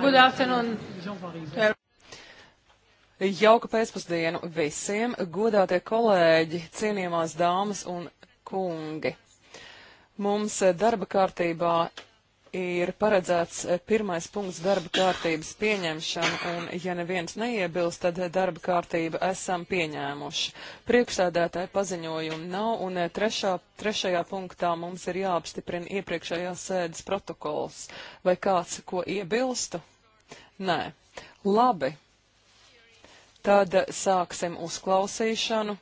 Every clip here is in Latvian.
Good afternoon. Jauka pēcpusdienu visiem, godātie kolēģi, cienījamās dāmas un kungi. Mums darba kārtībā ir paredzēts eh, pirmais punkts darba kārtības pieņemšana, un ja neviens neiebilst, tad eh, darba kārtība esam pieņēmuši. Priekšsēdētāji paziņojumu nav, un eh, trešā, trešajā punktā mums ir jāapstiprina iepriekšējās sēdes protokols. Vai kāds ko iebilstu? Nē. Labi. Tad sāksim uzklausīšanu.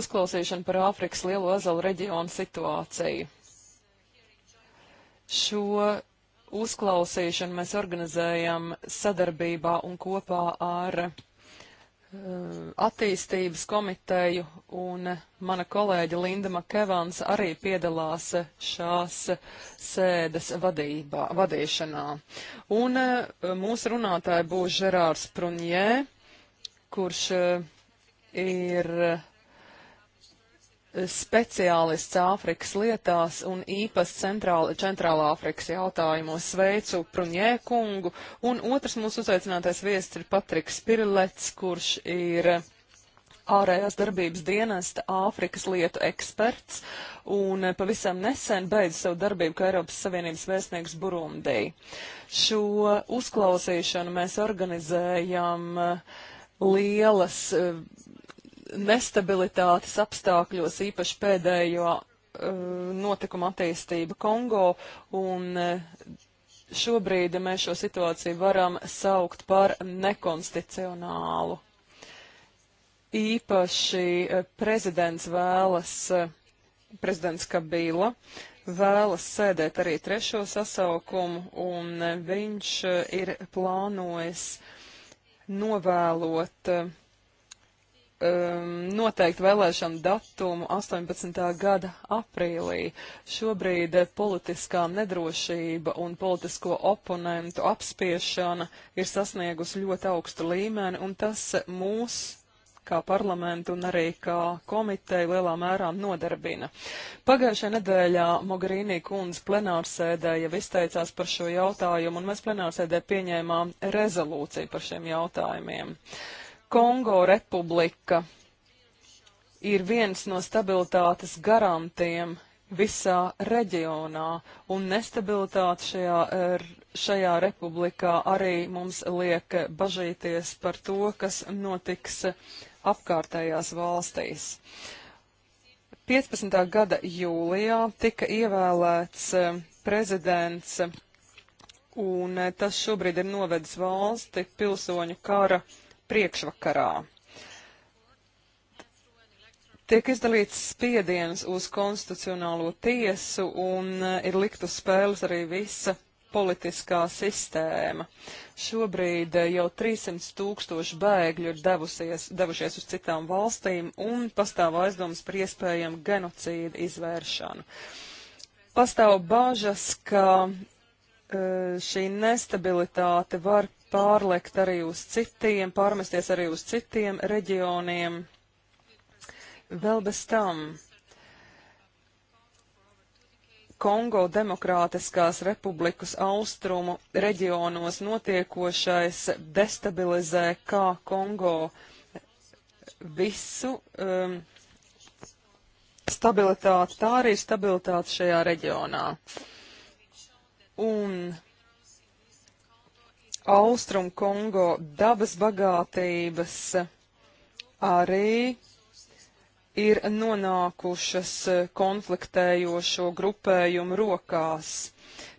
Uzklausīšana par Āfrikas lielo azalu reģionu situāciju. Šo uzklausīšanu mēs organizējam sadarbībā un kopā ar eh, attīstības komiteju un mana kolēģa Linda Makevans arī piedalās šās sēdes vadībā, vadīšanā. Un eh, mūsu runātāja būs Žerārs Prunjē, kurš eh, ir speciālists Āfrikas lietās un īpaši centrāla, centrālā Āfrikas jautājumos sveicu Prunjē kungu, un otrs mūsu uzaicinātais viests ir Patriks Pirlets, kurš ir ārējās darbības dienesta Āfrikas lietu eksperts, un pavisam nesen beidz savu darbību kā Eiropas Savienības vēstnieks Burundī. Šo uzklausīšanu mēs organizējam eh, lielas eh, nestabilitātes apstākļos, īpaši pēdējo uh, notikuma attīstība Kongo, un uh, šobrīd mēs šo situāciju varam saukt par nekonstitucionālu. Īpaši uh, prezidents vēlas, prezidents Kabila vēlas sēdēt arī trešo sasaukumu, un viņš ir plānojis novēlot uh, um, noteikti vēlēšanu datumu 18. gada aprīlī. Šobrīd politiskā nedrošība un politisko oponentu apspiešana ir sasniegusi ļoti augstu līmeni, un tas mūs kā parlamentu un arī kā komiteju lielā mērā nodarbina. Pagājušajā nedēļā Mogherīnī kundze plenārsēdē jau izteicās par šo jautājumu, un mēs plenārsēdē pieņēmām rezolūciju par šiem jautājumiem. Uh, Kongo republika ir viens no stabilitātes garantiem visā reģionā, un nestabilitāte šajā, er, šajā republikā arī mums liek bažīties par to, kas notiks apkārtējās valstīs. 15. gada jūlijā tika ievēlēts e, prezidents, un e, tas šobrīd ir novedis valsti pilsoņu kara priekšvakarā tiek izdalīts spiediens uz konstitucionālo tiesu un eh, ir likt uz spēles arī visa politiskā sistēma. Šobrīd eh, jau 300 tūkstoši bēgļu ir devusies, devušies uz citām valstīm un pastāv aizdomas par iespējamu genocīdu izvēršanu. Pastāv bažas, ka eh, šī nestabilitāte var pārlekt arī uz citiem, pārmesties arī uz citiem reģioniem. Vēl bez tam Kongo Demokrātiskās republikas austrumu reģionos notiekošais destabilizē kā Kongo visu um, stabilitāti, tā arī stabilitāte šajā reģionā. Un Austrum Kongo dabas bagātības arī ir nonākušas konfliktējošo grupējumu rokās.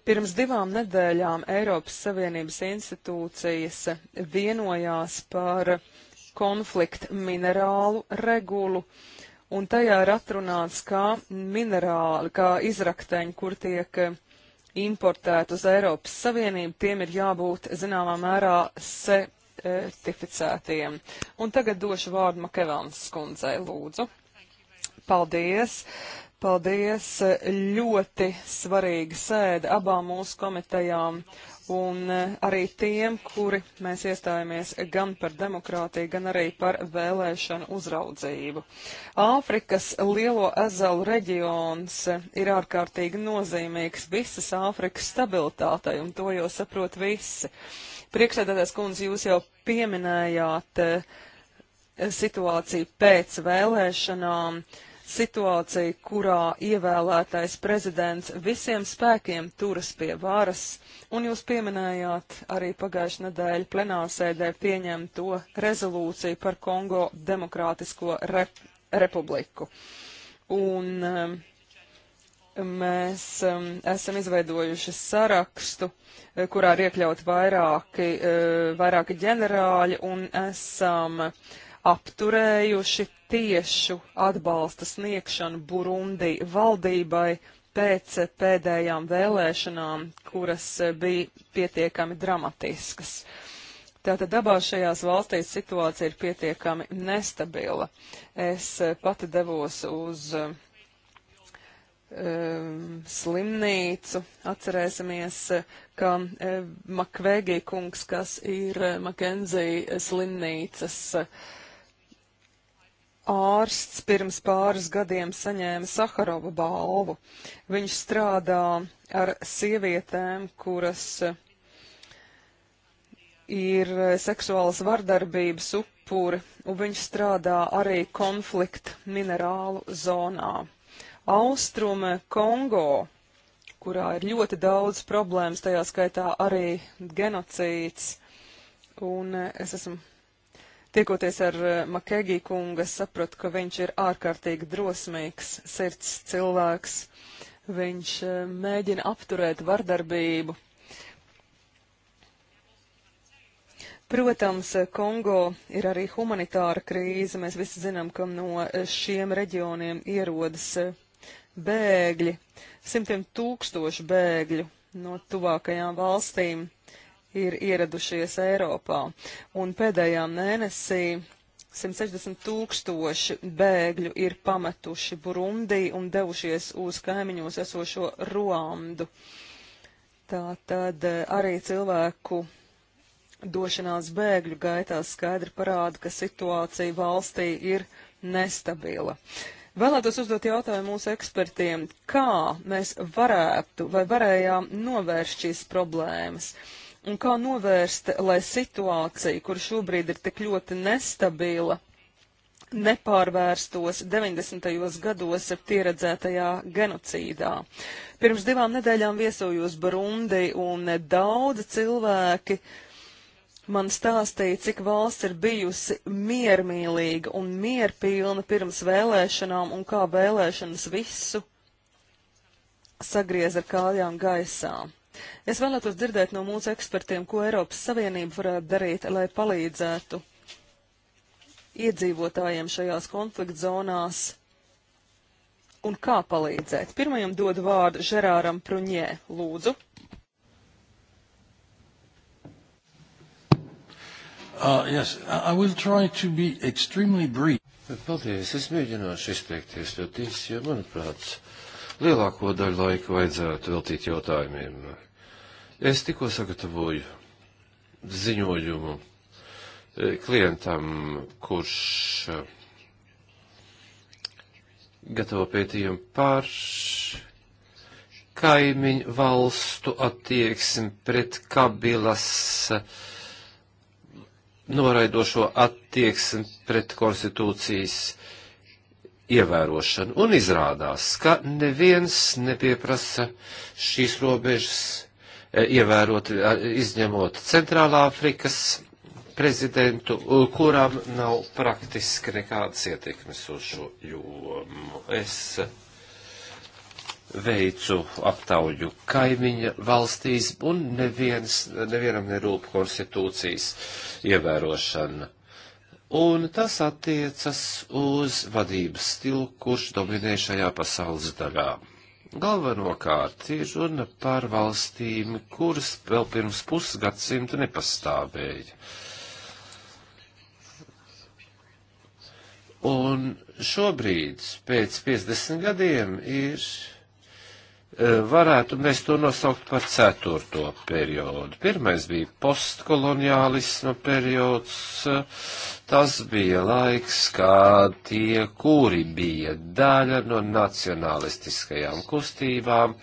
Pirms divām nedēļām Eiropas Savienības institūcijas vienojās par konfliktu minerālu regulu, un tajā ir atrunāts, kā minerāli, kā izrakteņi, kur tiek uh, importēt uz Eiropas Savienību, tiem ir jābūt zināmā mērā certificētiem. Un tagad došu vārdu Makevans skundzei, lūdzu. Paldies! Paldies! Ļoti svarīga sēde abām mūsu komitejām. Uh, un e, arī tiem, kuri mēs iestājamies gan par demokrātiju, gan arī par vēlēšanu uzraudzību. Āfrikas lielo ezalu reģions e, ir ārkārtīgi nozīmīgs visas Āfrikas stabilitātei, un to jau saprot visi. Priekšsēdētājs kundze, jūs jau pieminējāt e, situāciju pēc vēlēšanām. Uh, situācija, kurā ievēlētais prezidents visiem spēkiem turas pie varas, un jūs pieminējāt arī pagājušā nedēļa plenārsēdē pieņemto rezolūciju par Kongo Demokrātisko re republiku. Un um, mēs um, esam izveidojuši sarakstu, eh, kurā ir iekļaut vairāki, eh, vairāki ģenerāļi, un esam uh, apturējuši tiešu atbalsta sniegšanu Burundi valdībai pēc pēdējām vēlēšanām, kuras bija pietiekami dramatiskas. Tātad abās šajās valstīs situācija ir pietiekami nestabila. Es pati devos uz um, slimnīcu. Atcerēsimies, ka um, ehm, Makvēgī kungs, kas ir eh, Makenzija slimnīcas uh, ārsts pirms pāris gadiem saņēma Saharova balvu. Viņš strādā ar sievietēm, kuras ir seksuālas vardarbības upuri, un viņš strādā arī konflikta minerālu zonā. Austrume Kongo, kurā ir ļoti daudz problēmas, tajā skaitā arī genocīds, un es esmu Tiekoties ar eh, Makegī kungu, es sapratu, ka viņš ir ārkārtīgi drosmīgs sirds cilvēks. Viņš eh, mēģina apturēt vardarbību. Protams, eh, Kongo ir arī humanitāra krīze. Mēs visi zinām, ka no šiem reģioniem ierodas bēgļi, simtiem tūkstošu bēgļu no tuvākajām valstīm ir ieradušies Eiropā. Un pēdējā mēnesī 160 tūkstoši bēgļu ir pametuši Burundī un devušies uz kaimiņos esošo Ruandu. Tā tad eh, arī cilvēku došanās bēgļu gaitās skaidri parāda, ka situācija valstī ir nestabila. Vēlētos uzdot jautājumu mūsu ekspertiem, kā mēs varētu vai varējām novērst šīs problēmas. Uh, Un kā novērst, lai situācija, kur šobrīd ir tik ļoti nestabila, nepārvērstos 90. gados pieredzētajā genocīdā. Pirms divām nedēļām viesojos Burundi un daudzi cilvēki man stāstīja, cik valsts ir bijusi miermīlīga un mierpilna pirms vēlēšanām un kā vēlēšanas visu sagriez ar kājām gaisā. Es vēlētos dzirdēt no mūsu ekspertiem, ko Eiropas Savienība varētu darīt, lai palīdzētu iedzīvotājiem šajās konflikt zonās un kā palīdzēt. Pirmajam dodu vārdu Žerāram Pruņē. Lūdzu. Uh, yes, I will try to be extremely brief. Paldies, es mēģināšu izteikties ļoti īsi, jo, manuprāt, lielāko daļu laika vajadzētu veltīt jautājumiem, Es tikko sagatavoju ziņojumu e, klientam, kurš e, gatavo pētījumu par kaimiņu valstu attieksmi pret Kabilas e, noraidošo attieksmi pret konstitūcijas ievērošanu. Un izrādās, ka neviens nepieprasa šīs robežas Eh, ievērot, eh, izņemot Centrālā Afrikas prezidentu, eh, kuram nav praktiski nekādas ietekmes uz šo jomu. Es veicu aptauju kaimiņa valstīs, un neviens, nevienam nerūp konstitūcijas ievērošana. Un tas attiecas uz vadības stilu, kurš dominē šajā pasaules daļā galvenokārt ir runa par valstīm, kuras vēl pirms pusgadsimta nepastāvēja. Un šobrīd, pēc 50 gadiem, ir Eh, varētu, un es to nosaukt par ceturto periodu. Pirmais bija postkoloniālisma periods, tas bija laiks, kā tie, kuri bija daļa no nacionalistiskajām kustībām,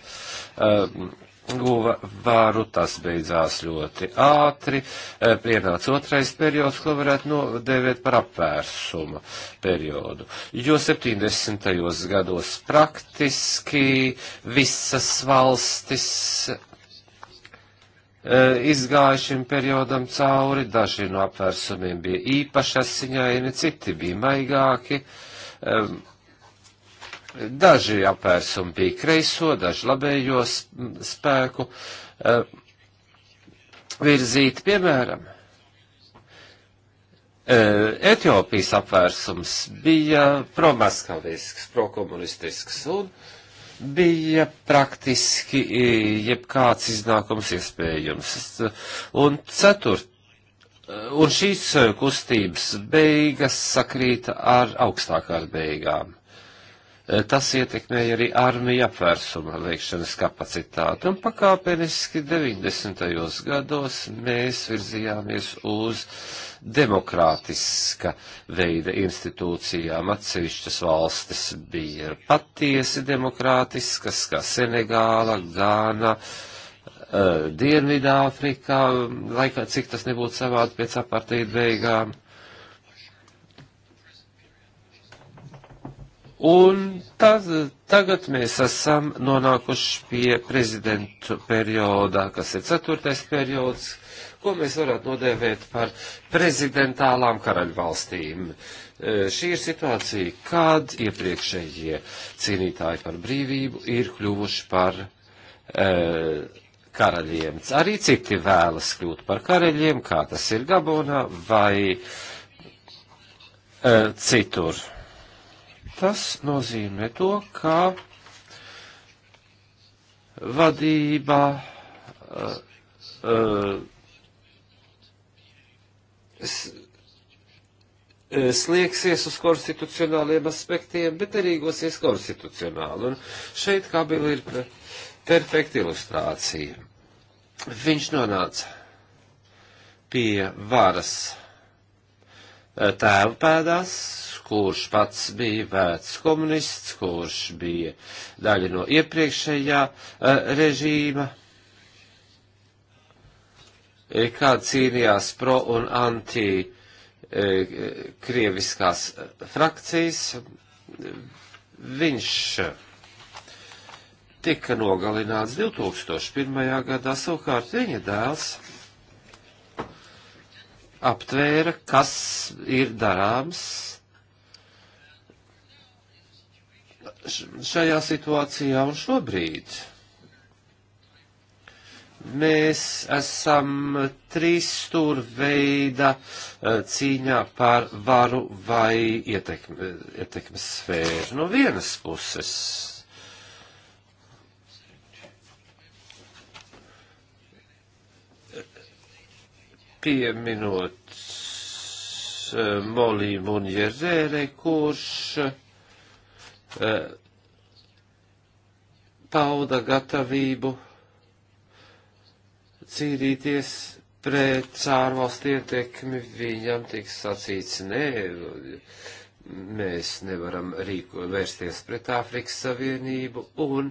um, guva varu, tas beidzās ļoti ātri, e, pienāca otrais periods, ko varētu nodēvēt par apvērsuma periodu, jo 70. gados praktiski visas valstis e, izgāja šim periodam cauri, daži no apvērsumiem bija īpaši asiņaini, citi bija maigāki. Um, Daži apvērsumi bija kreiso, daži labējo spēku eh, virzīti, piemēram. Eh, Etiopijas apvērsums bija promaskavisks, prokomunistisks un bija praktiski eh, jebkāds iznākums iespējams. Un ceturt, un šīs kustības beigas sakrīta ar augstākās beigām. Eh, tas ietekmēja arī armiju apvērsuma veikšanas kapacitāti, un pakāpeniski 90. gados mēs virzījāmies uz demokrātiska veida institūcijām. Atsevišķas valstis bija patiesi demokrātiskas, kā Senegāla, Gāna, eh, Dienvidāfrikā, laikā cik tas nebūtu savādi pēc apartīda beigām Un tad, tagad mēs esam nonākuši pie prezidentu periodā, kas ir ceturtais periods, ko mēs varētu nodēvēt par prezidentālām karaļvalstīm. E, šī ir situācija, kad iepriekšējie cīnītāji par brīvību ir kļuvuši par e, karaļiem. Arī citi vēlas kļūt par karaļiem, kā tas ir Gabonā vai e, citur Tas nozīmē to, ka vadība uh, uh, uh slieksies uz konstitucionāliem aspektiem, bet derīgosies konstitucionāli. Un šeit Kabila ir perfekta ilustrācija. Viņš nonāca pie varas uh, tēva pēdās kurš pats bija vērts komunists, kurš bija daļa no iepriekšējā uh, režīma, eh, kā cīnījās pro un anti uh, krieviskās frakcijas. Viņš tika nogalināts 2001. gadā, savukārt viņa dēls aptvēra, kas ir darāms šajā situācijā un šobrīd. Mēs esam trīs stūrveida eh, cīņā par varu vai ietekme, ietekmes sfēru. No vienas puses pieminot eh, Molī Munjerēre, kurš Eh, pauda gatavību cīnīties pret cārvalstu ietekmi, viņam tiks sacīts, nē, mēs nevaram rīko, vērsties pret Āfrikas Savienību, un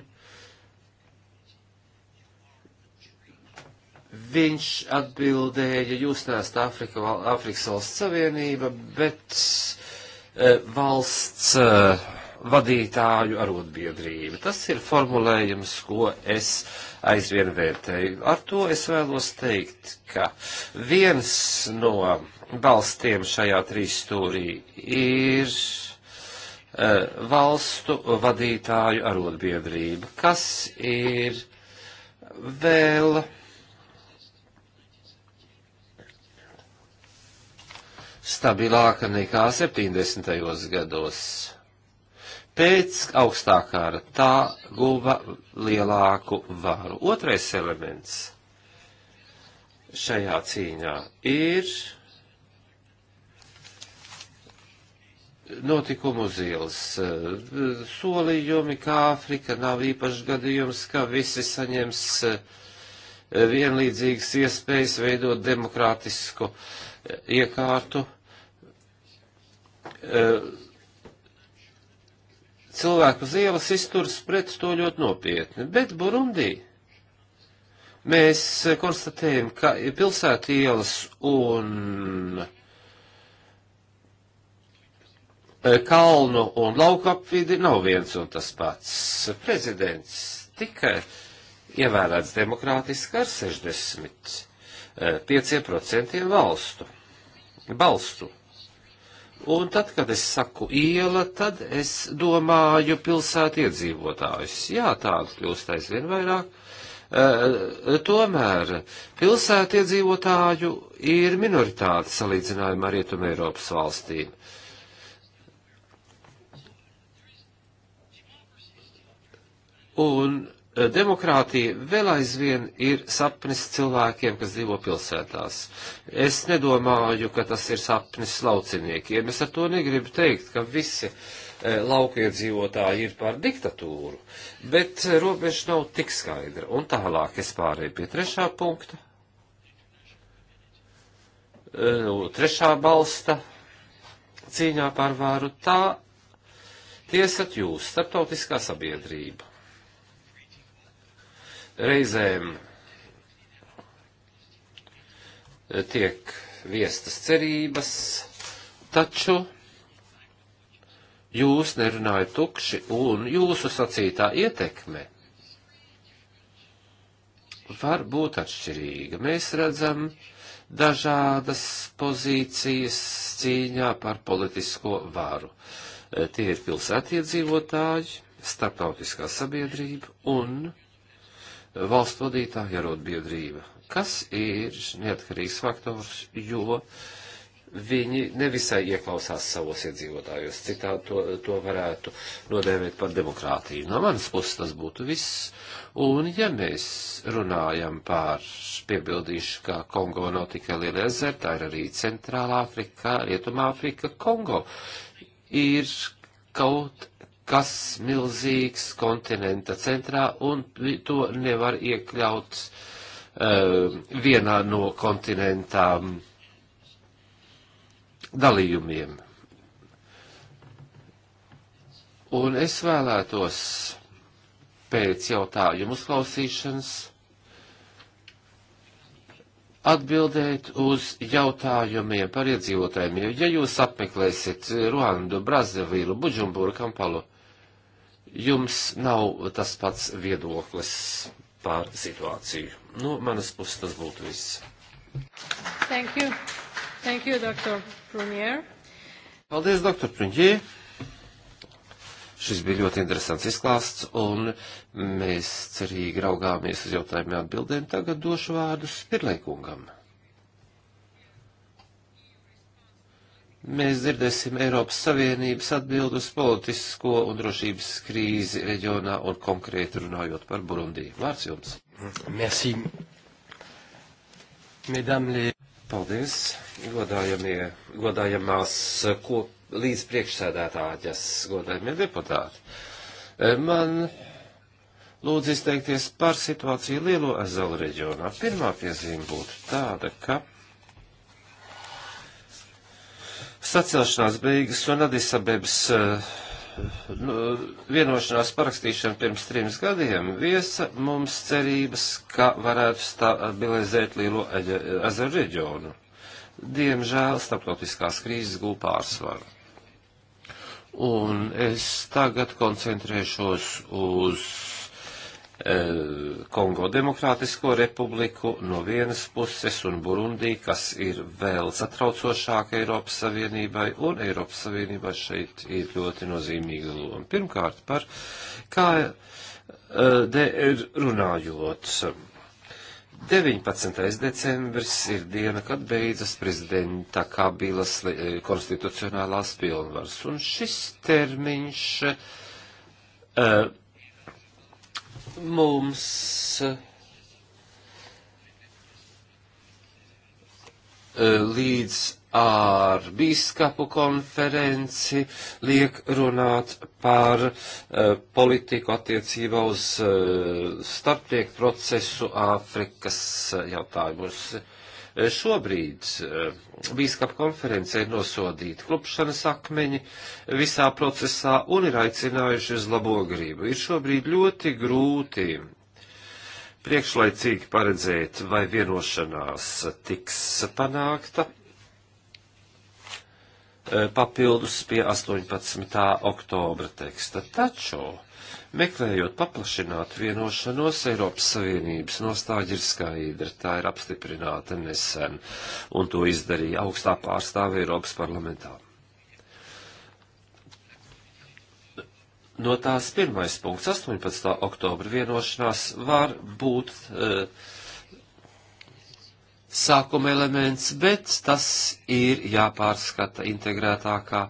viņš atbildēja, jūs neesat Āfrika, Āfrikas valsts savienība, bet eh, valsts. Uh, vadītāju arotbiedrība. Tas ir formulējums, ko es aizvien vērtēju. Ar to es vēlos teikt, ka viens no balstiem šajā trīsstūrī ir uh, valstu vadītāju arotbiedrība, kas ir vēl. stabilāka nekā 70. gados pēc augstākā ar tā guva lielāku varu. Otrais elements šajā cīņā ir notikumu uz ielas. Solījumi, ka Āfrika nav īpašs gadījums, ka visi saņems vienlīdzīgas iespējas veidot demokrātisku iekārtu. Uh, cilvēku uz ielas izturs pret to ļoti nopietni. Bet Burundī mēs konstatējam, ka pilsētu ielas un e, kalnu un lauku apvidi nav viens un tas pats. Prezidents tika ievērēts demokrātiski ar 65% e, valstu. Balstu. Un tad, kad es saku iela, tad es domāju pilsētu iedzīvotājus. Jā, tādu kļūst aizvien vairāk. E, tomēr pilsētu iedzīvotāju ir minoritāte salīdzinājumā ar Rietumē Eiropas valstīm. Un Eh, demokrātija vēl aizvien ir sapnis cilvēkiem, kas dzīvo pilsētās. Es nedomāju, ka tas ir sapnis lauciniekiem. Es ar to negribu teikt, ka visi eh, laukiedzīvotāji ir par diktatūru, bet eh, robeža nav tik skaidra. Un tālāk es pārēju pie trešā punkta. Nu, trešā balsta cīņā par vāru tā tiesat jūs, starptautiskā sabiedrība. Reizēm tiek viestas cerības, taču jūs nerunājat tukši un jūsu sacītā ietekme var būt atšķirīga. Mēs redzam dažādas pozīcijas cīņā par politisko varu. Tie ir pilsētiedzīvotāji, starptautiskā sabiedrība un valstu vadītāju arotbiedrība, kas ir neatkarīgs faktors, jo viņi nevisai ieklausās savos iedzīvotājos. Citādi to, to varētu nodēvēt par demokrātiju. No manas puses tas būtu viss. Un ja mēs runājam par, piebildīšu, ka Kongo nav tikai liela ezera, tā ir arī Centrāla Afrika, Rietumā Afrika, Kongo ir kaut kas milzīgs kontinenta centrā, un to nevar iekļaut uh, vienā no kontinentām mm, dalījumiem. Un es vēlētos pēc jautājumu uzklausīšanas atbildēt uz jautājumiem par iedzīvotājiem. Ja jūs apmeklēsiet Ruandu, Brazilu, Buģumburu, Kampalu, uh, jums nav tas pats viedoklis par situāciju. No manas puses tas būtu viss. Thank you. Thank you, Dr. Prunier. Paldies, Dr. Prunier. Šis bija ļoti interesants izklāsts, un mēs cerīgi raugāmies uz jautājumiem atbildēm. Tagad došu vārdus Pirlēkungam. mēs dzirdēsim Eiropas Savienības atbildu uz politisko un drošības krīzi reģionā un konkrēti runājot par Burundiju. Vārds jums. Merci. Mesdames, Paldies, godājamie, godājamās ko, līdz priekšsēdētājas, godājamie deputāti. Man lūdzu izteikties par situāciju Lielo ezalu reģionā. Pirmā piezīme būtu tāda, ka sacelšanās beigas un Adisabebas eh, nu, vienošanās parakstīšana pirms trims gadiem viesa mums cerības, ka varētu stabilizēt Lielo ezeru reģionu. Diemžēl starptautiskās krīzes gūl pārsvaru. Un es tagad koncentrēšos uz Eh, Kongo Demokrātisko republiku no vienas puses un Burundī, kas ir vēl satraucošāka Eiropas Savienībai, un Eiropas Savienībā šeit ir ļoti nozīmīga loma. Pirmkārt par KDR eh, runājot. 19. decembris ir diena, kad beidzas prezidenta Kabilas eh, konstitucionālās pilnvaras, un šis termiņš uh, mums eh, līdz ar bīskapu konferenci liek runāt par uh, politiku attiecībā uz uh, eh, starptieku procesu Āfrikas jautājumus. Uh, Šobrīd eh, bīskapa konferencē ir nosodīti klupšanas akmeņi visā procesā un ir aicinājuši uz labogrību. Ir šobrīd ļoti grūti priekšlaicīgi paredzēt, vai vienošanās tiks panākta eh, papildus pie 18. oktobra teksta. Taču Meklējot paplašināt vienošanos, Eiropas Savienības nostāja ir skaidra, tā ir apstiprināta nesen, un to izdarīja augstā pārstāve Eiropas parlamentā. No tās pirmais punkts, 18. oktobra vienošanās, var būt uh, sākuma elements, bet tas ir jāpārskata integrētākā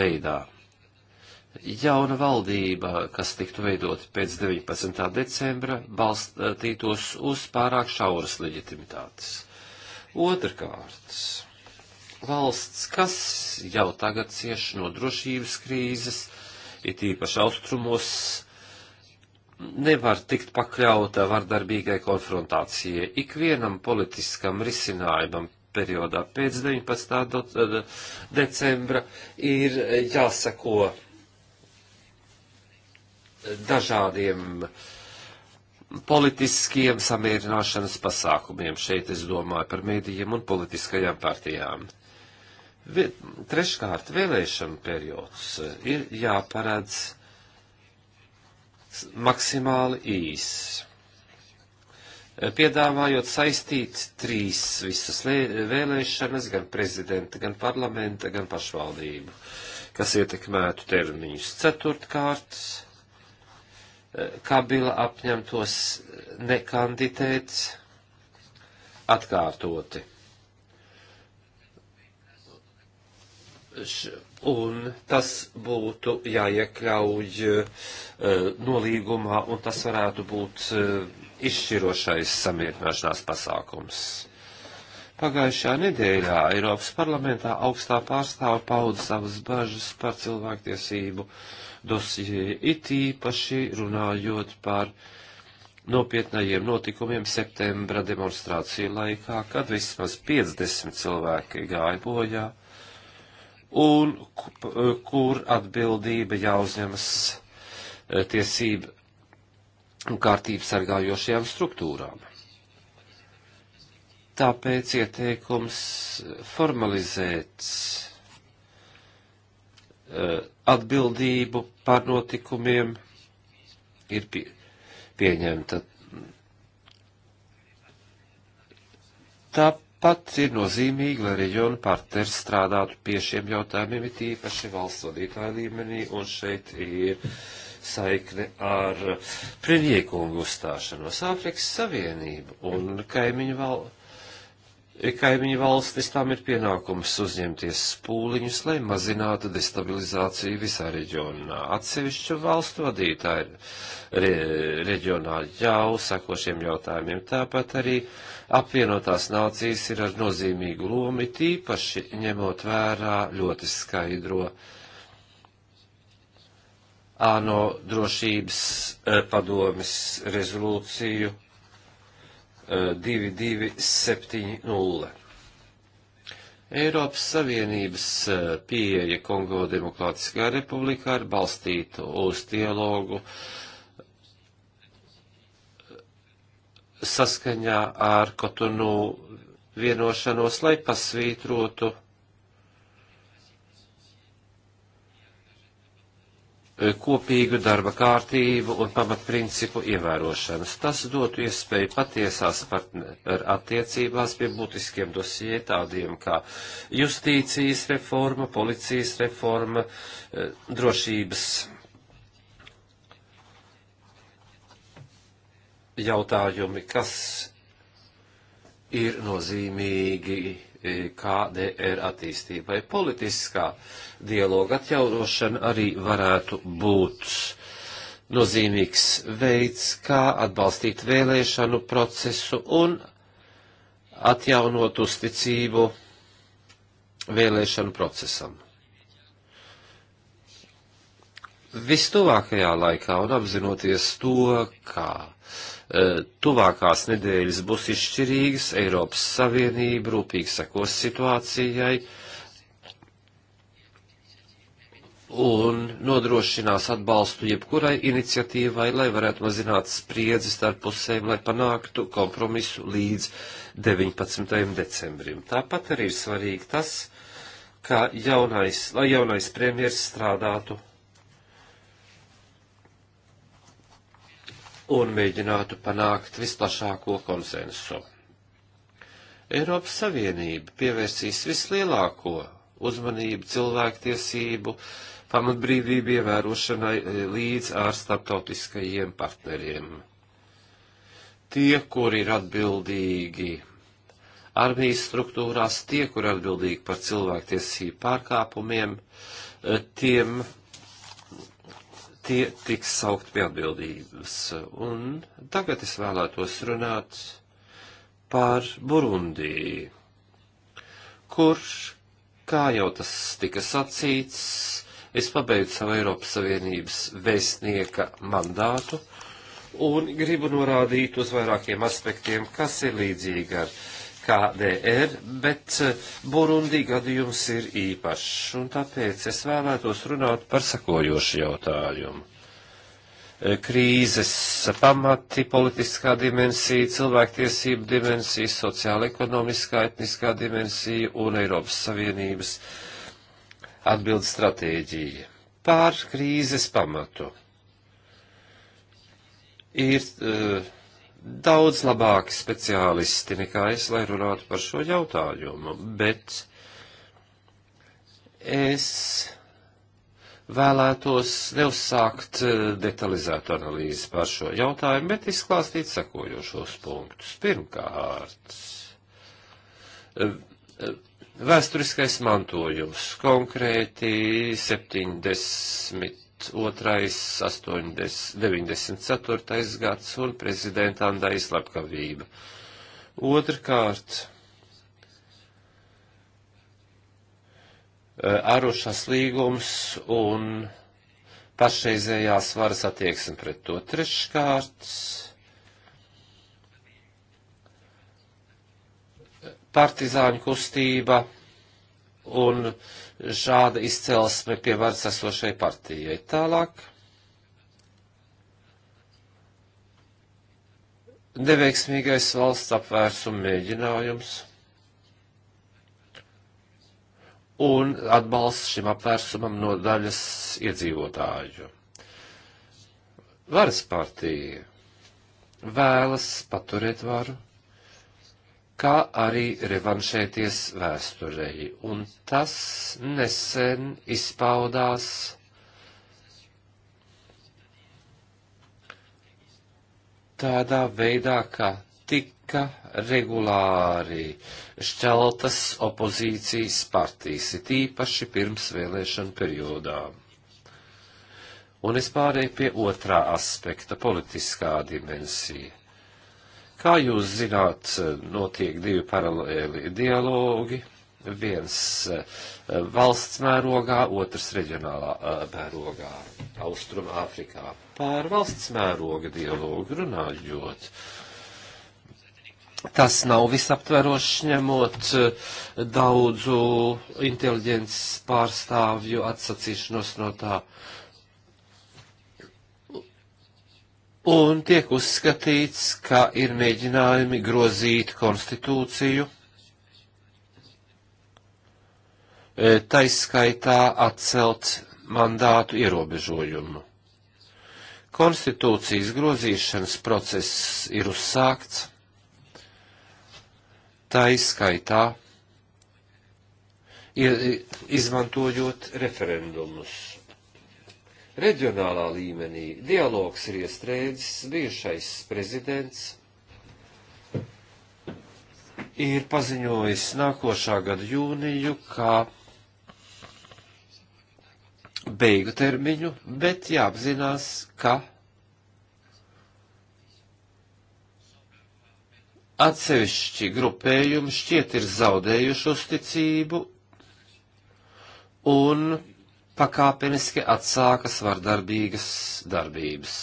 veidā jauna valdība, kas tiktu veidota pēc 19. decembra, balstītos uz pārāk šauras leģitimitātes. Otrkārt, valsts, kas jau tagad cieš no drošības krīzes, it īpaši austrumos, nevar tikt pakļauta vardarbīgai konfrontācijai. Ikvienam politiskam risinājumam periodā pēc 19. Eh, decembra ir jāsako dažādiem politiskiem samierināšanas pasākumiem. Šeit es domāju par mēdījiem un politiskajām partijām. Vi, treškārt, vēlēšana periods eh, ir jāparedz maksimāli īs. Eh, piedāvājot saistīt trīs visas vēlēšanas, gan prezidenta, gan parlamenta, gan pašvaldību, kas ietekmētu termiņus ceturtkārts Kabila apņemtos nekandidēt atkārtoti. Un tas būtu jāiekļauj eh, nolīgumā, un tas varētu būt eh, izšķirošais samierināšanās pasākums. Pagājušā nedēļā Eiropas parlamentā augstā pārstāva pauda savas bažas par cilvēktiesību uh, dosie, it īpaši runājot par nopietnajiem notikumiem septembra demonstrāciju laikā, kad vismaz 50 cilvēki gāja bojā, un kur atbildība jāuzņemas e, tiesību un kārtības sargājošajām struktūrām. Tāpēc ieteikums formalizēt Eh, atbildību par notikumiem ir pie, pieņemta. Tāpat ir nozīmīgi, lai reģionu partneri strādātu pie šiem jautājumiem, it īpaši valsts vadītāja līmenī, un šeit ir saikne ar premjēkungu uzstāšanos Āfrikas Savienību un kaimiņu valsts kaimiņu valstis tām ir pienākums uzņemties spūliņus, lai mazinātu destabilizāciju visā reģionā. Atsevišķu valstu vadītāji re, reģionā jau sako šiem jautājumiem. Tāpat arī apvienotās nācijas ir ar nozīmīgu lomu, tīpaši ņemot vērā ļoti skaidro ANO drošības eh, padomis rezolūciju 2270. Eiropas Savienības eh, pieeja Kongo Demokrātiskā republikā ir balstīta uz dialogu eh, saskaņā ar Kotonu vienošanos, lai pasvītrotu kopīgu darba kārtību un pamatprincipu ievērošanas. Tas dotu iespēju patiesās partneru attiecībās pie būtiskiem dosie tādiem kā justīcijas reforma, policijas reforma, eh, drošības jautājumi, kas ir nozīmīgi KDR attīstībai. Politiskā dialoga atjaunošana arī varētu būt nozīmīgs veids, kā atbalstīt vēlēšanu procesu un atjaunot uzticību vēlēšanu procesam. Vistuvākajā laikā un apzinoties to, kā Tuvākās nedēļas būs izšķirīgas, Eiropas Savienība rūpīgi sekos situācijai un nodrošinās atbalstu jebkurai iniciatīvai, lai varētu mazināt spriedzi starp pusēm, lai panāktu kompromisu līdz 19. decembrim. Tāpat arī ir svarīgi tas, ka jaunais, lai jaunais premjers strādātu un mēģinātu panākt visplašāko konsensu. Eiropas Savienība pievērsīs vislielāko uzmanību cilvēktiesību pamatbrīvību ievērošanai e, līdz ar starptautiskajiem partneriem. Tie, kur ir atbildīgi armijas struktūrās, tie, kur atbildīgi par cilvēktiesību pārkāpumiem, e, tiem tie tiks saukt pie atbildības. Un tagad es vēlētos runāt par Burundī, kurš, kā jau tas tika sacīts, es pabeidzu savu Eiropas Savienības vēstnieka mandātu un gribu norādīt uz vairākiem aspektiem, kas ir līdzīgi ar uh, KDR, bet eh, Burundī gadījums ir īpašs, un tāpēc es vēlētos runāt par sakojošu jautājumu. Eh, krīzes pamati, politiskā dimensija, cilvēktiesība dimensija, sociāla ekonomiskā, etniskā dimensija un Eiropas Savienības atbildes stratēģija. Pār krīzes pamatu ir uh, daudz labāki speciālisti nekā es, lai runātu par šo jautājumu, bet es vēlētos neuzsākt eh, detalizētu analīzi par šo jautājumu, bet izklāstīt sekojošos punktus. Pirmkārt, eh, eh, vēsturiskais mantojums, konkrēti 70. 94. gads un prezidenta Andai slepkavība. Otrkārt, eh, arošas līgums un pašreizējās varas attieksme pret to. Treškārt, eh, partizāņu kustība un uh, šāda izcelsme pie varas esošai partijai. Tālāk. Neveiksmīgais valsts apvērsuma mēģinājums un atbalsts šim apvērsumam no daļas iedzīvotāju. Varas partija vēlas paturēt varu kā arī revanšēties vēsturei. Un tas nesen izpaudās tādā veidā, ka tika regulāri šķeltas opozīcijas partijas, it īpaši pirms vēlēšanu periodā. Un es pārēju pie otrā aspekta - politiskā dimensija. Kā jūs zināt, notiek divi paralēli dialogi, viens eh, valsts mērogā, otrs reģionālā eh, mērogā, Austrum Āfrikā. Pār valsts mēroga dialogu runājot, tas nav visaptverošs, ņemot eh, daudzu inteliģences pārstāvju atsacīšanos no tā. Uh, un tiek uzskatīts, ka ir mēģinājumi grozīt konstitūciju, e, taiskaitā atcelt mandātu ierobežojumu. Konstitūcijas grozīšanas process ir uzsākts, taiskaitā izmantojot referendumus reģionālā līmenī. Dialogs ir iestrēdzis, bijušais prezidents ir paziņojis nākošā gada jūniju kā beigu termiņu, bet jāapzinās, ka atsevišķi grupējumi šķiet ir zaudējuši uzticību un pakāpeniski atsākas vardarbīgas darbības.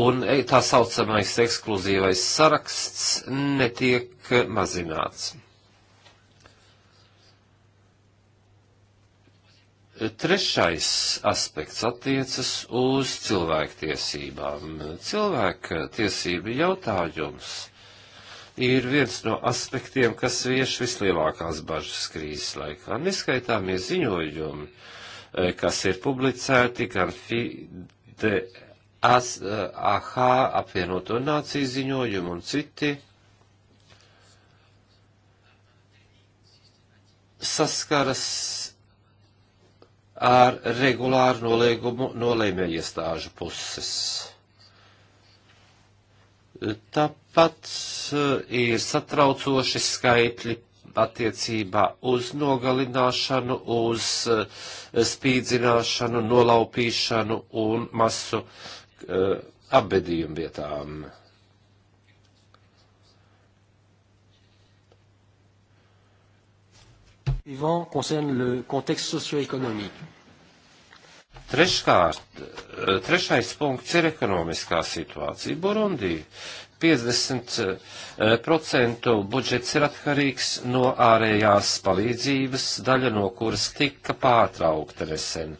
Un e, tā saucamais ekskluzīvais saraksts netiek mazināts. Trešais aspekts attiecas uz cilvēktiesībām. Cilvēka tiesība jautājums ir viens no aspektiem, kas vieš vislielākās bažas krīzes laikā. Neskaitāmie ziņojumi, eh, kas ir publicēti, gan FIDE, AS, AH, apvienoto nāciju ziņojumi un citi, saskaras ar regulāru noliegumu nolēmējiestāžu puses Tāpat eh, ir satraucoši skaitļi attiecībā uz nogalināšanu, uz eh, spīdzināšanu, nolaupīšanu un masu eh, apbedījumu vietām. Suivant concerne le contexte socio-économique. Treškārt, eh, trešais punkts ir ekonomiskā situācija. Burundī 50% eh, budžets ir atkarīgs no ārējās palīdzības, daļa no kuras tika pārtraukta nesen.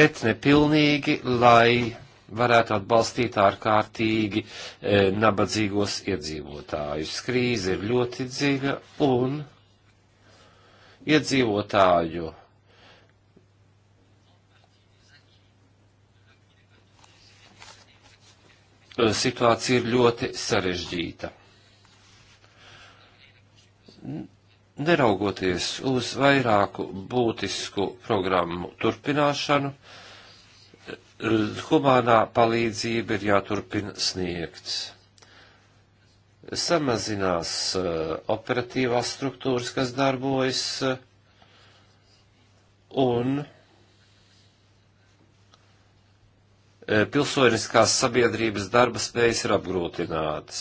Bet nepilnīgi, lai varētu atbalstīt ārkārtīgi e, nabadzīgos iedzīvotājus. Krīze ir ļoti dziļa un iedzīvotāju situācija ir ļoti sarežģīta. Neraugoties uz vairāku būtisku programmu turpināšanu, humānā palīdzība ir jāturpina sniegts samazinās eh, operatīvās struktūras, kas darbojas, eh, un Eh, pilsoniskās sabiedrības darba spējas ir apgrūtinātas.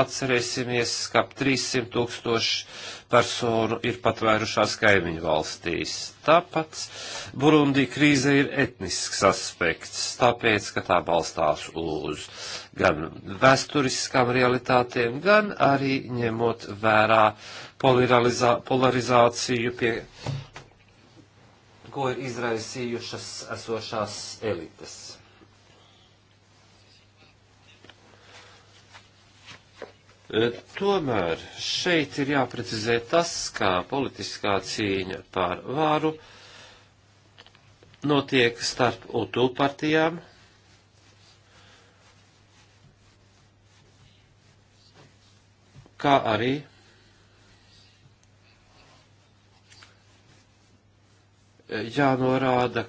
Atcerēsimies, ka ap 300 tūkstoši personu ir patvērušās kaimiņu valstīs. Tāpat Burundī krīze ir etnisks aspekts, tāpēc, ka tā balstās uz gan vēsturiskām realitātēm, gan arī ņemot vērā polarizāciju pie ko ir izraisījušas esošās elites. E, tomēr šeit ir jāprecizē tas, kā politiskā cīņa par vāru notiek starp UTU partijām. Kā arī jānorāda,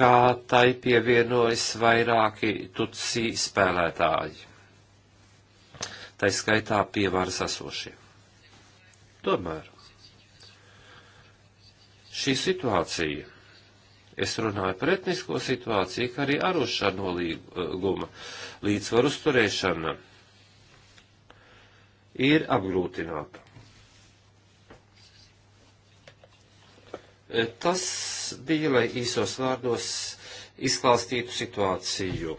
kā tai pievienojas vairāki tutsi spēlētāji tai skaitā pie varas esošie. Tomēr šī situācija, es runāju par etnisko situāciju, kā arī arošā nolīguma līdzsvaru uzturēšana, ir apgrūtināta. Tas bija, lai īsos vārdos izklāstītu situāciju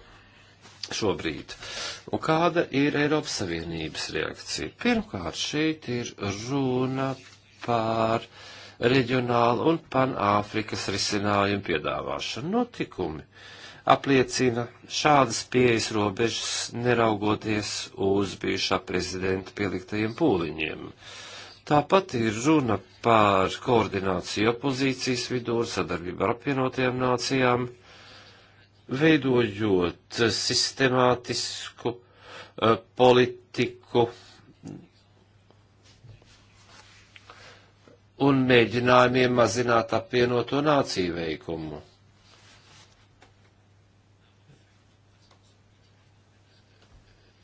šobrīd. Un kāda ir Eiropas Savienības reakcija? Pirmkārt, šeit ir runa par reģionālu un panāfrikas risinājumu piedāvāšanu. Notikumi apliecina šādas pieejas robežas, neraugoties uz bijušā prezidenta pieliktajiem pūliņiem. Tāpat ir runa par koordināciju opozīcijas vidū un sadarbību ar apvienotajām nācijām. Uh, veidojot eh, sistemātisku uh, politiku un mēģinājumiem mazināt apvienoto nāciju veikumu.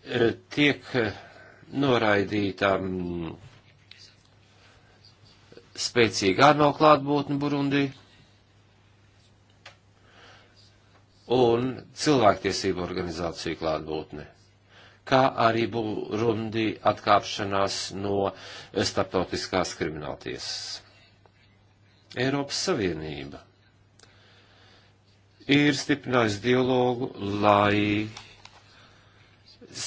Eh, tiek noraidītām spēcīgā nav klātbūtne Burundī. un cilvēktiesību organizāciju klātbūtne, kā arī Burundi atkāpšanās no starptautiskās krimināltiesas. Eiropas Savienība ir stiprinājusi dialogu, lai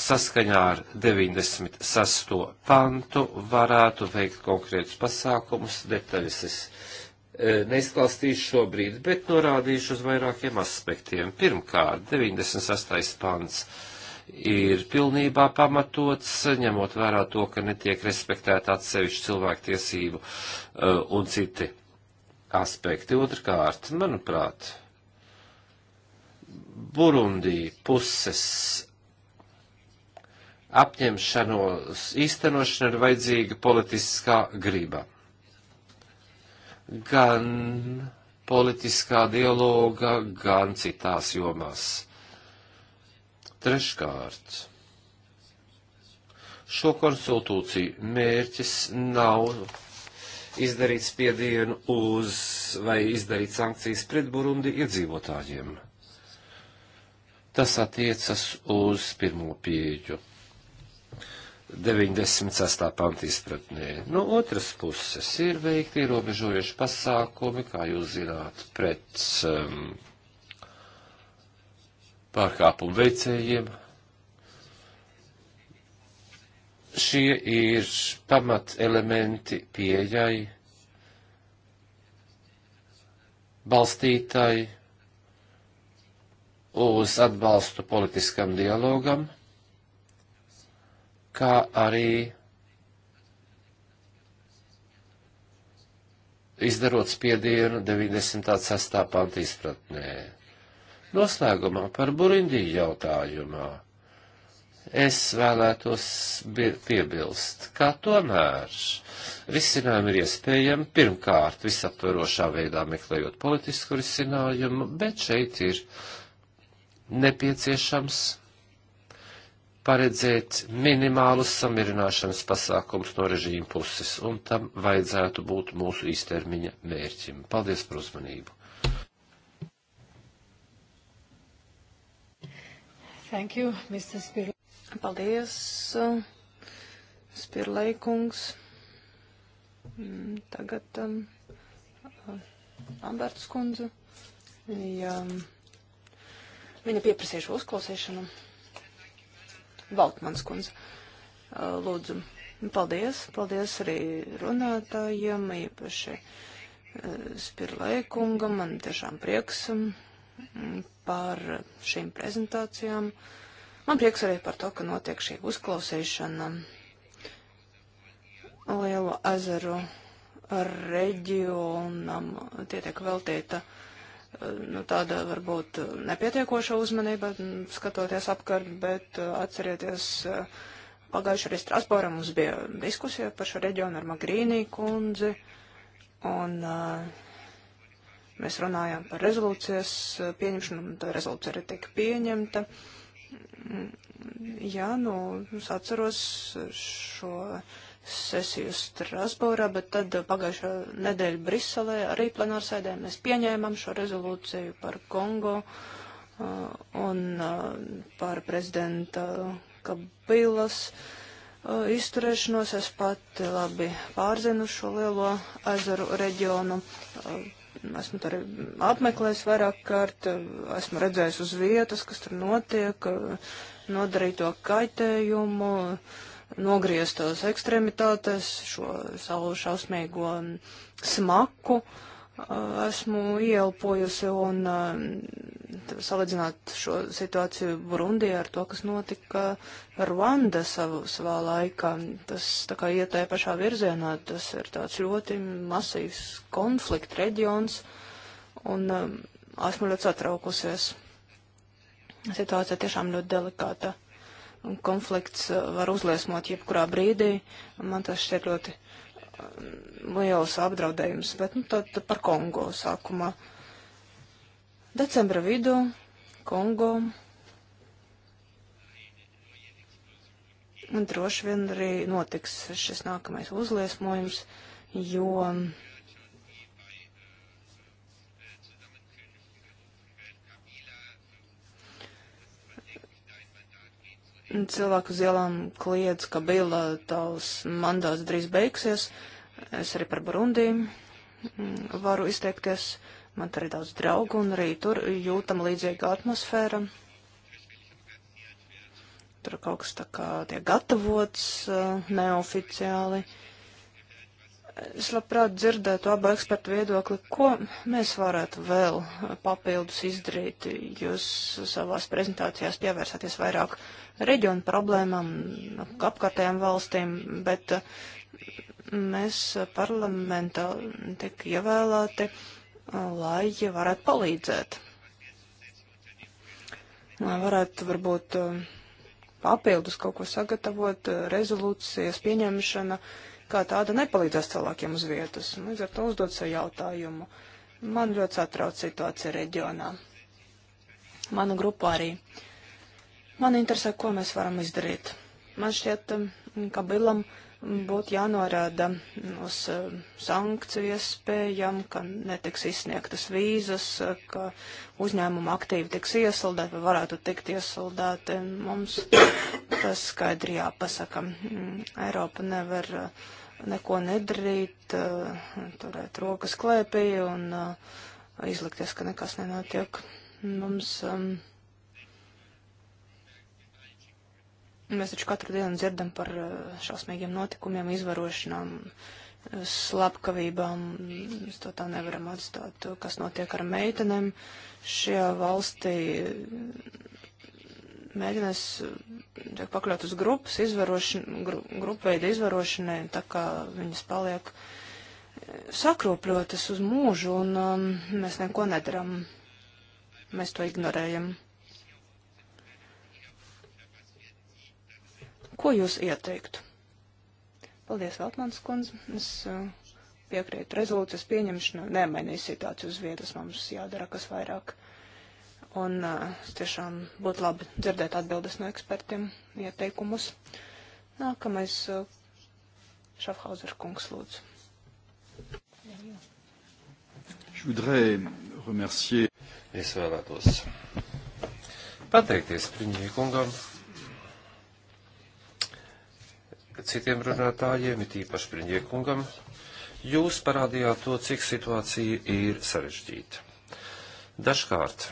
saskaņā ar 96. pantu varētu veikt konkrētus pasākumus, detaļas es E, neizklāstīšu šobrīd, bet norādīšu uz vairākiem aspektiem. Pirmkārt, 98. pants ir pilnībā pamatots, ņemot vērā to, ka netiek respektēta atsevišķu cilvēku tiesību e, un citi aspekti. Otrkārt, manuprāt, Burundī puses apņemšanos īstenošana ir vajadzīga politiskā griba gan politiskā dialoga, gan citās jomās. Treškārt, šo konsultāciju mērķis nav izdarīt spiedienu uz vai izdarīt sankcijas pret Burundi iedzīvotājiem. Tas attiecas uz pirmo pieeju. 96. panta izpratnē. No otras puses ir veikti ierobežojuši pasākumi, kā jūs zināt, pret um, pārkāpumu veicējiem. Šie ir pamat elementi pieejai, balstītai uz atbalstu politiskam dialogam kā arī izdarot spiedienu 96. panta izpratnē. Noslēgumā par Burundiju jautājumā es vēlētos piebilst, ka tomēr risinājumi ir iespējami pirmkārt visaptvarošā veidā meklējot politisku risinājumu, bet šeit ir nepieciešams paredzēt minimālus samierināšanas pasākumus no režīma puses, un tam vajadzētu būt mūsu īstermiņa mērķim. Paldies par uzmanību! Thank you, Mr. Spir Paldies, Spirlaikungs. Mm, tagad um, Amberts kundze. Ja, mm, viņa pieprasīšu uzklausīšanu. Valtmans kundze. Uh, lūdzu, paldies. Paldies arī runātājiem, īpaši uh, Spirlaikungam. Man tiešām prieks um, par šīm prezentācijām. Man prieks arī par to, ka notiek šī uzklausīšana Lielu ezeru reģionam. Tie tiek veltīta uh, nu, tāda varbūt nepietiekoša uzmanība, skatoties apkārt, bet uh, atcerieties, uh, pagājuši arī Strasbūrā mums bija diskusija par šo reģionu ar Magrīnī kundzi, un uh, mēs runājām par rezolūcijas pieņemšanu, un tā rezolūcija arī tika pieņemta. Mm, jā, nu, es atceros šo sesiju Strasbūrā, bet tad pagājušā nedēļa Briselē arī plenārsēdē mēs pieņēmām šo rezolūciju par Kongo uh, un uh, par prezidenta Kabilas uh, izturēšanos. Es pati labi pārzinu šo lielo ezeru reģionu. Esmu tur apmeklējis vairāk kārt, esmu redzējis uz vietas, kas tur notiek, nodarīto kaitējumu. Uh, nogrieztos ekstremitātes, šo savu šausmīgo smaku uh, esmu ielpojusi un uh, salīdzināt šo situāciju Burundī ar to, kas notika Rwanda savu, savā laikā. Tas tā kā iet tajā pašā virzienā, tas ir tāds ļoti masīvs konflikt reģions un um, esmu ļoti satraukusies. Situācija tiešām ļoti delikāta konflikts eh, var uzliesmot jebkurā brīdī. Man tas šķiet ļoti mm, liels apdraudējums, bet nu, tad par Kongo sākumā. Decembra vidū Kongo droši vien arī notiks šis nākamais uzliesmojums, jo. Um, Cilvēku uz ielām kliedz, ka Bila tavs mandāts drīz beigsies. Es arī par Burundi mm, varu izteikties. Man tur ir daudz draugu un arī tur jūtam līdzīga atmosfēra. Tur kaut kas tā kā tiek gatavots eh, neoficiāli. Es labprāt dzirdētu abu ekspertu viedokli, ko mēs varētu vēl papildus izdarīt. Jūs savās prezentācijās pievērsāties vairāk uh, reģionu problēmām, apkārtējām valstīm, bet uh, mēs parlamentā tik ievēlēti, uh, lai varētu palīdzēt. Lai varētu varbūt uh, papildus kaut ko sagatavot, rezolūcijas pieņemšana kā tāda nepalīdzēs cilvēkiem uz vietas. Līdz ar to uzdot sev jautājumu. Man ļoti satrauc situācija reģionā. Mana grupa arī uh, Man interesē, ko mēs varam izdarīt. Man šķiet, mm, ka Bilam būtu jānorāda uz mm, sankciju iespējām, ka netiks izsniegtas vīzas, ka uzņēmuma aktīvi tiks iesaldēti vai varētu tikt iesaldēti. Mums tas skaidri jāpasaka. Mm, Eiropa nevar neko nedarīt, turēt rokas klēpī un izlikties, ka nekas nenotiek. Mums. Um, Mēs taču katru dienu dzirdam par eh, šausmīgiem notikumiem, izvarošanām, eh, slepkavībām. Mēs to tā nevaram atstāt, eh, kas notiek ar meitenēm. Šajā valstī meitenes tiek pakļautas grupas izvarošanai, gru, grupveida izvarošanai, tā kā viņas paliek sakropļotas uz mūžu, un um, mēs neko nedaram. Mēs to ignorējam. Ko jūs ieteiktu? Paldies, Veltmans kundze. Es uh, piekrītu rezolūcijas pieņemšanu. Nemainīs situāciju uz vietas. Mums jādara kas vairāk. Un uh, tiešām būtu labi dzirdēt atbildes no ekspertiem, ieteikumus. Nākamais uh, Šafhauser kungs lūdzu. Es vēlētos pateikties Priņķī kungam citiem runātājiem, it īpaši Priņiekungam. Jūs parādījāt to, cik situācija ir sarežģīta. Dažkārt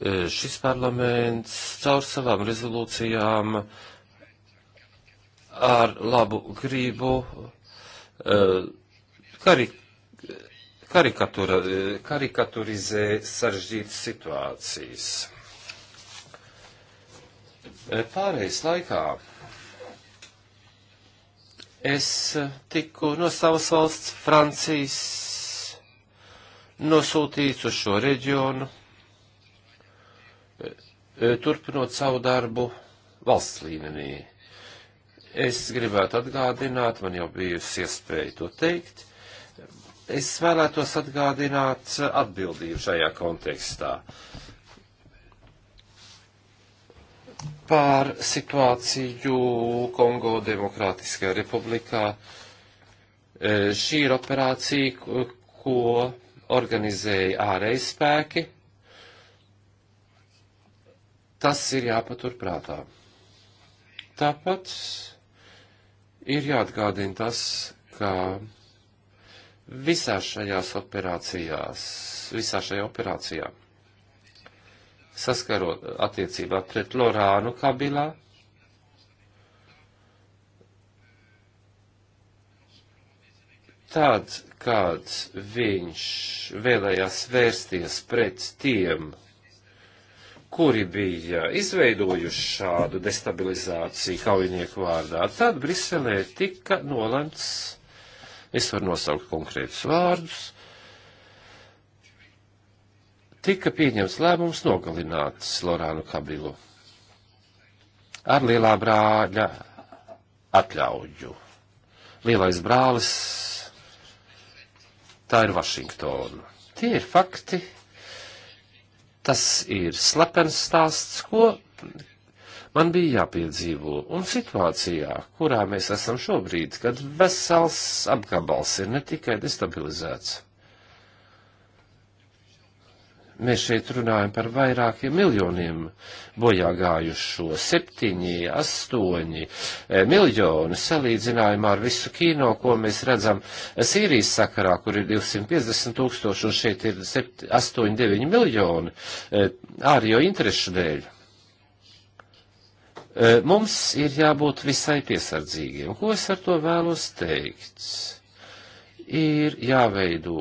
e, šis parlaments caur savām rezolūcijām ar labu grību e, karik e, karikaturizē sarežģītas situācijas. Pārējais laikā es tiku no savas valsts Francijas nosūtīts uz šo reģionu, e, turpinot savu darbu valsts līmenī. Es gribētu atgādināt, man jau bijusi iespēja to teikt, es vēlētos atgādināt atbildību šajā kontekstā. Uh, par situāciju Kongo Demokrātiskajā republikā. E, šī ir operācija, ko organizēja ārēji spēki. Tas ir jāpatur prātā. Tāpat ir jāatgādina tas, ka visā šajās operācijās, visā šajā operācijā saskarot attiecībā pret Lorānu Kabilā. Tāds, kāds viņš vēlējās vērsties pret tiem, kuri bija izveidojuši šādu destabilizāciju kaujinieku vārdā, tad Briselē tika nolemts, es varu nosaukt konkrētus vārdus, tika pieņems lēmums nogalināt Lorānu Kabilu ar lielā brāļa atļauju. Lielais brālis, tā ir Vašingtona. Tie ir fakti, tas ir slepens stāsts, ko man bija jāpiedzīvo. Un situācijā, kurā mēs esam šobrīd, kad vesels apgabals ir ne tikai destabilizēts Mēs šeit runājam par vairākiem miljoniem bojā gājušo - septiņi, astoņi eh, miljoni salīdzinājumā ar visu kino, ko mēs redzam Sīrijas sakarā, kur ir 250 tūkstoši un šeit ir 8, 9 miljoni eh, ārjo interešu dēļ. Eh, mums ir jābūt visai piesardzīgiem. Ko es ar to vēlos teikt? Ir jāveido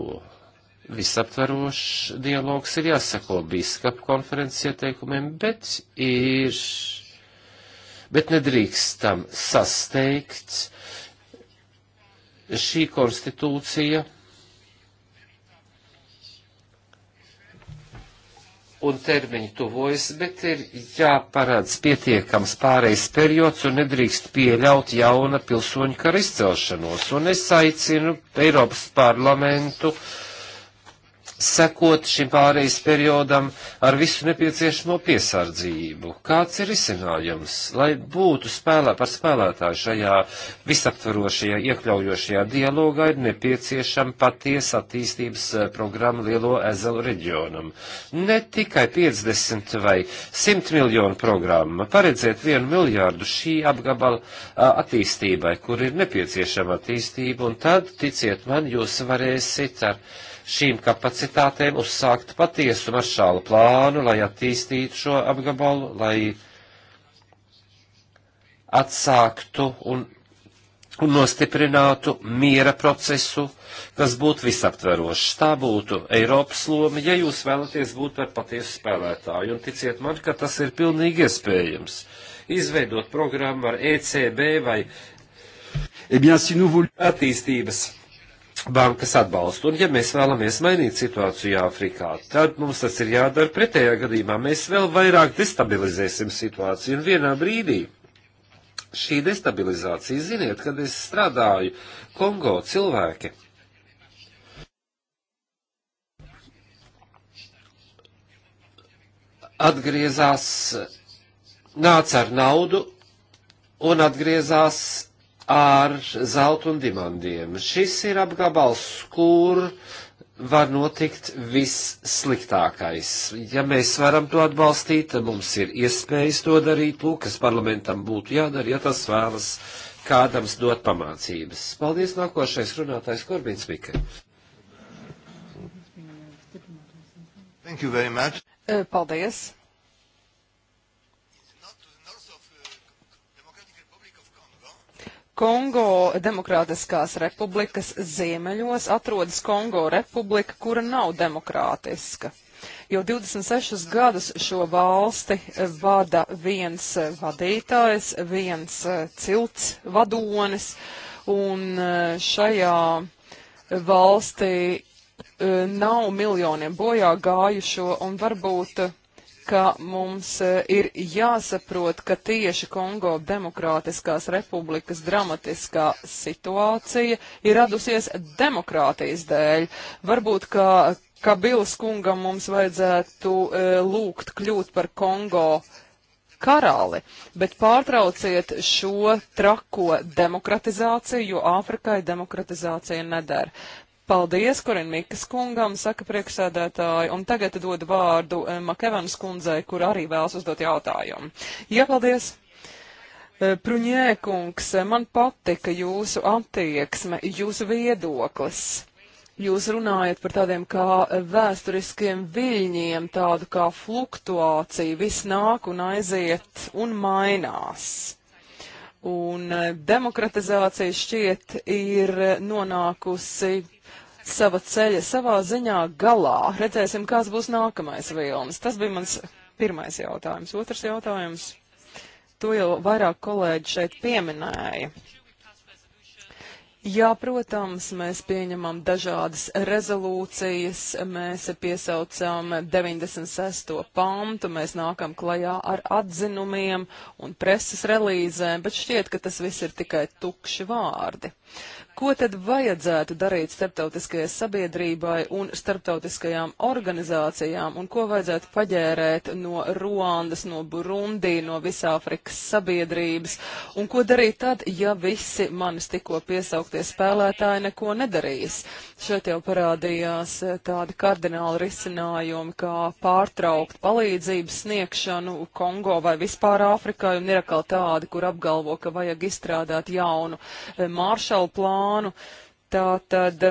visaptverošs dialogs ir jāsako biskapu konferences ieteikumiem, bet ir, bet nedrīkstam sasteigt šī konstitūcija un termiņi tuvojas, bet ir jāparāds pietiekams pārejas periods un nedrīkst pieļaut jauna pilsoņu kara izcelšanos. Un es aicinu Eiropas parlamentu uh, sekot šim pārejas periodam ar visu nepieciešamo piesardzību. Kāds ir risinājums, lai būtu spēlē par spēlētāju šajā visaptvarošajā, iekļaujošajā dialogā ir nepieciešama patiesa attīstības eh, programma Lielo ezelu reģionam. Ne tikai 50 vai 100 miljonu programma, paredzēt vienu miljārdu šī apgabala eh, attīstībai, kur ir nepieciešama attīstība, un tad, ticiet man, jūs varēsiet ar šīm kapacitātēm uzsākt patiesu maršālu plānu, lai attīstītu šo apgabalu, lai atsāktu un, un nostiprinātu miera procesu, kas būtu visaptverošs. Tā būtu Eiropas loma, ja jūs vēlaties būt par patiesu spēlētāju, un ticiet man, ka tas ir pilnīgi iespējams. Izveidot programmu ar ECB vai eh bien, si nous voulons attīstības bankas atbalstu. Un ja mēs vēlamies mainīt situāciju Āfrikā, tad mums tas ir jādara pretējā gadījumā. Mēs vēl vairāk destabilizēsim situāciju. Un vienā brīdī šī destabilizācija, ziniet, kad es strādāju Kongo cilvēki. Atgriezās, nāca ar naudu un atgriezās ar zeltu un dimantiem. Šis ir apgabals, kur var notikt vissliktākais. Ja mēs varam to atbalstīt, mums ir iespējas to darīt. Lūk, kas parlamentam būtu jādara, ja tas vēlas kādam dot pamācības. Paldies, nākošais runātājs Korbins Mikai. Paldies! Kongo Demokrātiskās republikas ziemeļos atrodas Kongo republika, kura nav demokrātiska. Jau 26 gadus šo valsti vada viens vadītājs, viens eh, cilts vadonis, un eh, šajā valstī eh, nav miljoniem bojā gājušo, un varbūt ka mums e, ir jāsaprot, ka tieši Kongo Demokrātiskās republikas dramatiskā situācija ir radusies demokrātijas dēļ. Varbūt, ka Kabils kungam mums vajadzētu e, lūgt kļūt par Kongo karali, bet pārtrauciet šo trako demokratizāciju, jo Āfrikai demokratizācija nedara. Paldies, Korin Mikas kungam, saka priekšsēdētāji, un tagad dodu vārdu eh, Makevanas kundzei, kur arī vēlas uzdot jautājumu. Jā, paldies! Eh, Pruņēkungs, eh, man patika jūsu attieksme, jūsu viedoklis. Jūs runājat par tādiem kā vēsturiskiem viļņiem, tādu kā fluktuāciju, viss nāk un aiziet un mainās. Un demokratizācija šķiet ir nonākusi sava ceļa savā ziņā galā. Redzēsim, kāds būs nākamais vilnis. Tas bija mans pirmais jautājums. Otrs jautājums. To jau vairāk kolēģi šeit pieminēja. Jā, protams, mēs pieņemam dažādas rezolūcijas, mēs piesaucam 96. pantu, mēs nākam klajā ar atzinumiem un preses relīzēm, bet šķiet, ka tas viss ir tikai tukši vārdi. Uh, Ko tad vajadzētu darīt starptautiskajai sabiedrībai un starptautiskajām organizācijām, un ko vajadzētu paģērēt no Ruandas, no Burundī, no Visāfrikas sabiedrības, un ko darīt tad, ja visi manis tikko piesauktie spēlētāji neko nedarīs? Šeit jau parādījās eh, tādi kardināli risinājumi, kā pārtraukt palīdzības sniegšanu Kongo vai vispār Āfrikai, un ir atkal tādi, kur apgalvo, ka vajag izstrādāt jaunu eh, maršalu plānu, plānu. Tā tad,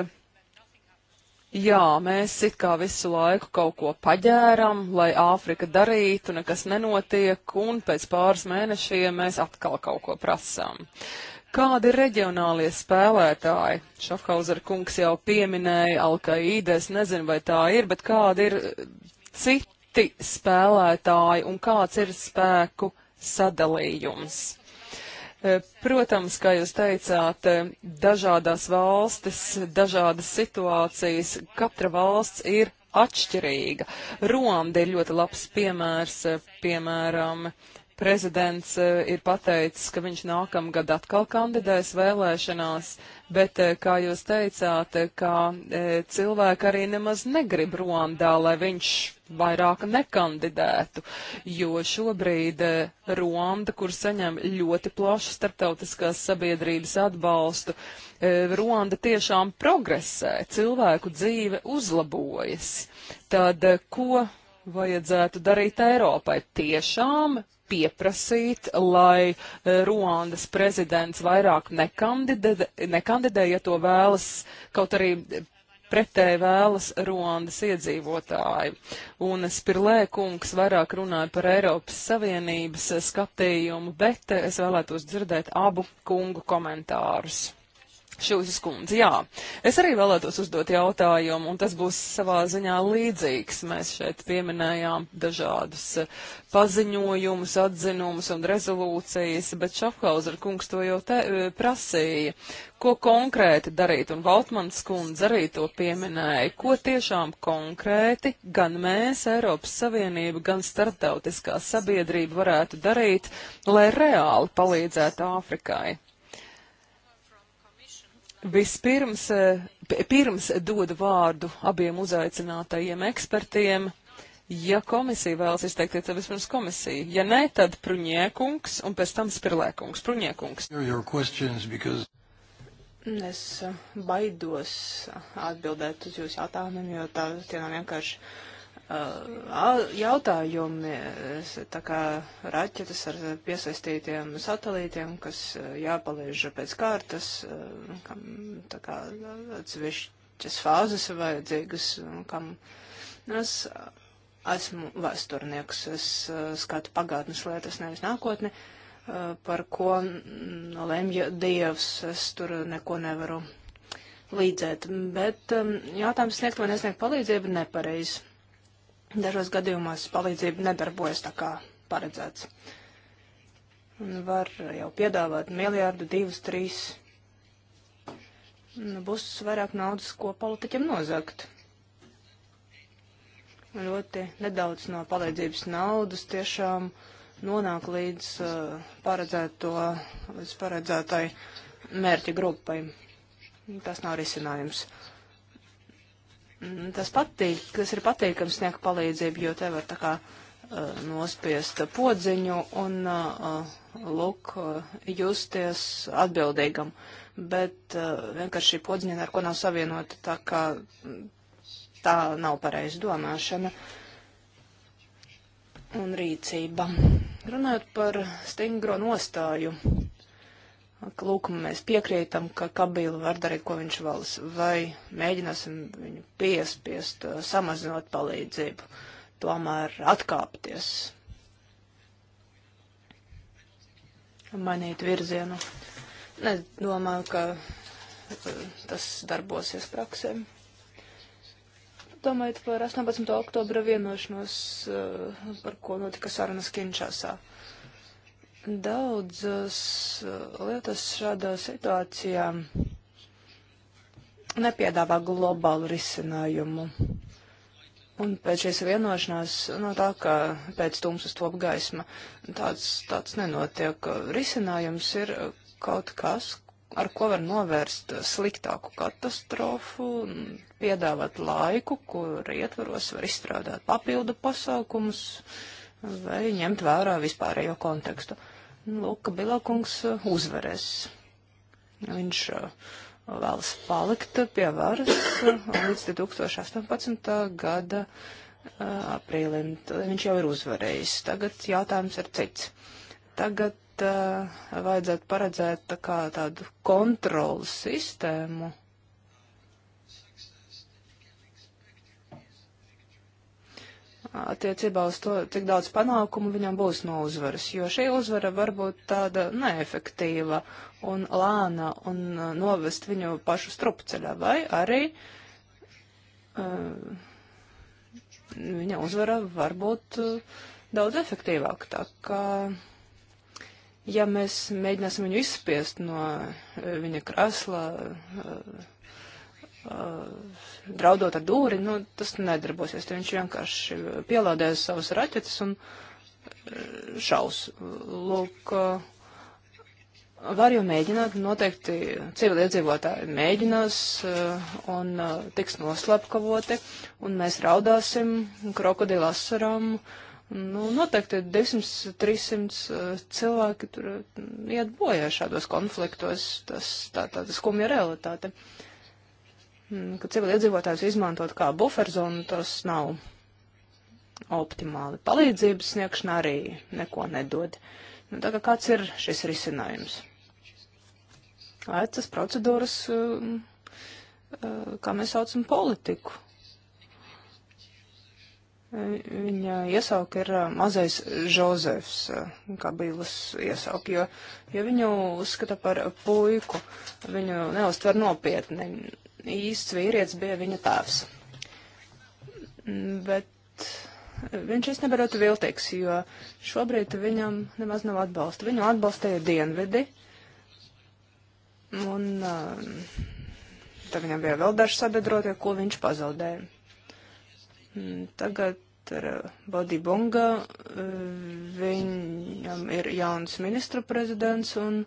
jā, mēs it kā visu laiku kaut ko paģēram, lai Āfrika darītu, nekas nenotiek, un pēc pāris mēnešiem mēs atkal kaut ko prasām. Kādi ir reģionālie spēlētāji? Šafhauser kungs jau pieminēja Alkaīda, es nezinu, vai tā ir, bet kādi ir citi spēlētāji un kāds ir spēku sadalījums? Eh, protams, kā jūs teicāt, eh, dažādās valstis, dažādas situācijas, katra valsts ir atšķirīga. Romda ir ļoti labs piemērs, eh, piemēram, Prezidents eh, ir pateicis, ka viņš nākamgad atkal kandidēs vēlēšanās, bet, eh, kā jūs teicāt, eh, ka cilvēki arī nemaz negrib Ruandā, lai viņš vairāk nekandidētu, jo šobrīd Ruanda, kur saņem ļoti plašu starptautiskās sabiedrības atbalstu, Ruanda tiešām progresē, cilvēku dzīve uzlabojas. Tad ko vajadzētu darīt Eiropai? Tiešām pieprasīt, lai eh, Ruandas prezidents vairāk nekandidē, nekandidē ja to vēlas, kaut arī pretēji vēlas Ruandas iedzīvotāji. Un Spirlē kungs vairāk runāja par Eiropas Savienības skatījumu, bet es vēlētos dzirdēt abu kungu komentārus. Šūsas kundze, jā. Es arī vēlētos uzdot jautājumu, un tas būs savā ziņā līdzīgs. Mēs šeit pieminējām dažādus eh, paziņojumus, atzinumus un rezolūcijas, bet Šafhauser kungs to jau te, eh, prasīja. Ko konkrēti darīt, un Valtmans kundze arī to pieminēja, ko tiešām konkrēti gan mēs, Eiropas Savienība, gan starptautiskā sabiedrība varētu darīt, lai reāli palīdzētu Āfrikai. Vispirms, eh, pirms dodu vārdu abiem uzaicinātajiem ekspertiem, ja komisija vēlas izteikties, tad vispirms komisija. Ja nē, tad Pruņiekungs un pēc tam Spirlēkungs. Pruņiekungs. Because... Es baidos atbildēt uz jūsu jautājumiem, jo tā tie nav vienkārši jautājumi, tā kā raķetes ar piesaistītiem satelītiem, kas jāpalīdz pēc kārtas, kam tā kā atsevišķas fāzes ir vajadzīgas, kam es esmu vēsturnieks, es skatu pagātnes lietas, nevis nākotni, par ko lemj Dievs, es tur neko nevaru līdzēt, bet jautājums sniegt vai nesniegt palīdzību nepareizi Dažos gadījumos palīdzība nedarbojas tā kā paredzēts. Un var jau piedāvāt miljārdu, divus, trīs. Nu, būs vairāk naudas, ko politiķiem nozagt. Ļoti nedaudz no palīdzības naudas tiešām nonāk līdz uh, paredzēto, līdz paredzētai mērķa grupai. Tas nav risinājums. Uh, Mm, tas patīk, tas ir patīkams sniegt palīdzību, jo te var tā kā uh, nospiest podziņu un, uh, uh, lūk, justies atbildīgam. Bet vienkārši šī podziņa ar ko nav savienota, tā kā mm, tā nav pareiza domāšana un rīcība. Runājot par stingro nostāju Lūk, mēs piekrītam, ka Kabila var darīt, ko viņš vēlas, vai mēģināsim viņu piespiest, uh, samazinot palīdzību, tomēr atkāpties, mainīt virzienu. Es domāju, ka uh, tas darbosies praksē. Domājot par 18. oktobra vienošanos, uh, par ko notika sarunas Kinčāsā. Daudzas eh, lietas šādā situācijā nepiedāvā globālu risinājumu. Un pēc šīs vienošanās, no nu, tā kā pēc tumsas top gaisma, tāds, tāds nenotiek. Risinājums ir kaut kas, ar ko var novērst sliktāku katastrofu, piedāvāt laiku, kur ietvaros var izstrādāt papildu pasākumus vai ņemt vērā vispārējo kontekstu lūk, ka Bilakungs uh, uzvarēs. Viņš uh, vēlas palikt pie varas uh, līdz 2018. gada aprīlim. Viņš jau ir uzvarējis. Tagad jautājums ir cits. Tagad vajadzētu paredzēt tā kā tādu kontrolas sistēmu attiecībā uz to, cik daudz panākumu viņam būs no uzvaras, jo šī uzvara var būt tāda neefektīva un lāna un uh, novest viņu pašu strupceļā, vai arī uh, viņa uzvara var būt uh, daudz efektīvāka. Tā kā, ja mēs mēģināsim viņu izspiest no uh, viņa krasla, uh, Uh, draudot ar dūri, nu, tas nedarbosies. Tad viņš vienkārši pielādēs savas raķetes un uh, šaus. Lūk, uh, var jau mēģināt, noteikti civiliedzīvotāji mēģinās un tiks noslapkavoti, un mēs raudāsim krokodila asarām. Nu, noteikti 200-300 cilvēki tur iet bojā šādos konfliktos. Tas tā, tā, tā skumja realitāte. Uh, Mm, ka civiliedzīvotājs izmantot kā buferzonu, tas nav optimāli. Palīdzības sniegšana arī neko nedod. Nu, tā kā kāds ir šis risinājums? Ecas procedūras, um, uh, kā mēs saucam, politiku. Viņa iesauka ir uh, mazais Žozefs, uh, kā Bīlas iesauka, jo, jo viņu uzskata par puiku, viņu neuztver nopietni īsts vīrietis bija viņa tēvs. Bet viņš īstenībā ļoti viltīgs, jo šobrīd viņam nemaz nav atbalsta. Viņu atbalstīja dienvidi, un um, tad viņam bija vēl daži sabiedrotie, ko viņš pazaudēja. Mm, tagad ar uh, Bodibunga uh, viņam ir jauns ministru prezidents, un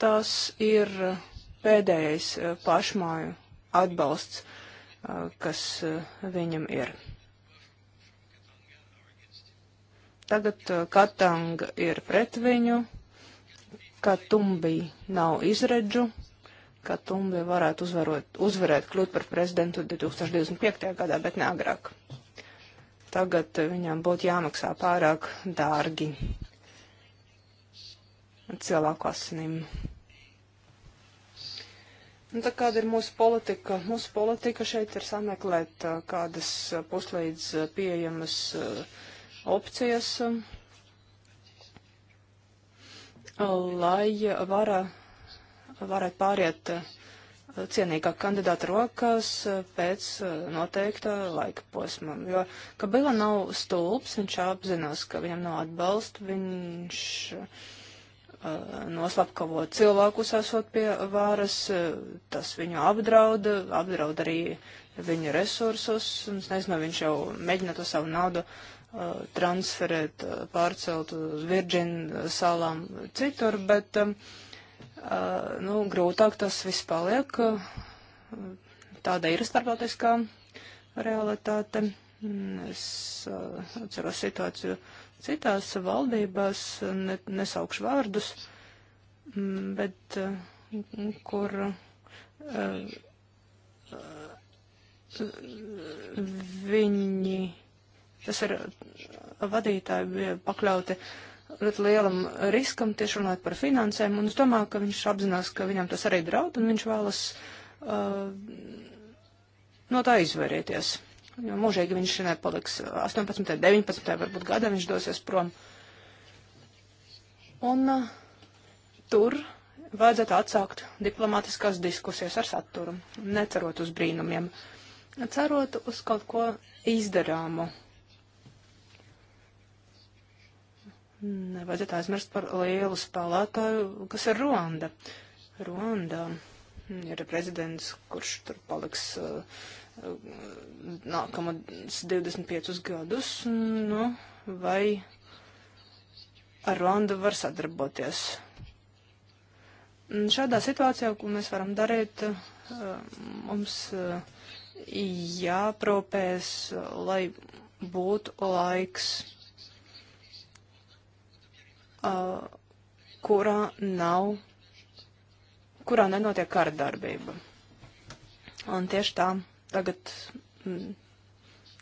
tas ir uh, pēdējais eh, pašmāju atbalsts, eh, kas eh, viņam ir. Tagad Katanga ir pret viņu, Katumbi nav izredžu, Katumbi varētu uzvarot, uzvarēt kļūt par prezidentu 2025. gadā, bet ne agrāk. Tagad viņam būtu jāmaksā pārāk dārgi cilvēku asinīm. Un nu, tā kāda ir mūsu politika? Mūsu politika šeit ir sameklēt kādas puslīdz pieejamas opcijas, lai vara, varētu pāriet cienīgāk kandidāta rokās pēc noteikta laika posmam. Jo Kabila nav stulbs, viņš apzinās, ka viņam nav atbalsta, viņš noslapkavo cilvēkus esot pie vāras, tas viņu apdrauda, apdraud arī viņa resursus, un es nezinu, viņš jau mēģina to savu naudu uh, transferēt, pārcelt uz Virģinu salām citur, bet, uh, nu, grūtāk tas viss paliek, tāda ir starptautiskā realitāte. Es uh, atceros situāciju Citās valdībās, ne, nesaukšu vārdus, mm, bet eh, kur eh, viņi, tas ir eh, vadītāji, bija pakļauti ļoti lielam riskam tieši runāt par finansēm, un es domāju, ka viņš apzinās, ka viņam tas arī draud, un viņš vēlas uh, no tā izvairīties jo nu, mūžīgi viņš nepaliks 18, 19, varbūt gadā viņš dosies prom. Un uh, tur vajadzētu atsākt diplomātiskās diskusijas ar saturu, necerot uz brīnumiem, cerot uz kaut ko izdarāmu. Nevajadzētu aizmirst par lielu spēlētāju, kas ir Ruanda. Ruanda ir prezidents, kurš tur paliks uh, nākamos 25 gadus, nu, vai ar Ruandu var sadarboties. Šādā situācijā, ko mēs varam darīt, mums eh, jāpropēs, lai būtu laiks, eh, kurā nav, kurā nenotiek kardarbība. Un tieši tā tagad m, mm,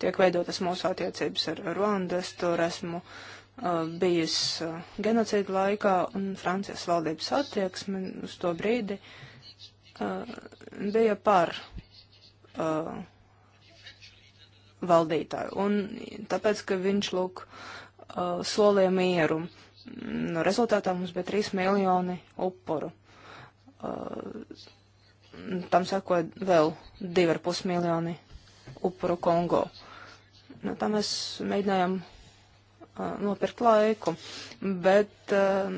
tiek veidotas mūsu attiecības ar Ruandu. Es tur esmu uh, bijis uh, genocīda laikā, un Francijas valdības attieksme uz to brīdi uh, bija par uh, valdītāju. Un tāpēc, ka viņš lūk uh, solīja mieru. Mm, no rezultātā mums bija 3 miljoni upuru. Uh, tam sakoja vēl 2,5 miljoni upuru Kongo. Nu, tā mēs mēģinājām uh, nopirkt laiku, bet, uh,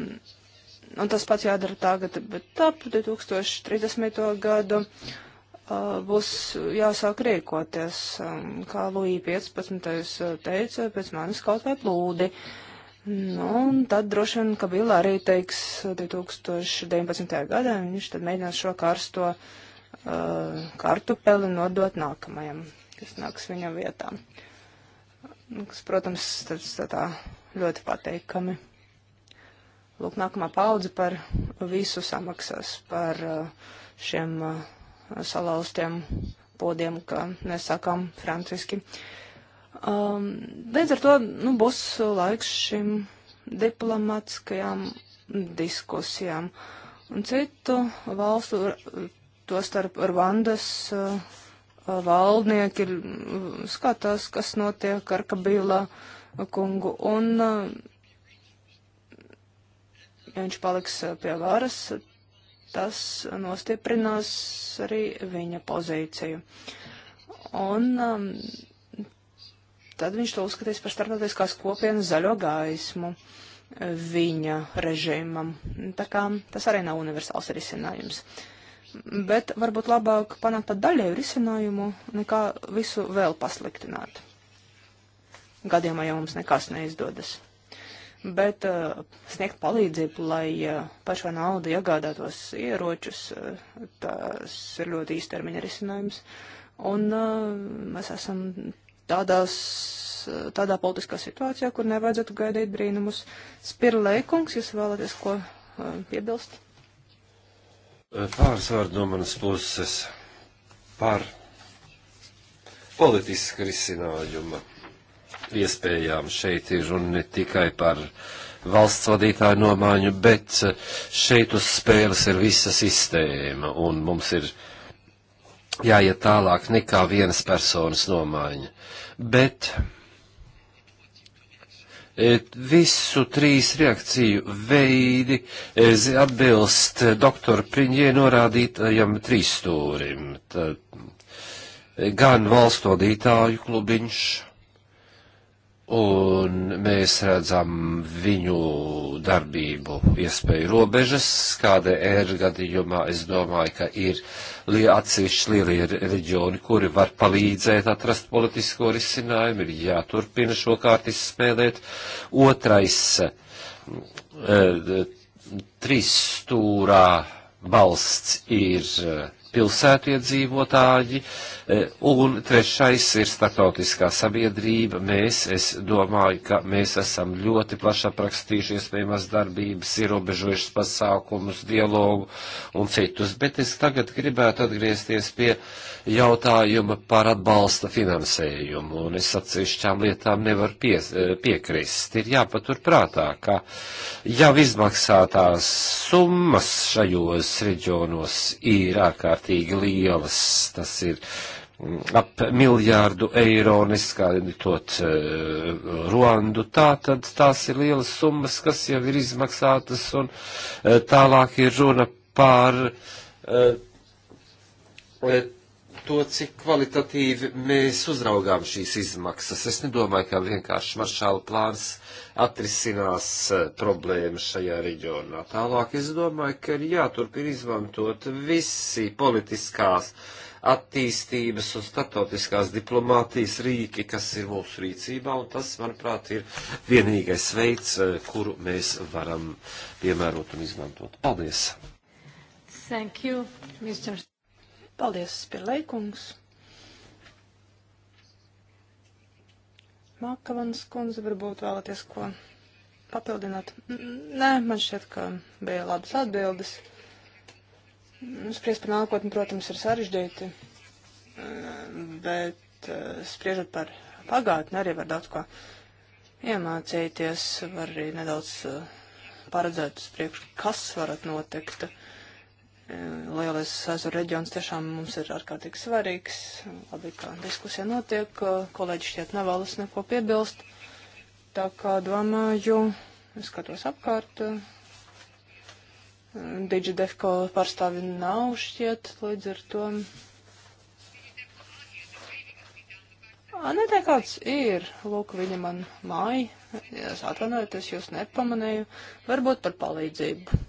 un tas pats jādara tagad, bet ap 2030. gadu uh, būs jāsāk rīkoties, um, kā Lūija 15. teica, pēc manis kaut vai plūdi. Uh, Nu, un tad droši vien, ka Bila arī teiks 2019. Eh, gadā, viņš tad mēģinās šo karsto uh, kartupeli nodot nākamajam, kas nāks viņam vietā. Kas, protams, tas tā, tā ļoti pateikami. Lūk, nākamā paudze par visu samaksās, par eh, šiem salauztiem podiem, kā mēs sakām franciski. Uh, Um, līdz ar to nu, būs laiks šim diplomatiskajām diskusijām. Un citu valstu, to starp Rwandas uh, valdnieki mm, skatās, kas notiek ar Kabila kungu. Un, uh, ja viņš paliks pie varas, tas nostiprinās arī viņa pozīciju. Un um, tad viņš to uzskatīs par starptautiskās kopienas zaļo gaismu viņa režīmam. Tā kā tas arī nav universāls risinājums. Bet varbūt labāk panākt pat daļēju risinājumu, nekā visu vēl pasliktināt. Gadījumā jau mums nekas neizdodas. Bet uh, sniegt palīdzību, lai uh, eh, pašā nauda iegādātos ieročus, uh, tas ir ļoti īstermiņa risinājums. Un uh, mēs esam tādās, tādā politiskā situācijā, kur nevajadzētu gaidīt brīnumus. Spirlēkungs, jūs vēlaties ko um, piebilst? Eh, pāris vārdu no manas puses par politiska risinājuma iespējām šeit ir un ne tikai par valsts vadītāju nomaiņu, bet eh, šeit uz spēles ir visa sistēma un mums ir uh, jāiet tālāk nekā vienas personas nomaiņa. Bet e, visu trīs reakciju veidi e, atbilst doktora Priņie norādītajam trīs stūrim. Tad e, gan valstsvadītāju klubiņš, un mēs redzam viņu darbību iespēju robežas, kāda ir gadījumā, es domāju, ka ir li atsevišķi lielie reģioni, kuri var palīdzēt atrast politisko risinājumu, ir jāturpina šo kārtu izspēlēt. Otrais, eh, trīs stūrā balsts ir eh, pilsētu iedzīvotāji, e, un trešais ir startautiskā sabiedrība. Mēs, es domāju, ka mēs esam ļoti plaši aprakstījušies piemēram darbības, ierobežojušas pasākumus, dialogu un citus, bet es tagad gribētu atgriezties pie jautājuma par atbalsta finansējumu, un es atsevišķām lietām nevaru pie, e, piekrist. Ir jāpatur prātā, ka jau izmaksātās summas šajos reģionos ir ārkārtīgi ārkārtīgi lielas. Tas ir mm, ap miljārdu eiro, neskaitot uh, Ruandu. Tā tad tās ir lielas summas, kas jau ir izmaksātas, un uh, tālāk ir runa par uh, to, cik kvalitatīvi mēs uzraugām šīs izmaksas. Es nedomāju, ka vienkārši maršāla plāns atrisinās e, problēmas šajā reģionā. Tālāk es domāju, ka ir jāturpina izmantot visi politiskās attīstības un statotiskās diplomātijas rīki, kas ir mūsu rīcībā, un tas, manuprāt, ir vienīgais veids, e, kuru mēs varam piemērot un izmantot. Paldies! Thank you, Mr. Paldies, Spirleikungs. Makavans kundze, varbūt vēlaties ko papildināt? Nē, man šķiet, ka bija labas atbildes. Nu, spriest par nākotni, protams, ir sarežģīti, bet eh, spriežot par pagātni arī var daudz ko iemācīties, var arī nedaudz eh, paredzēt uz priekšu, kas varat notikt. Eh, Lielais ezeru reģions tiešām mums ir ārkārtīgi svarīgs. Labi, ka diskusija notiek, kolēģi šķiet nevēlas neko piebilst. Tā kā domāju, es skatos apkārt. Digidefko pārstāvi nav šķiet, līdz ar to. Nē, tā kāds ir. Lūk, viņa man māja. Es atvainojos, jūs nepamanīju. Varbūt par palīdzību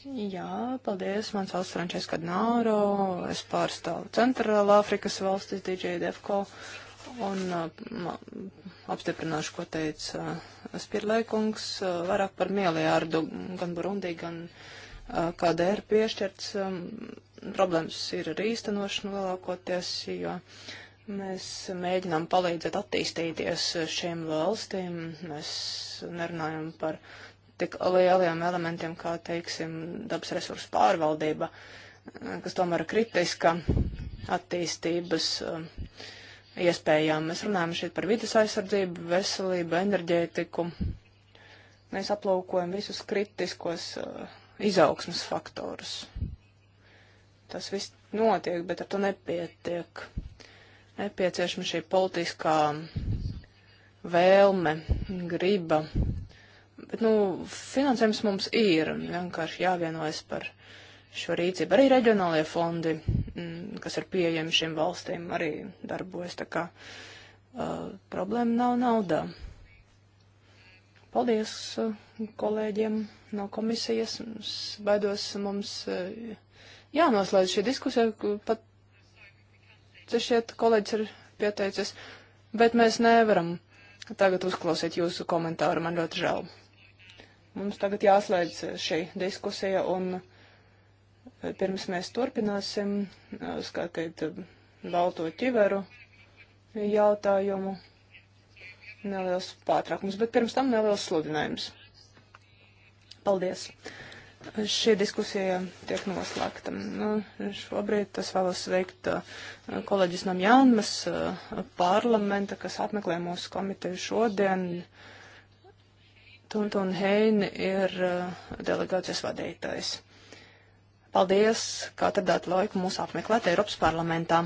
Jā, paldies. Mans valsts Frančeska Nāro, es pārstāvu Centrālā Afrikas valstis DJ Defko un uh, apstiprināšu, ko teica uh, Spirlēkungs, uh, vairāk par miljārdu gan Burundī, gan KDR piešķirts. Um, problēmas ir ar īstenošanu lielākoties, jo mēs mēģinām palīdzēt attīstīties šiem valstīm. Mēs nerunājam par tik lieliem elementiem, kā, teiksim, dabas resursu pārvaldība, eh, kas tomēr ir kritiska attīstības eh, iespējām. Mēs runājam šeit par vidas aizsardzību, veselību, enerģētiku. Mēs aplūkojam visus kritiskos eh, izaugsmas faktorus. Tas viss notiek, bet ar to nepietiek. Nepieciešama šī politiskā vēlme, griba Bet, nu, finansējums mums ir, vienkārši jāvienojas par šo rīcību. Arī reģionālie fondi, mm, kas ir pieejami šīm valstīm, arī darbojas, tā kā uh, problēma nav naudā. Paldies uh, kolēģiem no komisijas. Es baidos mums uh, jānoslēdz šī diskusija, pat šeit kolēģis ir pieteicis, bet mēs nevaram tagad uzklausīt jūsu komentāru, man ļoti žēl. Mums tagad jāslēdz eh, šī diskusija, un eh, pirms mēs turpināsim, eh, skatīt balto ķiveru jautājumu, neliels pārtraukums, bet pirms tam neliels sludinājums. Paldies! Šī diskusija tiek noslēgta. Nu, šobrīd es vēlos sveikt kolēģis no Jānmas parlamenta, kas apmeklē mūsu komiteju šodien. Tuntun Heini ir eh, delegācijas vadītājs. Paldies, ka atradāt laiku mūs apmeklēt Eiropas parlamentā.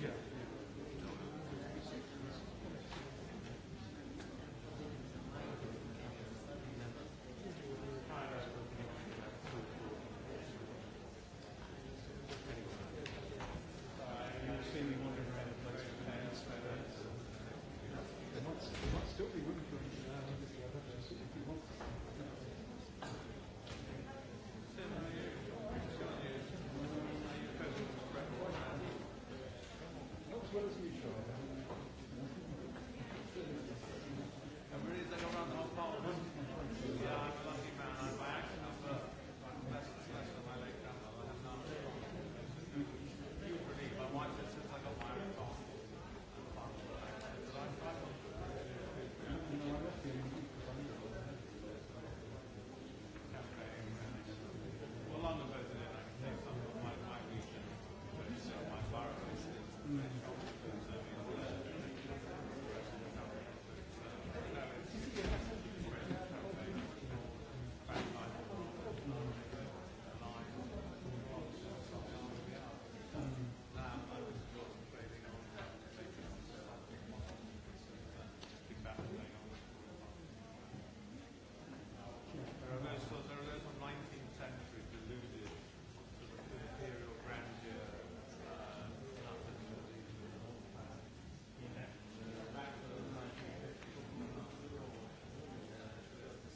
Yeah.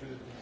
Thank you.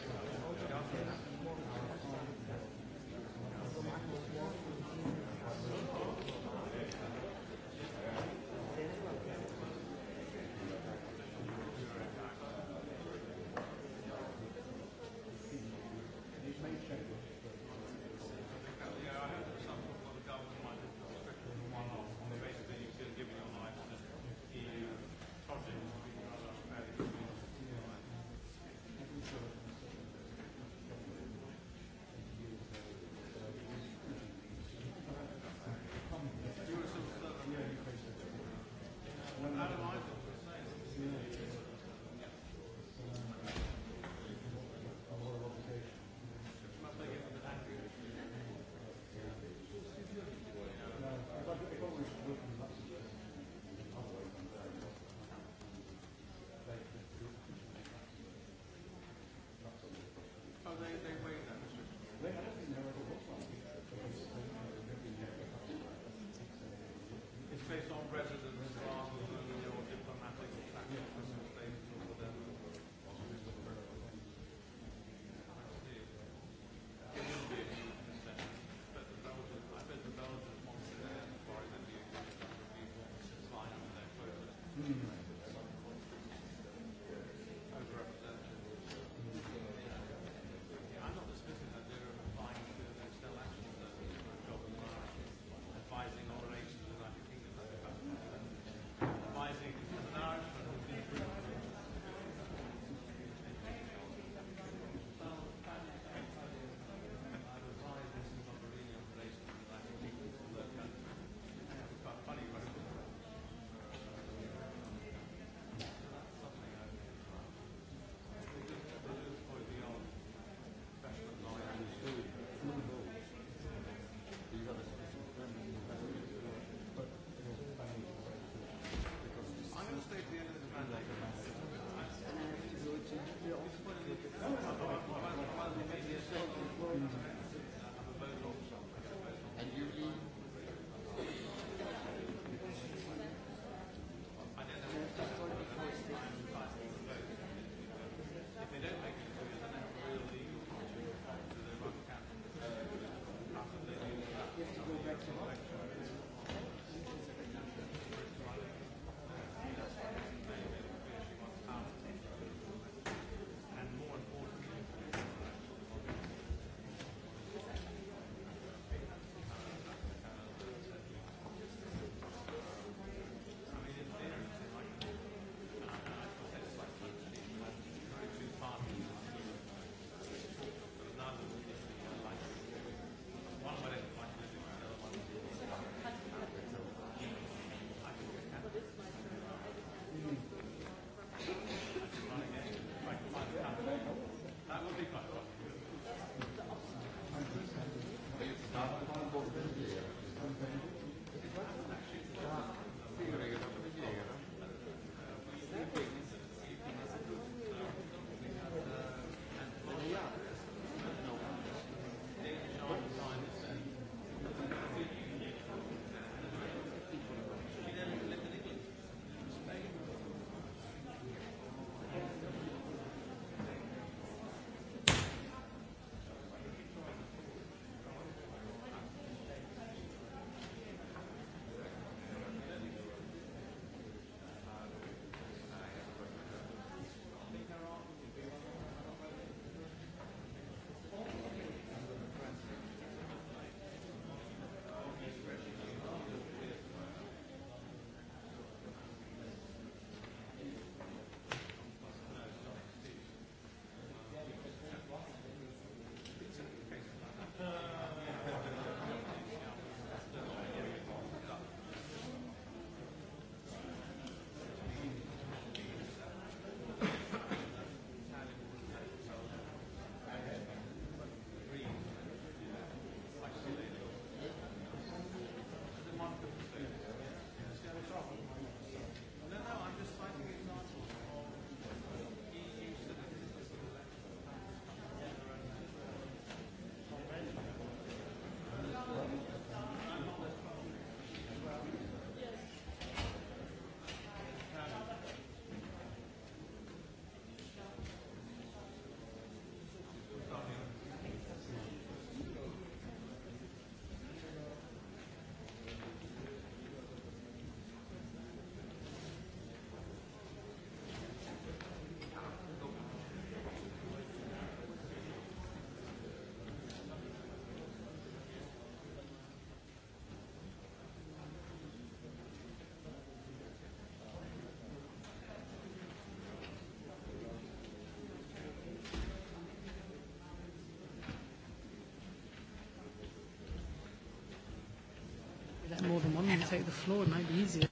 let more than one of them take the floor. It might be easier.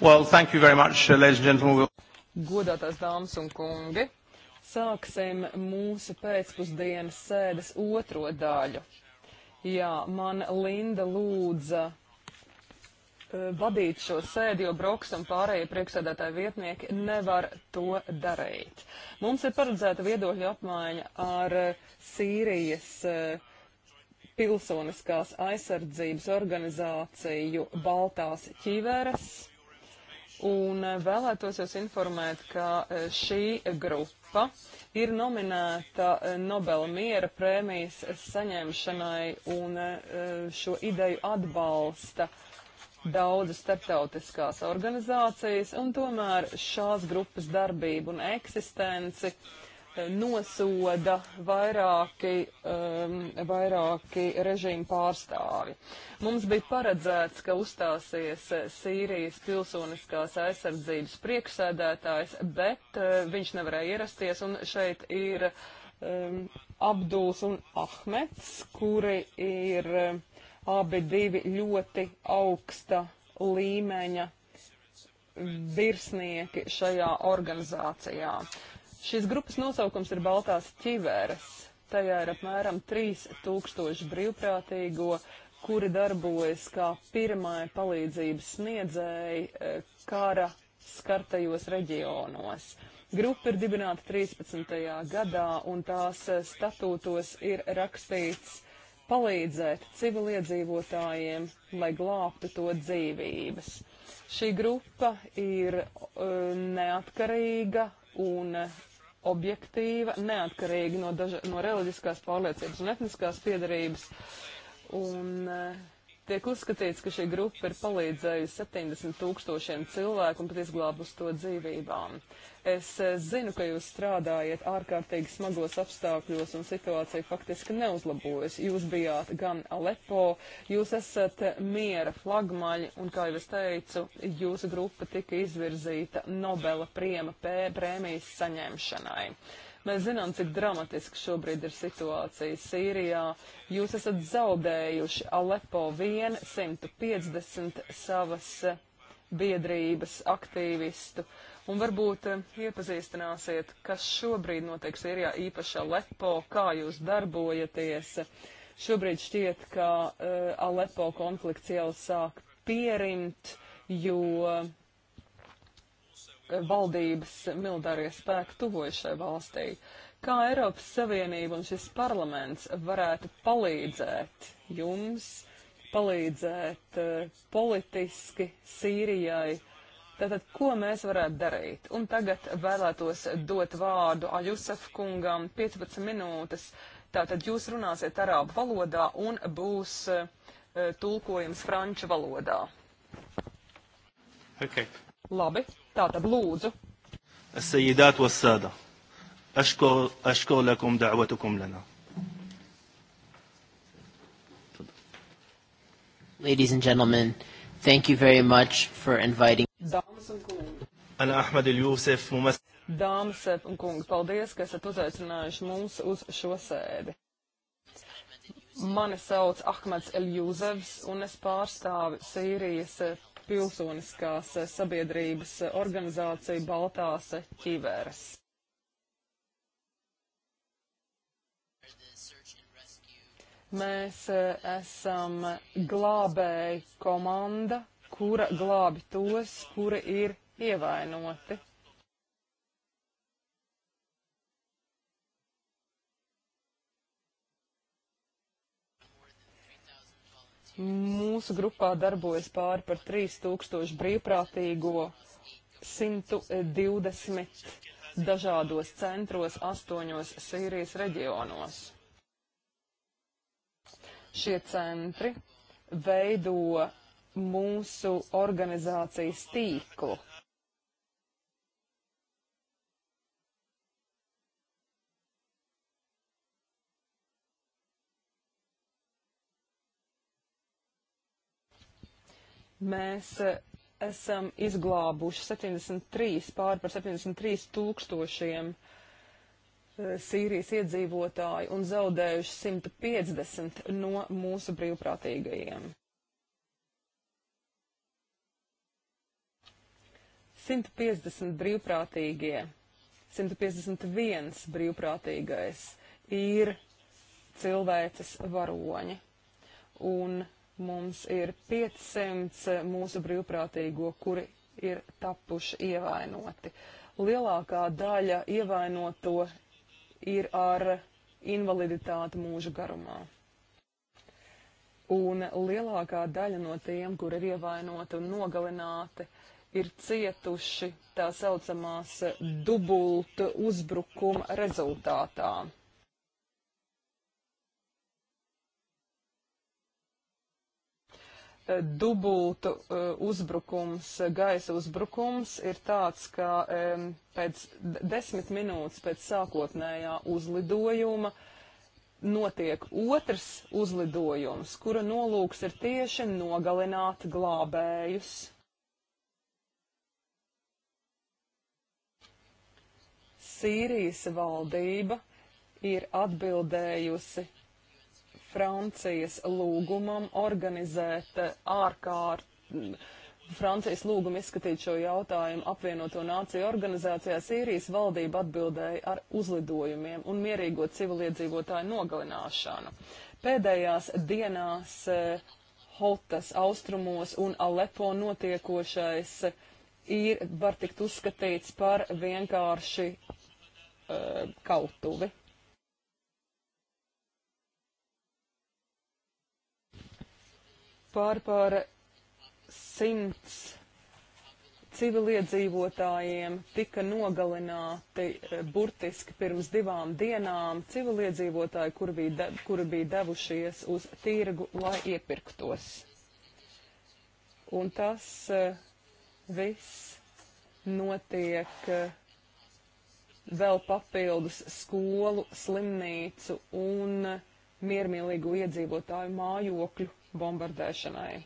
Well, thank you very much, uh, ladies and gentlemen. Godātās dāmas un kungi, sāksim mūsu pēcpusdienas sēdes otro daļu. Jā, man Linda lūdza eh, vadīt šo sēdi, jo Broks un pārējie priekšsēdētāji vietnieki nevar to darīt. Mums ir paredzēta viedokļa apmaiņa ar eh, Sīrijas eh, pilsoniskās aizsardzības organizāciju Baltās ķiveres. Un vēlētos jūs informēt, ka šī grupa uh, ir nominēta eh, Nobela miera prēmijas saņemšanai un eh, šo ideju atbalsta daudzas starptautiskās organizācijas, un tomēr šās grupas darbību un eksistenci uh, nosoda vairāki, um, vairāki režīmu pārstāvi. Mums bija paredzēts, ka uzstāsies Sīrijas pilsoniskās aizsardzības priekšsēdētājs, bet uh, viņš nevarēja ierasties, un šeit ir um, Abduls un Ahmets, kuri ir um, abi divi ļoti augsta līmeņa virsnieki šajā organizācijā. Uh, Šīs grupas nosaukums ir Baltās ķiveres. Tajā ir apmēram 3000 brīvprātīgo, kuri darbojas kā pirmā palīdzības sniedzēji e, kara skartajos reģionos. Grupa ir dibināta 13. gadā, un tās e, statūtos ir rakstīts palīdzēt civiliedzīvotājiem, lai glābtu to dzīvības. Šī grupa ir e, neatkarīga un objektīva, neatkarīga no, daža, no reliģiskās pārliecības un etniskās piedarības. Un, uh, Tiek uzskatīts, ka šī grupa ir palīdzējusi 70 tūkstošiem cilvēku un pat izglābus to dzīvībām. Es eh, zinu, ka jūs strādājat ārkārtīgi smagos apstākļos un situācija faktiski neuzlabojas. Jūs bijāt gan Alepo, jūs esat miera flagmaņi un, kā jau es teicu, jūsu grupa tika izvirzīta Nobela priema prēmijas saņemšanai. Uh, Mēs zinām, cik dramatiski šobrīd ir situācija Sīrijā. Jūs esat zaudējuši Alepo vien 150 savas biedrības aktīvistu. Un varbūt eh, iepazīstināsiet, kas šobrīd notiek Sīrijā, īpaši Alepo, kā jūs darbojaties. Šobrīd šķiet, ka uh, Alepo konflikts jau sāk pierimt, jo uh, valdības militārie spēki tuvojas šai valstī. Kā Eiropas Savienība un šis parlaments varētu palīdzēt jums, palīdzēt uh, politiski Sīrijai? Tātad, ko mēs varētu darīt? Un tagad vēlētos dot vārdu Aļusaf kungam 15 minūtes. Tātad jūs runāsiet arābu valodā un būs uh, tulkojums franču valodā. Okay. Labi. Tātad lūdzu. السيدات والسادة أشكر, أشكر لكم دعوتكم لنا Ladies and gentlemen, thank you very much for inviting أنا أحمد اليوسف ممثل Dāmas un kungi, paldies, ka esat uzaicinājuši mūs uz šo sēdi. Mani sauc Ahmeds Eljūzevs un es pārstāvu Sīrijas pilsoniskās eh, sabiedrības eh, organizācija Baltās eh, ķiveres. Mēs esam glābēji komanda, kura glābi tos, kuri ir ievainoti. Mūsu grupā darbojas pāri par 3000 brīvprātīgo 120 dažādos centros, astoņos Sīrijas reģionos. Šie centri veido mūsu organizācijas tīklu. Mēs eh, esam izglābuši 73, pāri par 73 tūkstošiem eh, Sīrijas iedzīvotāju un zaudējuši 150 no mūsu brīvprātīgajiem. 150 brīvprātīgie, 151 brīvprātīgais ir cilvēces varoņi. Un Mums ir 500 mūsu brīvprātīgo, kuri ir tapuši ievainoti. Lielākā daļa ievainoto ir ar invaliditāti mūža garumā. Un lielākā daļa no tiem, kur ir ievainoti un nogalināti, ir cietuši tā saucamās dubultu uzbrukuma rezultātā. dubultu eh, uzbrukums, gaisa uzbrukums ir tāds, ka pēc desmit minūtes pēc sākotnējā uzlidojuma notiek otrs uzlidojums, kura nolūks ir tieši nogalināt glābējus. Sīrijas valdība ir atbildējusi Francijas lūgumam organizēt eh, ārkārt. Francijas lūgumu izskatīt šo jautājumu apvienoto nāciju organizācijā Sīrijas valdība atbildēja ar uzlidojumiem un mierīgo civiliedzīvotāju nogalināšanu. Pēdējās dienās eh, Hotas austrumos un Alepo notiekošais eh, ir, var tikt uzskatīts par vienkārši uh, kautuvi. pār par simts civiliedzīvotājiem tika nogalināti eh, burtiski pirms divām dienām civiliedzīvotāji, kuri bija, de, kuri bija devušies uz tirgu, lai iepirktos. Un tas eh, viss notiek eh, vēl papildus skolu, slimnīcu un miermīlīgu iedzīvotāju mājokļu bombardēšanai.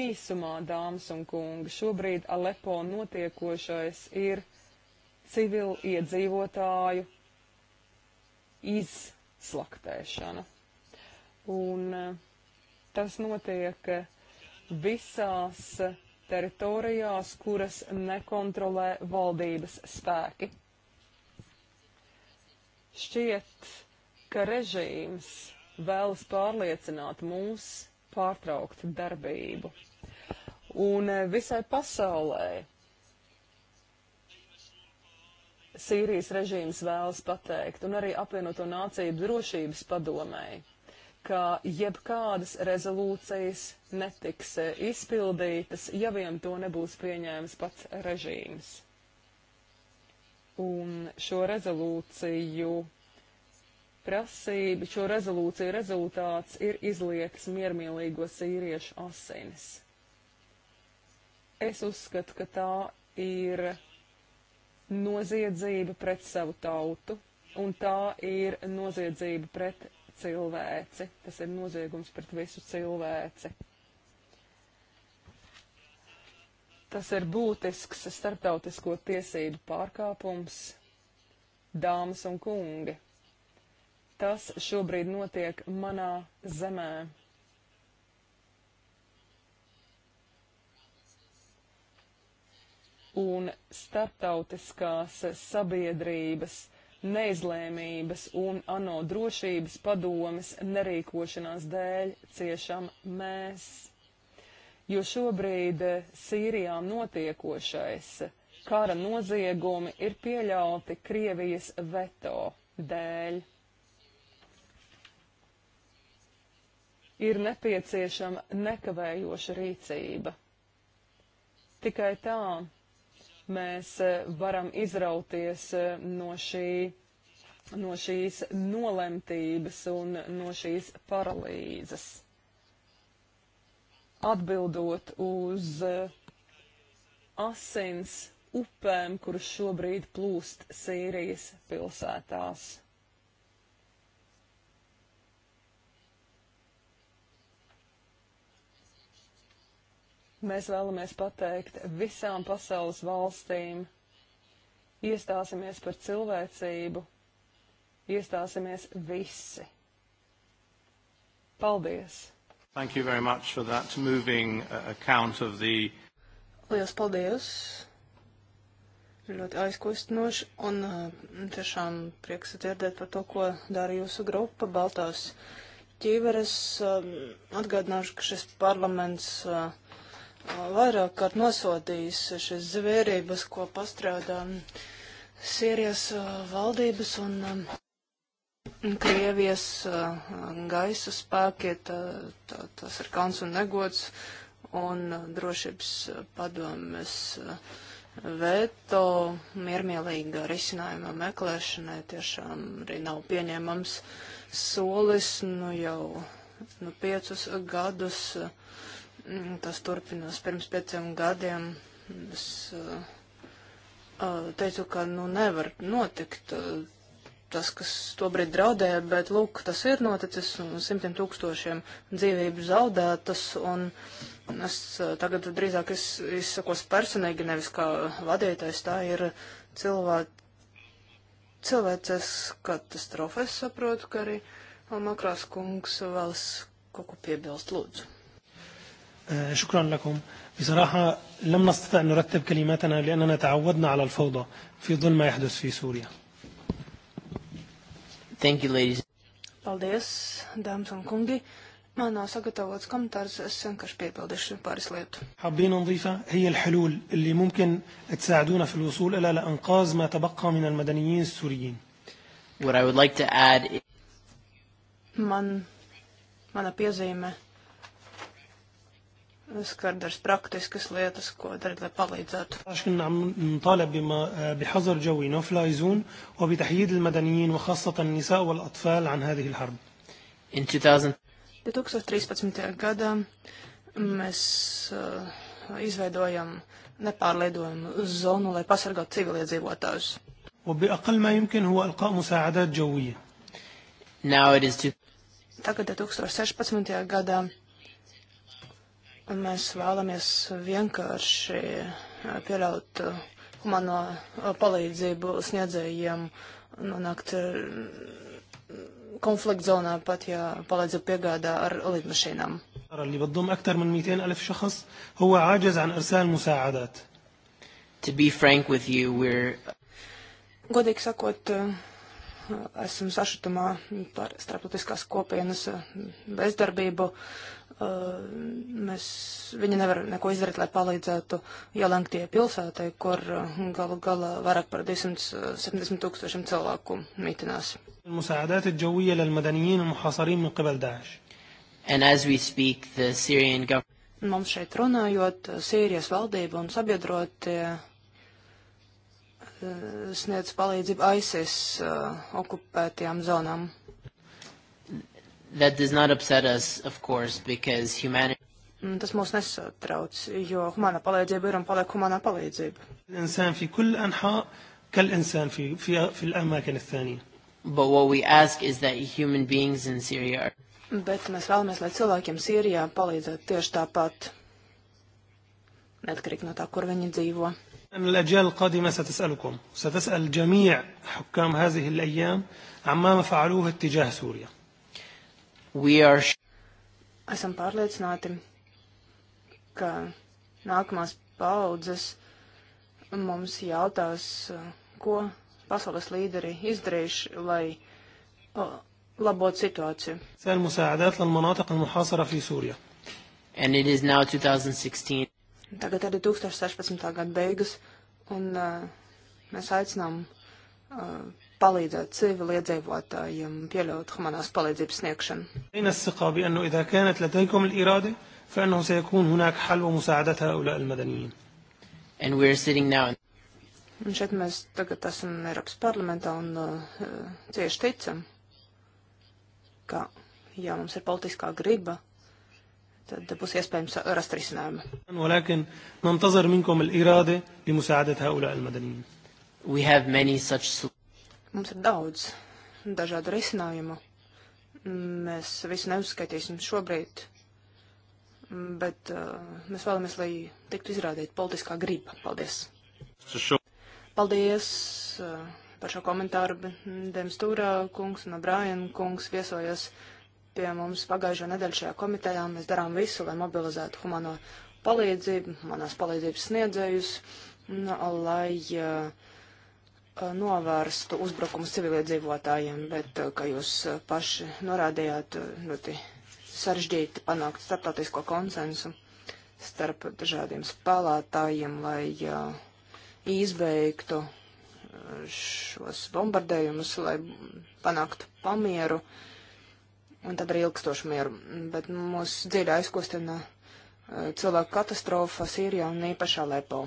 Īsumā, dāmas un kungi, šobrīd Alepo notiekošais ir civilu iedzīvotāju izslaktēšana. Un eh, tas notiek eh, visās teritorijās, kuras nekontrolē valdības spēki. Šķiet, ka režīms vēlas pārliecināt mūs pārtraukt darbību. Un e, visai pasaulē Sīrijas režīms vēlas pateikt, un arī apvienoto nāciju drošības padomēji, ka jebkādas rezolūcijas netiks e, izpildītas, ja vien to nebūs pieņēmis pats režīms. Un šo rezolūciju prasība, šo rezolūciju rezultāts ir izlietas miermīlīgo sīriešu asinis. Es uzskatu, ka tā ir noziedzība pret savu tautu, un tā ir noziedzība pret cilvēci. Tas ir noziegums pret visu cilvēci. Tas ir būtisks starptautisko tiesību pārkāpums, dāmas un kungi. Tas šobrīd notiek manā zemē. un starptautiskās sabiedrības neizlēmības un ANO drošības padomes nerīkošanās dēļ ciešam mēs. Jo šobrīd Sīrijā notiekošais kara noziegumi ir pieļauti Krievijas veto dēļ. ir nepieciešama nekavējoša rīcība. Tikai tā mēs e, varam izrauties e, no, šī, no šīs nolemtības un no šīs paralīzes. Atbildot uz e, asins upēm, kuras šobrīd plūst Sīrijas pilsētās. Mēs vēlamies pateikt visām pasaules valstīm, iestāsimies par cilvēcību, iestāsimies visi. Paldies! Thank you very much for that moving uh, account of the. Lielas paldies! Ļoti aizkustinoši un uh, tiešām prieks dzirdēt par to, ko dara jūsu grupa Baltās ķīveres. Um, atgādināšu, ka šis parlaments uh, vairāk kārt nosodījis šīs zvērības, ko pastrādā Sīrijas uh, valdības un um, Krievijas uh, gaisa spēki. Tā, tā, tas ir kauns un negods un uh, drošības padomes veto miermīlīga risinājuma meklēšanai tiešām arī nav pieņemams solis, nu jau nu, piecus gadus uh, Mm, tas turpinās pirms pieciem gadiem. Es uh, teicu, ka nu nevar notikt uh, tas, kas tobrīd draudēja, bet lūk, tas ir noticis un simtiem tūkstošiem dzīvību zaudētas. Un es uh, tagad drīzāk es, izsakos personīgi, nevis kā vadītājs. Tā ir cilvēka, cilvēces katastrofa. Es saprotu, ka arī Makrās kungs vēlas kaut ko piebilst lūdzu. شكرا لكم بصراحة لم نستطع أن نرتب كلماتنا لأننا تعودنا على الفوضى في ظل ما يحدث في سوريا Thank you, ladies. Paldies, dāmas un kungi. Man nav sagatavots komentārs, es vienkārši piebildīšu pāris lietu. حابين نضيفة هي الحلول اللي ممكن تساعدونا في الوصول إلى إنقاذ ما تبقى من المدنيين السوريين. What I would like to add Man, mana piezīme skar dažas praktiskas lietas, ko darīt, lai palīdzētu. نطالب بحظر جوي no fly zone وبتحييد المدنيين وخاصة النساء والأطفال عن هذه الحرب. In 2000. 2013. gadā mēs uh, izveidojam nepārlidojumu zonu, lai pasargātu civiliedzīvotājus. وبأقل ما يمكن هو إلقاء مساعدات جوية. Now it is to... Tagad 2016. gadā Mēs vēlamies vienkārši eh, pieļaut eh, humano eh, palīdzību sniedzējiem nonākt konflikt zonā, pat ja palīdzību piegādā ar lidmašīnām. اللي بتضم أكثر من 200 ألف شخص هو عاجز عن إرسال مساعدات. To be frank with you, we're... Godīgi sakot, esam sašutumā par starptautiskās kopienas bezdarbību. Uh, mēs, viņi nevar neko izdarīt, lai palīdzētu Jelenkie pilsētai, kur galu galā vairāk par 270 tūkstošiem cilvēku mitinās. المساعدات الجوية للمدنيين المحاصرين من قبل داعش. And as we speak, the Syrian government. Mums šeit runājot, Sīrijas valdība un sabiedrotie sniedz palīdzību ISIS okupētajām zonām. That does not upset us, of course, because humanity. Mm, tas mūs nesatrauc, jo humānā palīdzība ir un paliek humānā palīdzība. الإنسان في كل أنحاء كالإنسان في في في الأماكن الثانية. But what we ask is that human beings in Syria are. Bet mēs vēlamies, lai cilvēkiem Sīrijā palīdzētu tieši tāpat, neatkarīgi no tā, kur viņi dzīvo. الأجيال القادمة ستسألكم ستسأل جميع حكام هذه الأيام عما فعلوه اتجاه سوريا Are... Esam pārliecināti, ka nākamās paudzes mums jautās, ko pasaules līderi izdarījuši, lai labotu situāciju. Tagad arī 2016. gada beigas, un uh, mēs aicinām uh, palīdzēt civiliedzīvotājiem pieļaut humanās palīdzības sniegšanu. فإنه سيكون هناك حل ومساعدة هؤلاء المدنيين. And we're sitting now. Un šeit mēs tagad esam Eiropas parlamentā un uh, cieši ticam, ka, ja mums ir politiskā griba, tad būs iespējams rast risinājumu. ولكن ننتظر منكم الإرادة لمساعدة هؤلاء المدنيين. We have many such solutions. Mums ir daudz dažādu risinājumu. Mēs visu neuzskaitīsim šobrīd, bet uh, mēs vēlamies, lai tiktu izrādīta politiskā griba. Paldies! Paldies uh, par šo komentāru. Dēms Tūrā kungs un Brājan kungs viesojas pie mums pagājušo nedēļu šajā komitejā. Mēs darām visu, lai mobilizētu humano palīdzību, manās palīdzības sniedzējus, lai uh, Eh, novērstu uzbrukumus civiliedzīvotājiem, bet, eh, kā jūs eh, paši norādījāt, ļoti sarežģīti panākt starptautisko konsensu starp dažādiem spēlētājiem, lai uh, izbeigtu šos bombardējumus, lai panāktu pamieru un tad arī ilgstošu mieru. Bet mūs dziļi aizkostina cilvēku katastrofa Sīrijā un īpašā Lepo.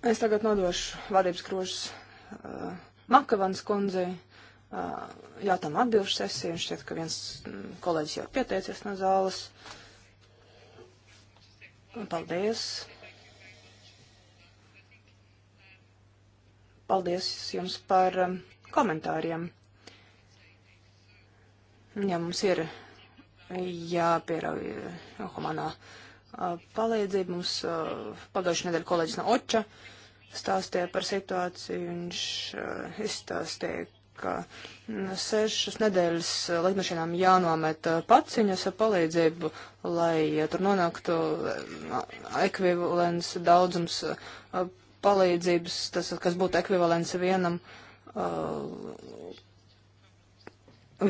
Es tagad nodošu vadības krožas uh, Makavans kundzei. Uh, jā, tam atbilšu sesiju. Šķiet, ka viens mm, kolēģis jau pieteicies no zāles. Paldies. Paldies jums par um, komentāriem. Ja mums ir jāpierauj humanā. Uh, palīdzību. Mums pagājušajā nedēļā kolēģis no Oča stāstīja par situāciju. Viņš izstāstīja, ka sešas nedēļas lidmašīnām jānomet paciņas ar palīdzību, lai tur nonāktu ekvivalents daudzums palīdzības, tas, kas būtu ekvivalents vienam,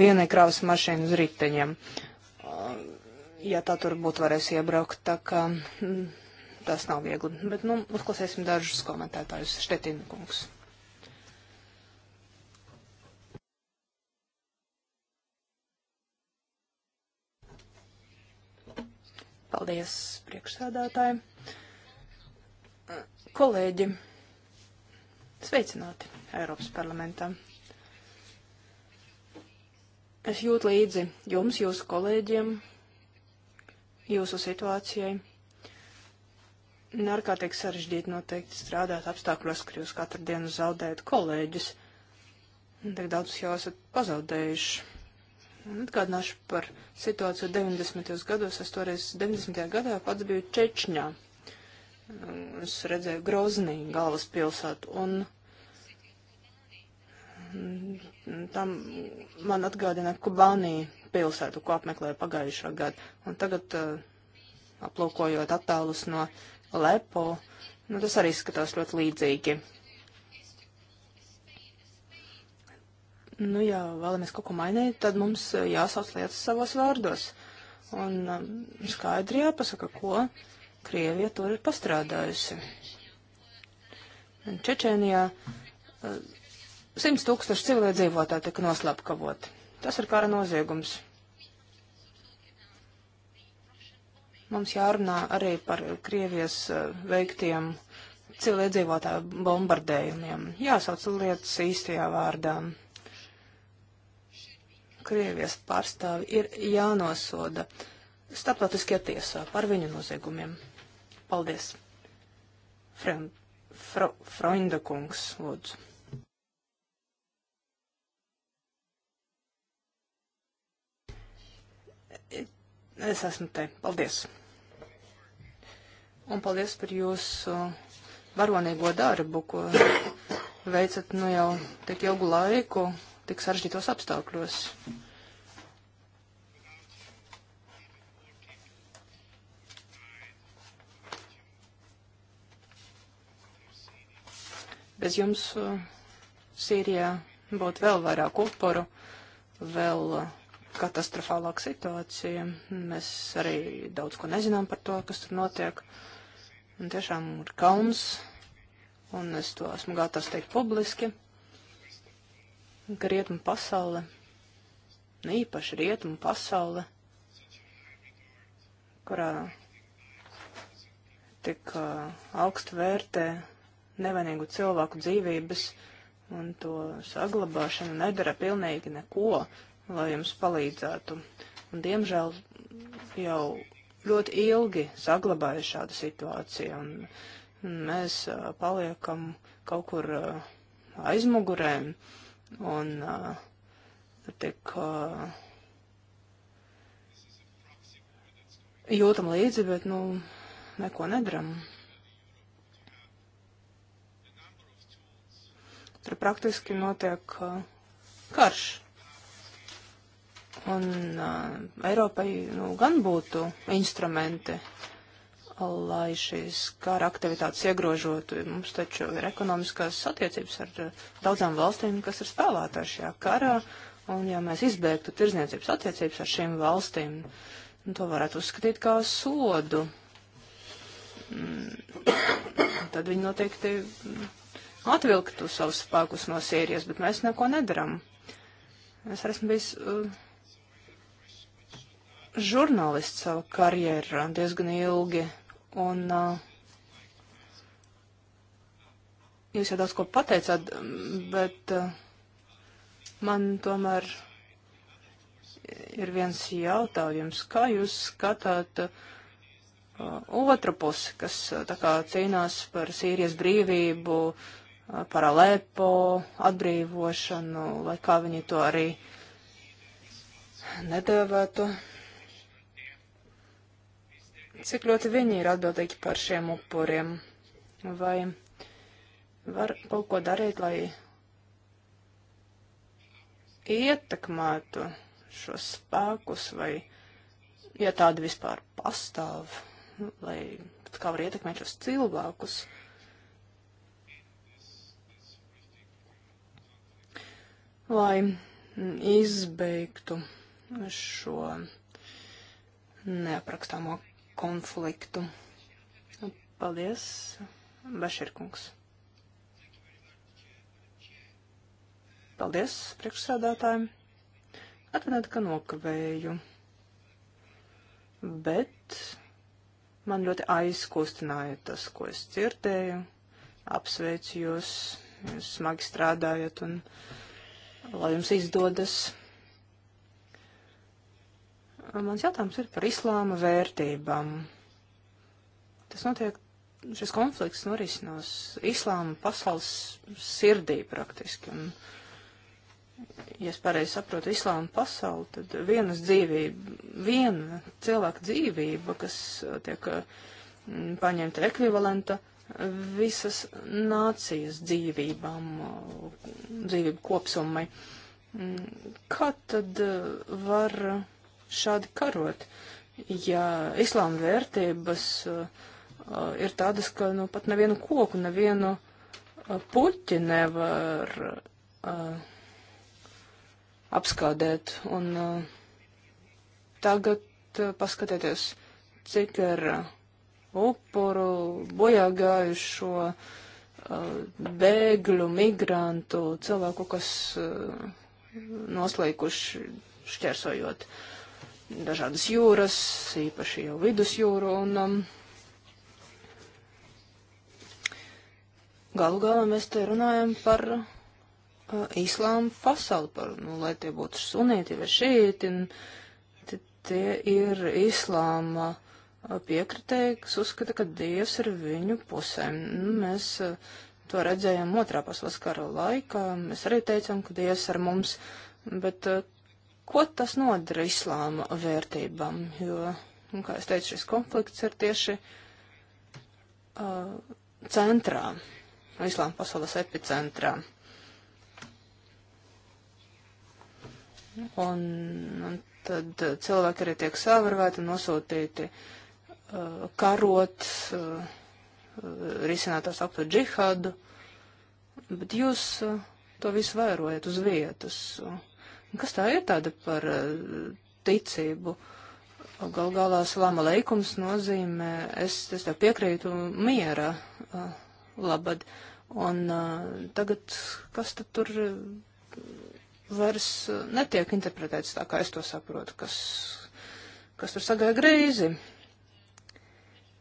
vienai kravas mašīnu uz riteņiem ja tā tur būtu varējusi iebraukt, tā kā mm, tas nav viegli. Bet, nu, uzklausīsim dažus komentētājus. Štetina kungs. Paldies priekšsēdētāji. Kolēģi, sveicināti Eiropas parlamentā. Es jūtu līdzi jums, jūsu kolēģiem, jūsu situācijai. Narkārtīgi sarežģīti noteikti strādāt apstākļos, kur jūs katru dienu zaudējat kolēģis. Tik daudz jau esat pazaudējuši. Un atgādināšu par situāciju 90. gados. Es toreiz 90. gadā pats biju Čečņā. Es redzēju Groznī galvaspilsētu un tam man atgādina Kubānī pilsētu, ko apmeklēju pagājušā gada. Un tagad, uh, aplūkojot attālus no Lepo, nu, tas arī skatās ļoti līdzīgi. Nu, ja vēlamies kaut ko mainīt, tad mums eh, jāsauc lietas savos vārdos. Un um, skaidri jāpasaka, ko Krievija tur ir pastrādājusi. Čečēnijā uh, 100 tūkstoši civiliedzīvotāji tika noslapkavoti. Tas ir kara noziegums. Mums jārunā arī par Krievijas eh, veiktiem civiliedzīvotāju bombardējumiem. Jāsauc lietas īstajā vārdā. Krievijas pārstāvi ir jānosoda starptautiskajā tiesā par viņu noziegumiem. Paldies. Fre Fro Freunda kungs, lūdzu. es esmu te. Paldies! Un paldies par jūsu varonīgo darbu, ko veicat nu jau tik ilgu laiku, tik saržģītos apstākļos. Bez jums uh, Sīrijā būtu vēl vairāk upuru, vēl uh, katastrofālāka situācija. Mēs arī daudz ko nezinām par to, kas tur notiek. Un tiešām ir kauns, un es to esmu gatavs teikt publiski, ka rietumu pasaule, ne īpaši rietumu pasaule, kurā tik uh, augstu vērtē nevainīgu cilvēku dzīvības un to saglabāšanu nedara pilnīgi neko, lai jums palīdzētu. Un, diemžēl jau ļoti ilgi saglabāja šāda situācija, un mēs paliekam kaut kur aizmugurē, un tik jūtam līdzi, bet, nu, neko nedaram. Tur praktiski notiek karš. Un uh, Eiropai nu, gan būtu instrumenti, lai šīs kara aktivitātes iegrožotu. Mums taču ir ekonomiskās attiecības ar daudzām valstīm, kas ir spēlētāji šajā karā. Un ja mēs izbēgtu tirzniecības attiecības ar šīm valstīm, nu, to varētu uzskatīt kā sodu. Mm, tad viņi noteikti mm, atvilktu savus spēkus no Sīrijas, bet mēs neko nedaram. Es esmu bijis. Uh, žurnālists savu karjeru diezgan ilgi, un uh, jūs jau daudz ko pateicāt, bet uh, man tomēr ir viens jautājums, kā jūs skatāt uh, otru pusi, kas uh, tā kā cīnās par Sīrijas brīvību, uh, par Alepo atbrīvošanu, lai kā viņi to arī nedēvētu cik ļoti viņi ir atbildīgi par šiem upuriem? Vai var kaut ko darīt, lai ietekmētu šos spēkus, vai, ja tādi vispār pastāv, lai kā var ietekmēt šos cilvēkus? Lai izbeigtu šo neaprakstāmo konfliktu. Paldies, Beširkungs. Paldies priekšsēdētājiem. Atvainojiet, ka nokavēju. Bet man ļoti aizkustināja tas, ko es dzirdēju. Apsveicu jūs, jūs smagi strādājat un lai jums izdodas Mans jautājums ir par islāma vērtībām. Tas notiek, šis konflikts norisinās islāma pasaules sirdī praktiski. Un, ja es pareizi saprotu islāma pasauli, tad vienas dzīvība, viena cilvēka dzīvība, kas uh, tiek uh, paņemta ekvivalenta visas nācijas dzīvībām, uh, dzīvību kopsummai. Mm, kā tad var šādi karot. Ja islāma vērtības uh, ir tādas, ka nu, pat nevienu koku, nevienu uh, puķi nevar uh, apskādēt. Un uh, tagad uh, paskatieties, cik ir uh, upuru, bojā gājušo, uh, bēgļu, migrantu, cilvēku, kas uh, noslēguši šķērsojot. Uh, dažādas jūras, īpaši jau vidusjūru, un um, galu galā mēs te runājam par uh, islāmu pasauli, par, nu, lai tie būtu sunīti vai šīti, un tie ir islāma uh, piekritēji, kas uzskata, ka Dievs ir viņu pusē. Nu, mēs uh, to redzējām otrā pasaules kara laikā, mēs arī teicām, ka Dievs ar mums, bet uh, Ko tas nodara islāma vērtībām? Jo, nu, kā es teicu, šis konflikts ir tieši uh, centrā, islāma pasaules epicentrā. Un, un tad cilvēki arī tiek savarvēti, nosūtīti uh, karot, uh, risināt aktu džihadu, bet jūs uh, to visu vērojat uz vietas. Uh, Kas tā ir tāda par eh, ticību? Gal galā slāma leikums nozīmē, es, es tev piekrītu, miera eh, labad. Un eh, tagad, kas tad tur vairs netiek interpretēts tā, kā es to saprotu, kas, kas tur sagāja greizi.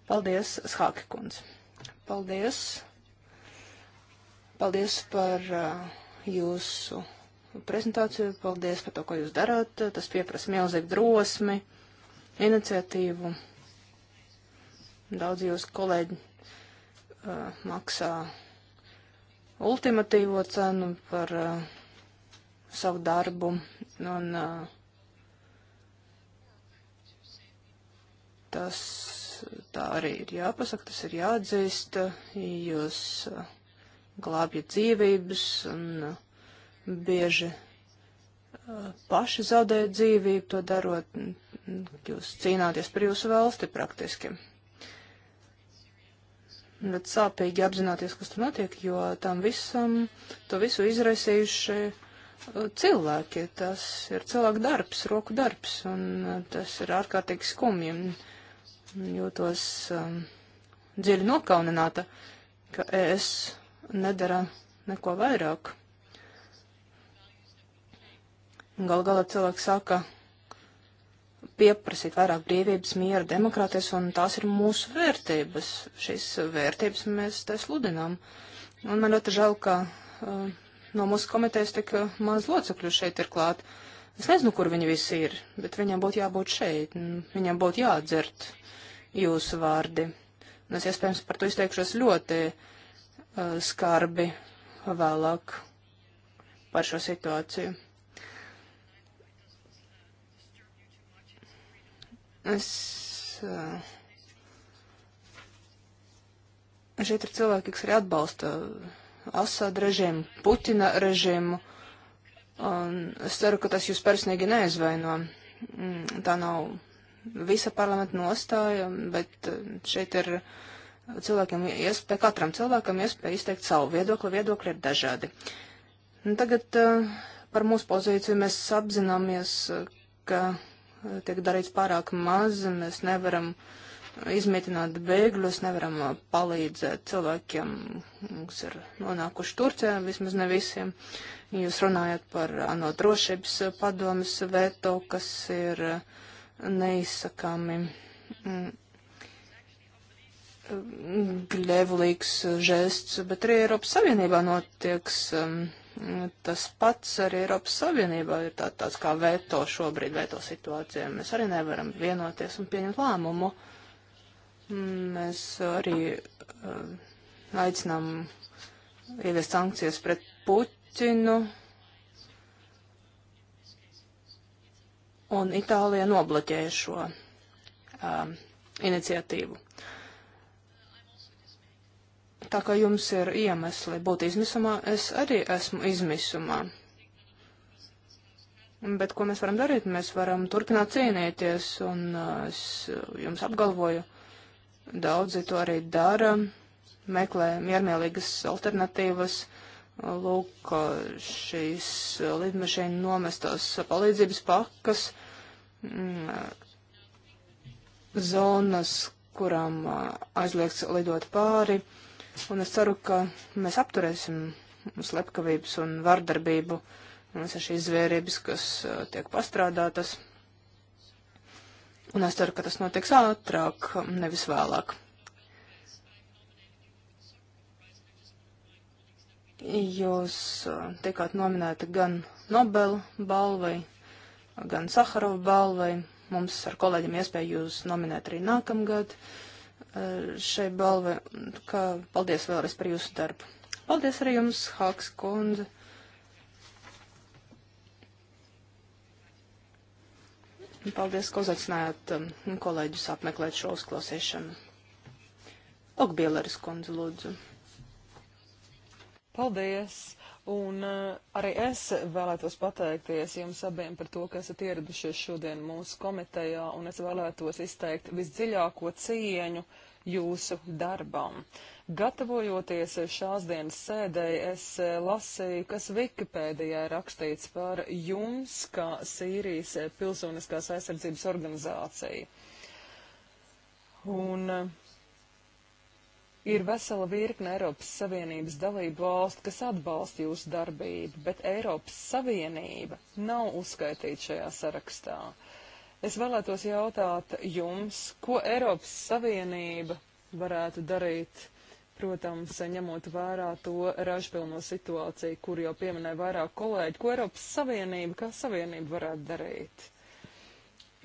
Paldies, Shāki kundz. Paldies. Paldies par uh, jūsu prezentāciju. Paldies par to, ko jūs darāt. Tas pieprasa milzīgu drosmi, iniciatīvu. Daudz jūs kolēģi uh, maksā ultimatīvo cenu par uh, savu darbu. Un, uh, tas tā arī ir jāpasaka, tas ir jāatzīst. Jūs uh, glābjat dzīvības un uh, bieži paši zaudējat dzīvību, to darot, jūs cīnāties par jūsu valsti praktiski. Bet sāpīgi apzināties, kas tur notiek, jo tam visam, to visu izraisījuši cilvēki. Tas ir cilvēku darbs, roku darbs, un tas ir ārkārtīgi skumji. Jūtos um, dziļi nokaunināta, ka es nedara neko vairāk. Gal galā cilvēki saka pieprasīt vairāk brīvības, miera, demokrātijas, un tās ir mūsu vērtības. Šīs vērtības mēs te sludinām. Un man ļoti žēl, ka uh, no mūsu komitejas tik maz locekļu šeit ir klāt. Es nezinu, kur viņi visi ir, bet viņam būtu jābūt šeit, viņam būtu jādzert jūsu vārdi. Un es iespējams par to izteikšos ļoti uh, skarbi vēlāk par šo situāciju. Es, šeit ir cilvēki, kas arī atbalsta Asad režīmu, Putina režīmu. Un es ceru, ka tas jūs personīgi neizvaino. Mm, tā nav visa parlamenta nostāja, bet šeit ir cilvēkiem iespēja, katram cilvēkam iespēja izteikt savu viedokli, viedokļi ir dažādi. Un tagad par mūsu pozīciju mēs apzināmies, ka tiek darīts pārāk maz, mēs nevaram izmitināt bēgļus, nevaram palīdzēt cilvēkiem, kas ir nonākuši Turcijā, vismaz ne visiem. Jūs runājat par ANO drošības padomas veto, kas ir neizsakāmi gļēvlīgs žests, bet arī Eiropas Savienībā notieks. Um, Tas pats arī Eiropas Savienībā ir tā, tāds kā veto šobrīd, veto situācija. Mēs arī nevaram vienoties un pieņemt lēmumu. Mēs arī eh, aicinām ieviest sankcijas pret Puķinu. Un Itālija nobloķēja šo um, iniciatīvu. Uh, Tā kā jums ir iemesli būt izmisumā, es arī esmu izmisumā. Bet ko mēs varam darīt? Mēs varam turpināt cīnīties, un uh, es uh, jums apgalvoju, daudzi to arī dara, meklē miermīlīgas alternatīvas. Uh, lūk, šīs lidmašīna nomestās palīdzības pakas, mm, zonas, kurām aizliegts lidot pāri, Un es ceru, ka mēs apturēsim slepkavības un vardarbību, visas šīs zvērības, kas tiek pastrādātas. Un es ceru, ka tas notiks ātrāk, nevis vēlāk. Jūs tikāt nominēti gan Nobel balvai, gan Saharov balvai. Mums ar kolēģiem iespēja jūs nominēt arī nākamgad. Uh, šai balvai, nu ka paldies vēlreiz par jūsu darbu. Paldies arī jums, Hāks kundze. Paldies, ka uzaicinājāt um, kolēģus apmeklēt šo uzklausīšanu. Okbieleris kundze, lūdzu. Paldies! Un eh, arī es vēlētos pateikties jums abiem par to, ka esat ieradušies šodien mūsu komitejā, un es vēlētos izteikt visdziļāko cieņu jūsu darbam. Gatavojoties šās dienas sēdēji, es eh, lasīju, kas Wikipēdijā ir rakstīts par jums, kā Sīrijas pilsoniskās aizsardzības organizācija. Un uh, Ir vesela virkne Eiropas Savienības dalību valstu, kas atbalsta jūsu darbību, bet Eiropas Savienība nav uzskaitīta šajā sarakstā. Es vēlētos jautāt jums, ko Eiropas Savienība varētu darīt, protams, ņemot vērā to ražpilno situāciju, kur jau pieminēja vairāk kolēģi, ko Eiropas Savienība, kā Savienība varētu darīt?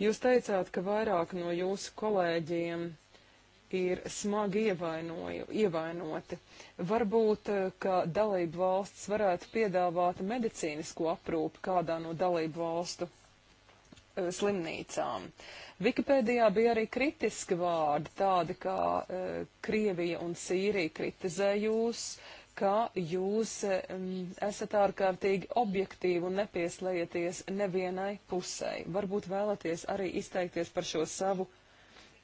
Jūs teicāt, ka vairāk no jūsu kolēģiem ir smagi ievainoju, ievainoti. Varbūt, eh, ka dalību valsts varētu piedāvāt medicīnisko aprūpi kādā no dalību valstu e, slimnīcām. Wikipēdijā bija arī kritiski vārdi, tādi kā e, Krievija un Sīrija kritizē jūs, ka jūs e, esat ārkārtīgi objektīvi un nepieslējaties nevienai pusē. Varbūt vēlaties arī izteikties par šo savu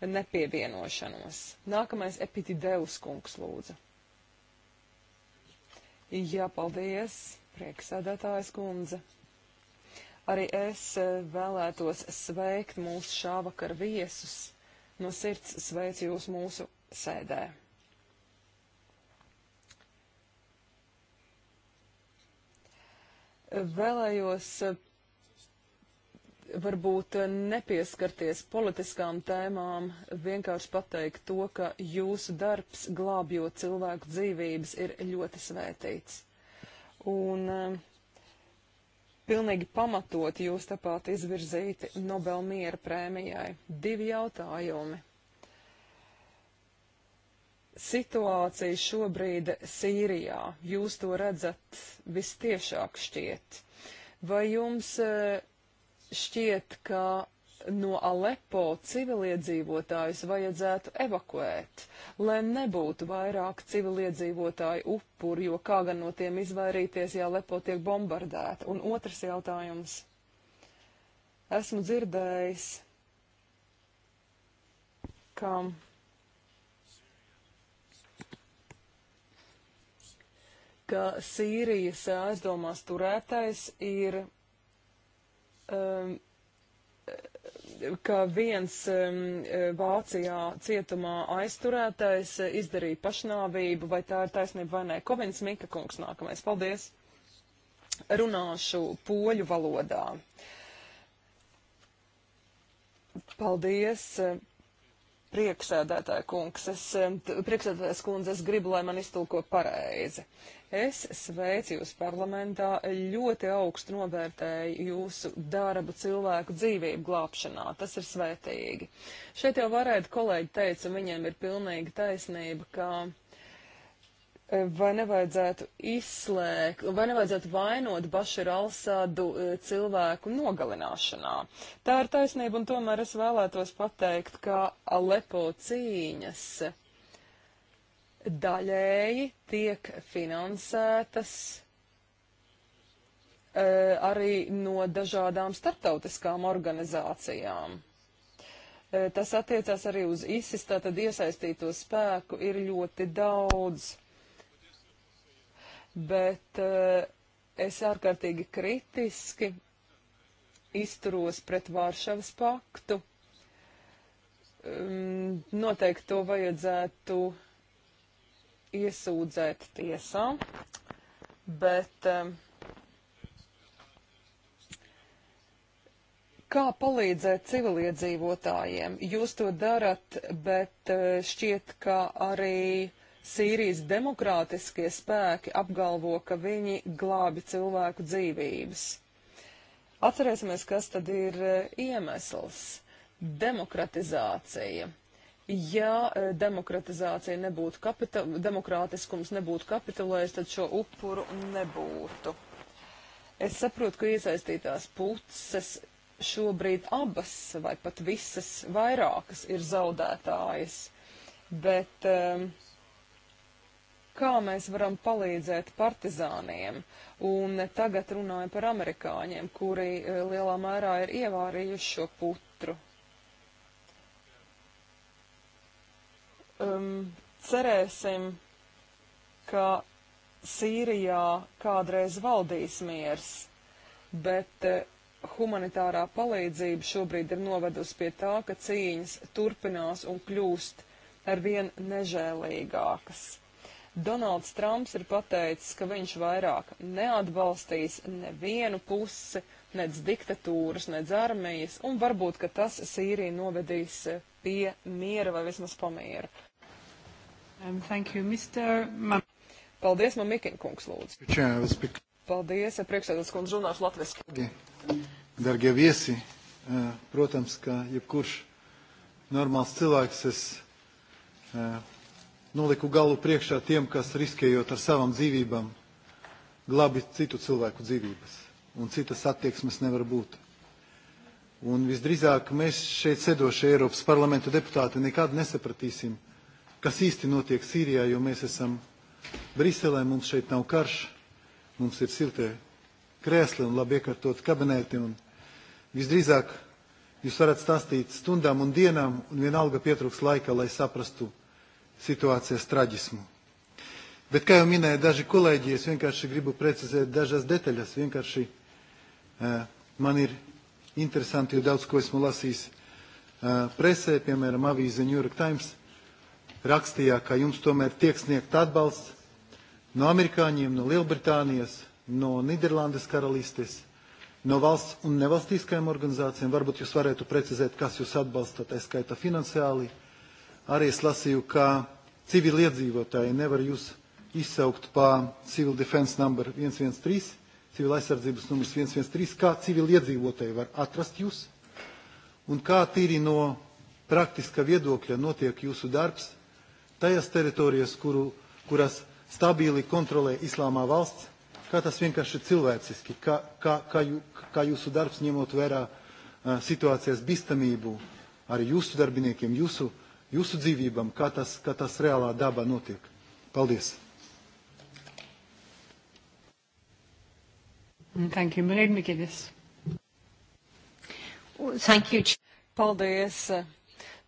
nepievienošanos. Nākamais epitideus kungs lūdzu. Jā, paldies, prieksēdētājas kundze. Arī es eh, vēlētos sveikt mūsu šāvakar viesus. No sirds sveicu jūs mūsu sēdē. Vēlējos eh, varbūt nepieskarties politiskām tēmām, vienkārši pateikt to, ka jūsu darbs glābjot cilvēku dzīvības ir ļoti svētīts. Un um, pilnīgi pamatot jūs tāpat izvirzīti Nobel miera prēmijai. Divi jautājumi. Situācija šobrīd Sīrijā, jūs to redzat vistiešāk šķiet. Vai jums eh, šķiet, ka no Alepo civiliedzīvotājus vajadzētu evakuēt, lai nebūtu vairāk civiliedzīvotāju upuri, jo kā gan no tiem izvairīties, ja Alepo tiek bombardēta. Un otrs jautājums. Esmu dzirdējis, ka ka Sīrijas aizdomās turētais ir um, ka viens um, Vācijā cietumā aizturētais izdarīja pašnāvību, vai tā ir taisnība vai nē. Kovins Mika kungs nākamais. Paldies! Runāšu poļu valodā. Paldies! Prieksēdētāja kungs, es, prieksēdētājs kundze, es gribu, lai man iztulko pareizi. Es sveicu jūs parlamentā, ļoti augstu novērtēju jūsu darbu cilvēku dzīvību glābšanā. Tas ir svētīgi. Šeit jau varētu kolēģi teica, un viņiem ir pilnīga taisnība, ka Eh, vai nevajadzētu izslēgt, vai nevajadzētu vainot Bašaru Alsādu eh, cilvēku nogalināšanā. Tā ir taisnība, un tomēr es vēlētos pateikt, ka Alepo cīņas daļēji tiek finansētas e, arī no dažādām starptautiskām organizācijām. E, tas attiecās arī uz ISIS, tātad iesaistīto spēku ir ļoti daudz bet eh, es ārkārtīgi kritiski izturos pret Vāršavas paktu. Mm, noteikti to vajadzētu iesūdzēt tiesā, bet eh, kā palīdzēt civiliedzīvotājiem? Jūs to darat, bet eh, šķiet, ka arī Sīrijas demokrātiskie spēki apgalvo, ka viņi glābi cilvēku dzīvības. Atcerēsimies, kas tad ir e, iemesls - demokratizācija. Ja e, demokratizācija nebūtu kapital, demokrātiskums nebūtu kapitulējis, tad šo upuru nebūtu. Es saprotu, ka iesaistītās puses šobrīd abas vai pat visas vairākas ir zaudētājas, bet um, uh, kā mēs varam palīdzēt partizāniem. Un tagad runāju par amerikāņiem, kuri e, lielā mērā ir ievārījuši šo putru. Um, cerēsim, ka Sīrijā kādreiz valdīs miers, bet e, humanitārā palīdzība šobrīd ir novedusi pie tā, ka cīņas turpinās un kļūst arvien nežēlīgākas. Donalds Trumps ir pateicis, ka viņš vairāk neatbalstīs nevienu pusi, nec diktatūras, nec armijas, un varbūt, ka tas Sīriju novedīs pie miera vai vismaz pamiera. Um, thank you, Mr. Man Paldies, man Mikinkungs, lūdzu. Čā, Paldies, ja priekšsēdētas kundze runāšu latviski. Dargie viesi, uh, protams, ka jebkurš normāls cilvēks, es uh, noliku galu priekšā tiem, kas riskējot ar savām dzīvībām, glābi citu cilvēku dzīvības, un citas attieksmes nevar būt. Un visdrīzāk mēs šeit sedošie Eiropas parlamenta deputāti nekad nesapratīsim, kas īsti notiek Sīrijā, jo mēs esam Briselē, mums šeit nav karš, mums ir siltie krēsli un labi iekārtot kabinēti, un visdrīzāk jūs varat stāstīt stundām un dienām, un vienalga pietrūks laika, lai saprastu, situācijas traģismu. Bet, kā jau minēja daži kolēģi, es vienkārši gribu precizēt dažas detaļas. Vienkārši uh, man ir interesanti, jo daudz ko esmu lasījis uh, presē, piemēram, avīze New York Times rakstījā, ka jums tomēr tiek sniegt atbalsts no amerikāņiem, no Lielbritānijas, no Niderlandes karalistes, no valsts un nevalstiskajām organizācijām. Varbūt jūs varētu precizēt, kas jūs atbalsta, tā skaita finansiāli, uh, arī es lasīju, ka civiliedzīvotāji nevar jūs izsaukt pa civil defense number 113, civil aizsardzības numurs 113, kā civiliedzīvotāji var atrast jūs un kā tīri no praktiska viedokļa notiek jūsu darbs tajās teritorijas, kuru, kuras stabili kontrolē islāmā valsts, kā tas vienkārši cilvēciski, kā, kā, kā, jū, kā jūsu darbs ņemot vērā situācijas bīstamību arī jūsu darbiniekiem, jūsu jūsu dzīvībām, kā tas, kā tas reālā dabā notiek. Paldies! Thank you, Marina McGuinness. Thank you. Paldies.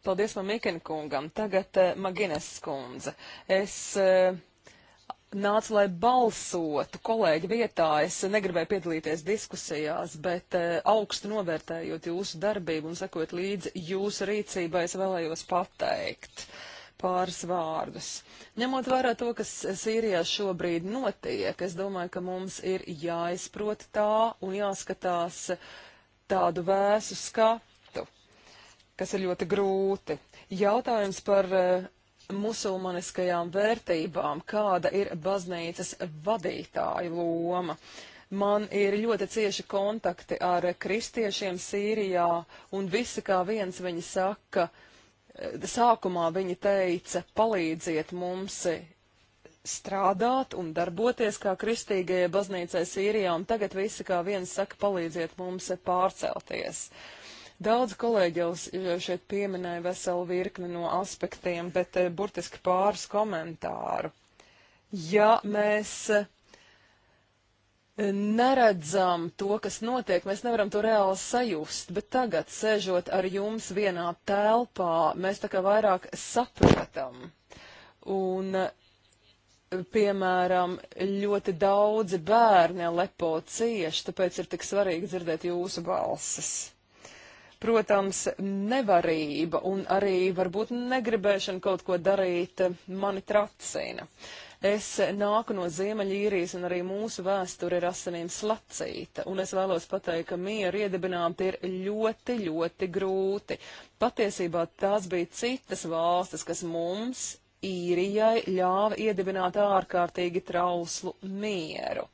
Paldies man Mikena kungam. Tagad uh, eh, Maginas kundze. Es uh, nāca, lai balsotu kolēģi vietā. Es negribēju piedalīties diskusijās, bet eh, augstu novērtējot jūsu darbību un sekot līdzi jūsu rīcībai, es vēlējos pateikt pāris vārdus. Ņemot vērā to, kas Sīrijā šobrīd notiek, es domāju, ka mums ir jāizprot tā un jāskatās tādu vēsu skatu, kas ir ļoti grūti. Jautājums par eh, musulmaniskajām vērtībām, kāda ir baznīcas vadītāja loma. Man ir ļoti cieši kontakti ar kristiešiem Sīrijā, un visi kā viens viņi saka, eh, sākumā viņi teica, palīdziet mums strādāt un darboties kā kristīgajai baznīcai Sīrijā, un tagad visi kā viens saka, palīdziet mums pārcelties. Uh, Daudz kolēģi jau e, šeit pieminēja veselu virkni no aspektiem, bet e, burtiski pāris komentāru. Ja mēs e, neredzam to, kas notiek, mēs nevaram to reāli sajust, bet tagad, sēžot ar jums vienā telpā, mēs tā kā vairāk sapratam. Un, piemēram, ļoti daudzi bērni Alepo cieši, tāpēc ir tik svarīgi dzirdēt jūsu balsis protams, nevarība un arī varbūt negribēšana kaut ko darīt eh, mani tracina. Es nāku no Ziemeļīrijas un arī mūsu vēsture ir asinīm slacīta, un es vēlos pateikt, ka mieru iedibināt ir ļoti, ļoti grūti. Patiesībā tās bija citas valstis, kas mums, īrijai, ļāva iedibināt ārkārtīgi trauslu mieru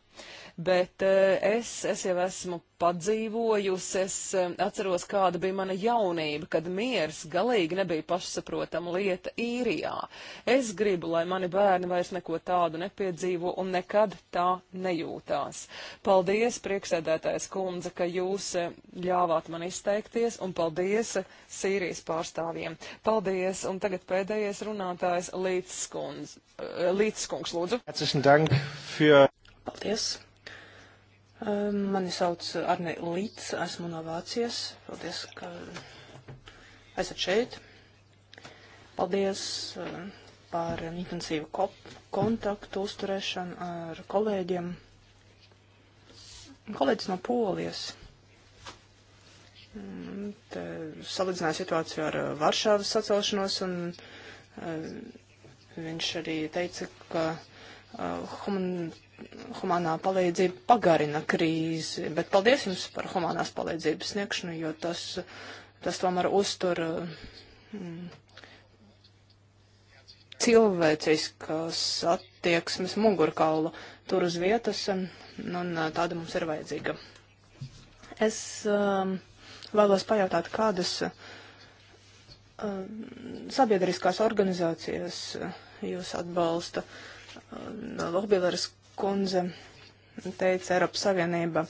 bet eh, es, es jau esmu padzīvojusi, es eh, atceros, kāda bija mana jaunība, kad miers galīgi nebija pašsaprotama lieta īrijā. Es gribu, lai mani bērni vairs neko tādu nepiedzīvo un nekad tā nejūtās. Paldies, prieksēdētājs kundze, ka jūs eh, ļāvāt man izteikties un paldies Sīrijas pārstāvjiem. Paldies, un tagad pēdējais runātājs Līdzskundze. Līdzskungs, lūdzu. Paldies. Um, mani sauc Arne Līts, esmu no Vācijas. Paldies, ka esat šeit. Paldies um, par intensīvu kontaktu uzturēšanu ar kolēģiem. Kolēģis no Polijas. Mm, te salīdzināja situāciju ar uh, Varšāvas sacelšanos, un uh, viņš arī teica, ka uh, humanitārs humanā palīdzība pagarina krīzi, bet paldies jums par humanās palīdzības sniegšanu, jo tas, tas tomēr uztur mm, cilvēciskas attieksmes mugurkaulu tur uz vietas, un, un tāda mums ir vajadzīga. Es um, vēlos pajautāt, kādas uh, sabiedriskās organizācijas jūs atbalsta. Uh, um, Lohbīleris kundze teica, Eiropas Savienība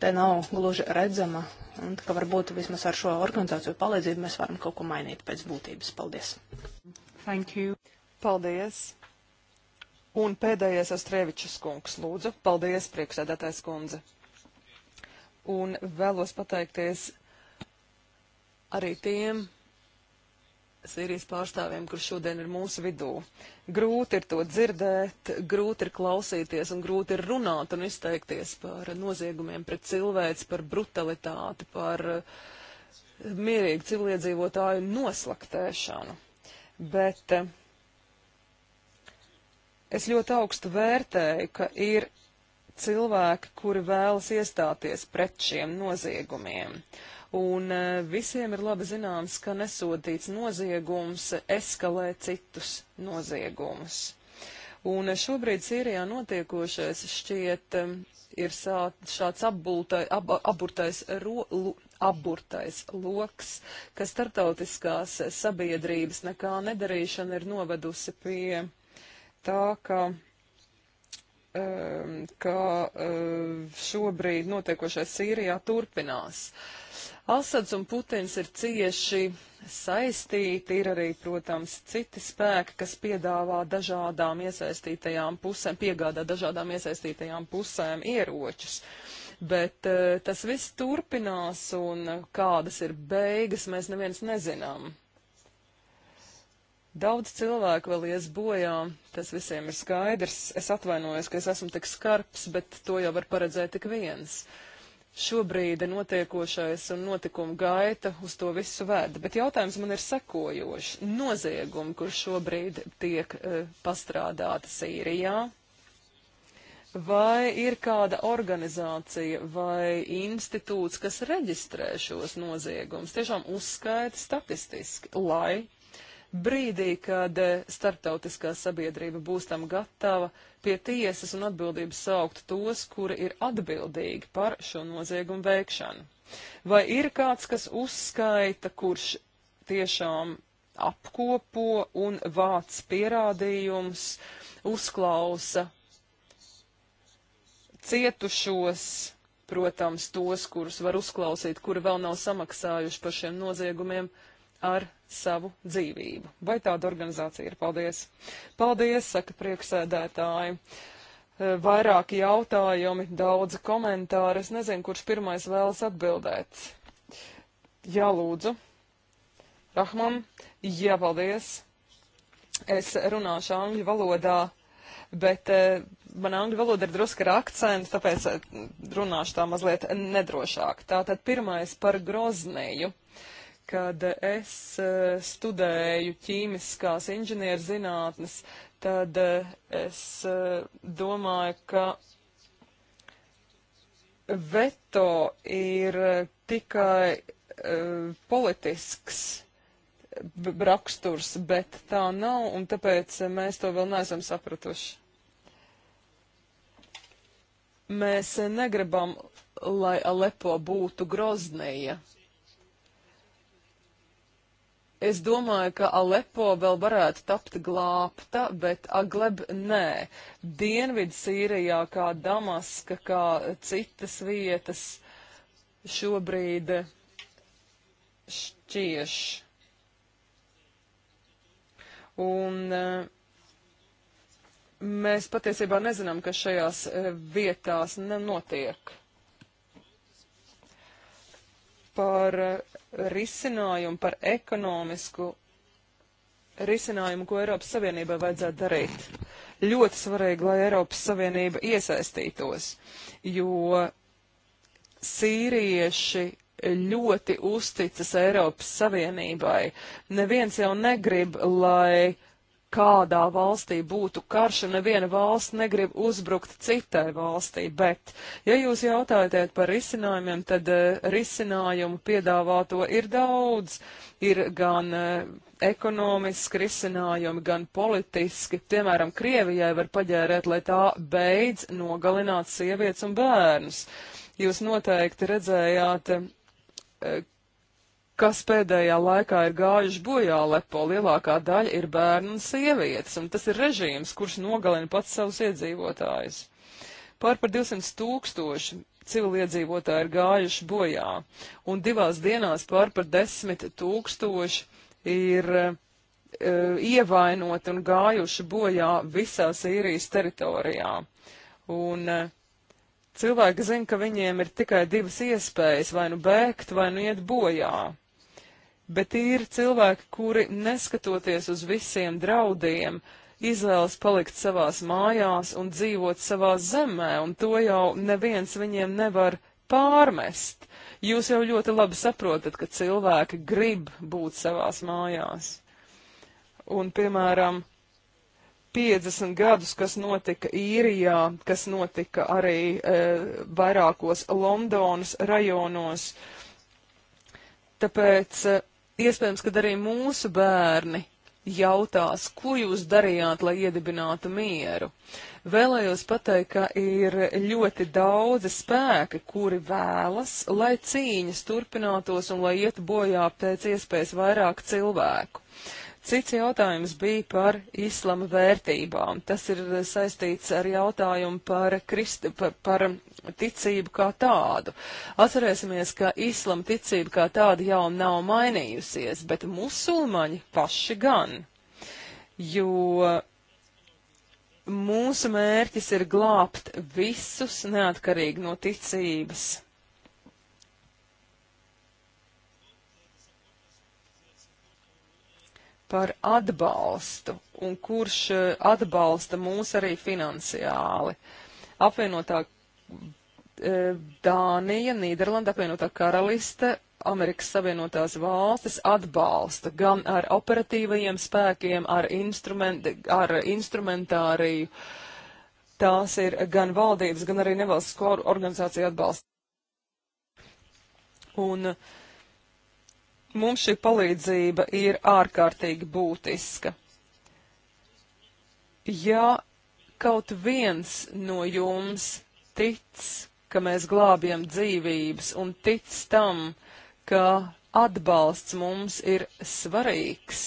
te nav gluži redzama, un ka varbūt vismaz ar šo organizāciju palīdzību mēs varam kaut ko mainīt pēc būtības. Paldies! Thank you! Paldies! Un pēdējais Astrēvičs kungs, lūdzu. Paldies, priekšsēdētājs kundze! Un vēlos pateikties arī tiem, Sīrijas pārstāvjiem, kurš šodien ir mūsu vidū. Grūti ir to dzirdēt, grūti ir klausīties un grūti ir runāt un izteikties par noziegumiem pret cilvēci, par brutalitāti, par eh, mierīgu civiliedzīvotāju noslaktēšanu. Bet eh, es ļoti augstu vērtēju, ka ir cilvēki, kuri vēlas iestāties pret šiem noziegumiem. Uh, un e, visiem ir labi zināms, ka nesodīts noziegums eskalē citus noziegumus. Un e, šobrīd Sīrijā notiekošais šķiet e, ir sā, šāds apbultai, ab, aburtais, ro, lu, aburtais loks, ka startautiskās sabiedrības nekā nedarīšana ir novedusi pie tā, ka ka šobrīd notiekošais Sīrijā turpinās. Asads un Putins ir cieši saistīti, ir arī, protams, citi spēki, kas piedāvā dažādām iesaistītajām pusēm, piegādā dažādām iesaistītajām pusēm ieročus. Bet uh, tas viss turpinās un kādas ir beigas, mēs neviens nezinām. Daudz cilvēku vēl ies bojā, tas visiem ir skaidrs. Es atvainojos, ka es esmu tik skarps, bet to jau var paredzēt tik viens. Uh, šobrīd notiekošais un notikuma gaita uz to visu ved. Bet jautājums man ir sekojošs. Noziegumi, kur šobrīd tiek e, pastrādāti Sīrijā, vai ir kāda organizācija vai institūts, kas reģistrē šos noziegumus, tiešām uzskaita statistiski, lai Brīdī, kad e, starptautiskā sabiedrība būs tam gatava pie tiesas un atbildības saukt tos, kuri ir atbildīgi par šo noziegumu veikšanu. Vai ir kāds, kas uzskaita, kurš tiešām apkopo un vāc pierādījums, uzklausa cietušos, protams, tos, kurus var uzklausīt, kuri vēl nav samaksājuši par šiem noziegumiem, uh, ar savu dzīvību. Vai tāda organizācija ir? Paldies! Paldies, saka prieksēdētāji! E, vairāki jautājumi, daudzi komentāri. Es nezinu, kurš pirmais vēlas atbildēt. Jā, lūdzu. Rahman, jā, paldies. Es runāšu angļu valodā, bet e, man angļu valoda ir drusku ar akcentu, tāpēc e, runāšu tā mazliet nedrošāk. Tātad pirmais par groznēju kad es eh, studēju ķīmiskās inženierzinātnes, tad eh, es eh, domāju, ka veto ir tikai uh, politisks raksturs, bet tā nav, un tāpēc mēs to vēl neesam sapratuši. Mēs negribam, lai Alepo būtu groznīja. Es domāju, ka Alepo vēl varētu tapt glābta, bet Agleb nē. Dienvidu Sīrijā, kā Damaska, kā citas vietas šobrīd šķieš. Un eh, mēs patiesībā nezinām, kas šajās eh, vietās notiek par eh, risinājumu, par ekonomisku risinājumu, ko Eiropas Savienībai vajadzētu darīt. Ļoti svarīgi, lai Eiropas Savienība iesaistītos, jo sīrieši ļoti uzticas Eiropas Savienībai. Neviens jau negrib, lai uh, kādā valstī būtu karš, un neviena valsts negrib uzbrukt citai valstī, bet, ja jūs jautājat par risinājumiem, tad uh, risinājumu piedāvāto ir daudz, ir gan uh, ekonomiski risinājumi, gan politiski, piemēram, Krievijai var paģērēt, lai tā beidz nogalināt sievietes un bērnus. Jūs noteikti redzējāt, uh, kas pēdējā laikā ir gājuši bojā Lepo, lielākā daļa ir bērni un sievietes, un tas ir režīms, kurš nogalina pats savus iedzīvotājus. Pār par 200 tūkstoši civiliedzīvotāji ir gājuši bojā, un divās dienās pār par 10 tūkstoši ir e, ievainoti un gājuši bojā visā Sīrijas teritorijā. Un, e, Cilvēki zina, ka viņiem ir tikai divas iespējas - vai nu bēgt, vai nu iet bojā bet ir cilvēki, kuri neskatoties uz visiem draudiem, izvēlas palikt savās mājās un dzīvot savā zemē, un to jau neviens viņiem nevar pārmest. Jūs jau ļoti labi saprotat, ka cilvēki grib būt savās mājās. Un, piemēram, 50 gadus, kas notika īrijā, kas notika arī e, vairākos Londonas rajonos, Tāpēc e, Iespējams, ka arī mūsu bērni jautās, ko jūs darījāt, lai iedibinātu mieru. Vēlējos pateikt, ka ir ļoti daudzi spēki, kuri vēlas, lai cīņas turpinātos un lai iet bojā pēc iespējas vairāk cilvēku. Uh, Cits jautājums bija par islama vērtībām. Tas ir saistīts ar jautājumu par, krist, par, par ticību kā tādu. Atcerēsimies, ka islama ticība kā tāda jau nav mainījusies, bet musulmaņi paši gan. Jo mūsu mērķis ir glābt visus neatkarīgi no ticības par atbalstu un kurš e, atbalsta mūs arī finansiāli. Apvienotā e, Dānija, Nīderlanda, apvienotā karaliste, Amerikas Savienotās valstis atbalsta gan ar operatīvajiem spēkiem, ar, instrument, ar instrumentāriju. Tās ir gan valdības, gan arī nevalstisko organizāciju atbalsts. Un uh, mums šī palīdzība ir ārkārtīgi būtiska. Ja kaut viens no jums tic, ka mēs glābjam dzīvības un tic tam, ka atbalsts mums ir svarīgs,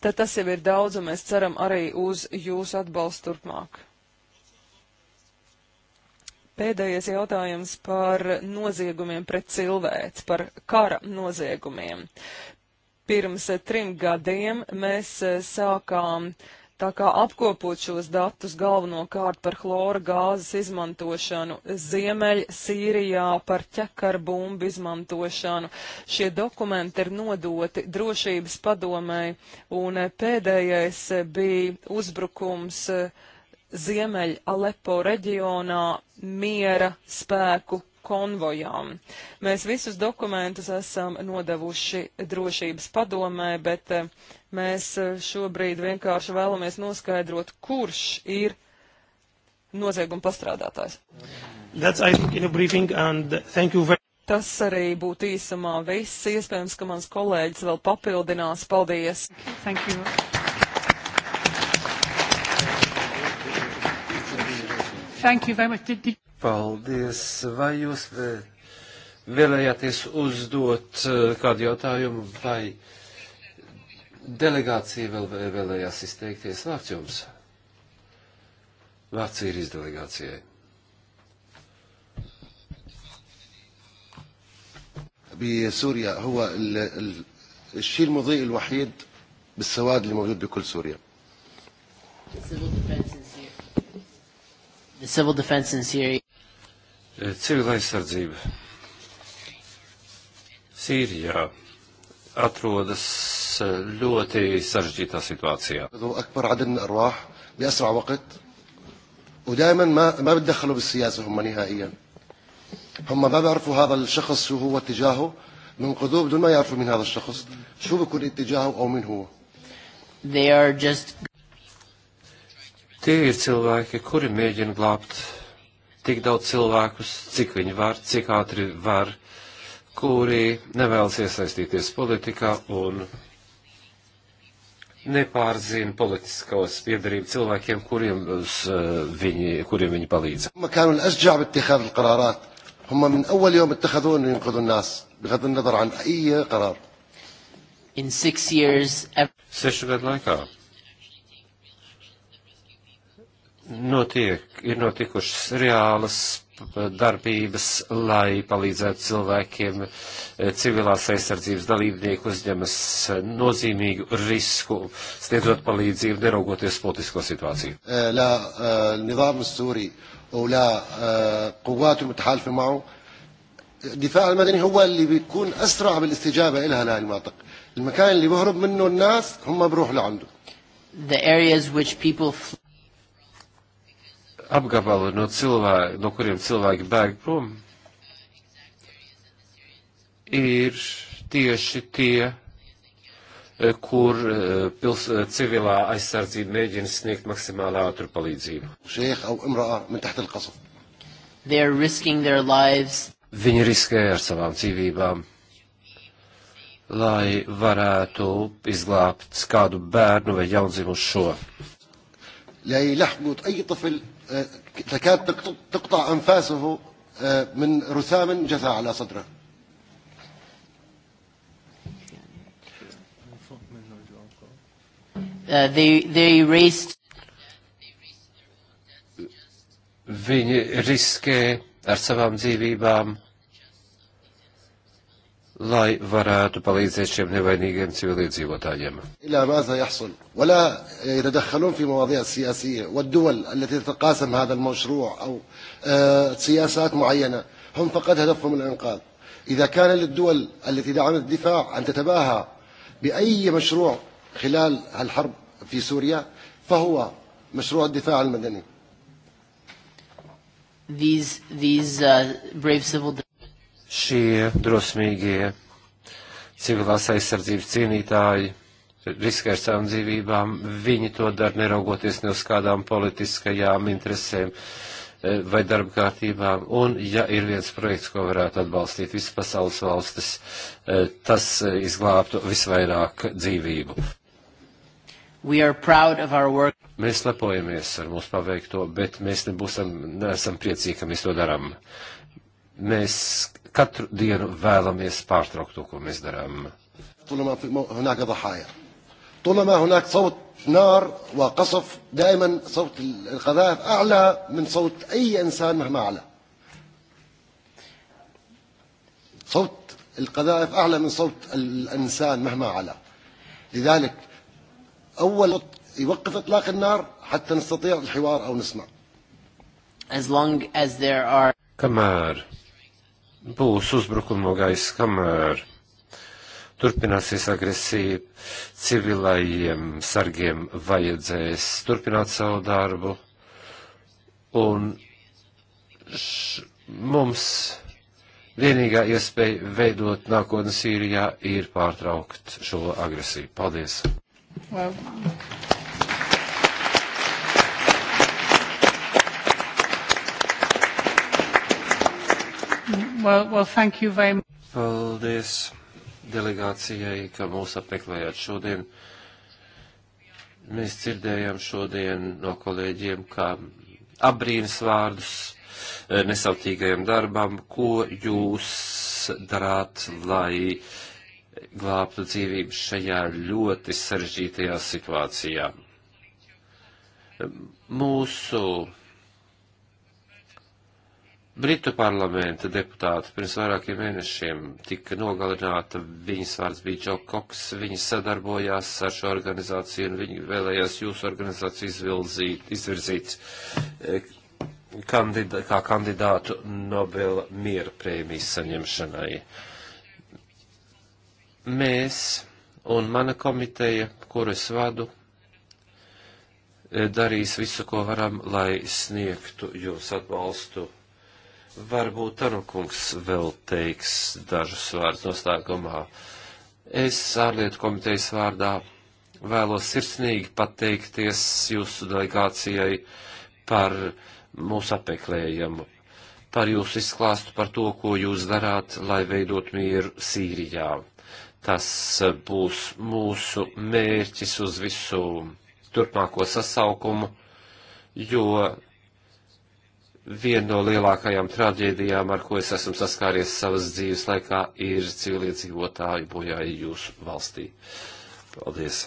tad tas jau ir daudz, un mēs ceram arī uz jūsu atbalstu turpmāk. Pēdējais jautājums par noziegumiem pret cilvēci, par kara noziegumiem. Pirms trim gadiem mēs eh, sākām tā kā apkopot šos datus galvenokārt par chlora gāzes izmantošanu Ziemeļ Sīrijā, par ķekarbumbu izmantošanu. Šie dokumenti ir nodoti drošības padomai, un eh, pēdējais eh, bija uzbrukums uh, Ziemeļ Alepo reģionā miera spēku konvojām. Mēs visus dokumentus esam nodevuši drošības padomē, bet eh, mēs eh, šobrīd vienkārši vēlamies noskaidrot, kurš ir nozieguma pastrādātājs. Very... Tas arī būtu īsumā viss. Iespējams, ka mans kolēģis vēl papildinās. Paldies! Thank you. Thank you very much. Did, did... Paldies. Vai jūs eh, vēlējāties uzdot eh, kādu jautājumu vai delegācija vēl vēlējās izteikties? Vārds jums. Vārds ir izdelegācijai. بسوريا هو الشيء المضيء الوحيد بالسواد اللي موجود بكل سوريا. Civil defense in Syria. Eh, Civila aizsardzība Sīrijā atrodas eh, ļoti sarežģītā situācijā. بأسرع وقت ودائما ما ما بتدخلوا بالسياسة هم نهائيا هم ما بيعرفوا هذا الشخص شو هو اتجاهه بينقذوه بدون ما يعرفوا مين هذا الشخص شو بيكون اتجاهه أو مين هو They are just Tie ir cilvēki, kuri mēģina glābt tik daudz cilvēkus, cik viņi var, cik ātri var, kuri nevēlas iesaistīties politikā un nepārzina politiskos piedarību cilvēkiem, kuriem eh, viņi, kuriem viņi palīdz. هم من أول يوم اتخذوا أنه ينقذوا الناس بغض النظر عن أي قرار. In six years. Sešu gadu laikā notiek, ir notikušas reālas darbības, lai palīdzētu cilvēkiem eh, civilās aizsardzības dalībnieku uzņemas nozīmīgu risku, sniedzot palīdzību, neraugoties politisko situāciju. الدفاع المدني هو اللي بيكون أسرع بالاستجابة لها لهذه المناطق المكان اللي بهرب منه الناس هم بروح لعنده The areas which people apgabali, no, cilvēki, no kuriem cilvēki bēg prom, ir tieši tie, e, kur e, pils, e, civilā aizsardzība mēģina sniegt maksimālā ātru palīdzību. Viņi riskē ar savām dzīvībām, lai varētu izglābt kādu bērnu vai jaundzimušo. لا يلحقوا أي طفل تكاد تقطع أنفاسه من رسام جثى على صدره Uh, they, they raised... Viņi riskē ar savām dzīvībām lai varētu palīdzēt šiem nevainīgiem civiliedzīvotājiem. هم فقط هدفهم الإنقاذ إذا كان للدول التي دعمت الدفاع أن تتباهى بأي مشروع خلال الحرب في سوريا فهو مشروع الدفاع المدني these, these, uh, brave civil šie drosmīgie civilās aizsardzības cīnītāji riskē ar savām dzīvībām, viņi to dara neraugoties ne uz kādām politiskajām interesēm eh, vai darba kārtībām. Un, ja ir viens projekts, ko varētu atbalstīt visas pasaules valstis, eh, tas eh, izglābtu visvairāk dzīvību. Mēs lepojamies ar mūsu paveikto, bet mēs nebūsim, neesam priecīgi, ka mēs to darām. Mēs katru dienu vēlamies pārtraukt to, ko mēs darām. طالما هناك ضحايا طالما هناك صوت نار وقصف دائما صوت القذائف أعلى من صوت أي إنسان مهما أعلى صوت القذائف أعلى من صوت الإنسان مهما أعلى لذلك أول يوقف إطلاق النار حتى نستطيع الحوار أو نسمع as long as there are kamēr būs uzbrukuma gaisa, kamēr turpināsies agresija, civilajiem sargiem vajadzēs turpināt savu darbu, un š, mums vienīgā iespēja veidot nākotnes Sīrijā ir pārtraukt šo agresiju. Paldies! Well. Well, well, thank you very much. Paldies delegācijai, ka mūs apmeklējāt šodien. Mēs dzirdējām šodien no kolēģiem, kā apbrīnas vārdus e, nesautīgajam darbam, ko jūs darāt, lai glābtu dzīvību šajā ļoti sarežģītajā situācijā. Mūsu Britu parlamenta deputāti pirms vairākiem mēnešiem tika nogalināta, viņas vārds bija Džo Koks, viņa sadarbojās ar šo organizāciju un viņa vēlējās jūsu organizāciju izvilzīt, izvirzīt eh, kandida, kā kandidātu Nobela miera prēmijas saņemšanai. Mēs un mana komiteja, kuru es vadu, eh, darīs visu, ko varam, lai sniegtu jūs atbalstu Varbūt Tanukungs vēl teiks dažus vārdus nostāgumā. Es ārlietu komitejas vārdā vēlos sirsnīgi pateikties jūsu delegācijai par mūsu apmeklējumu, par jūsu izklāstu par to, ko jūs darāt, lai veidot mieru Sīrijā. Tas būs mūsu mērķis uz visu turpmāko sasaukumu, jo viena no lielākajām traģēdijām, ar ko es esmu saskāries savas dzīves laikā, ir civiliedzīvotāju bojāji jūsu valstī. Paldies!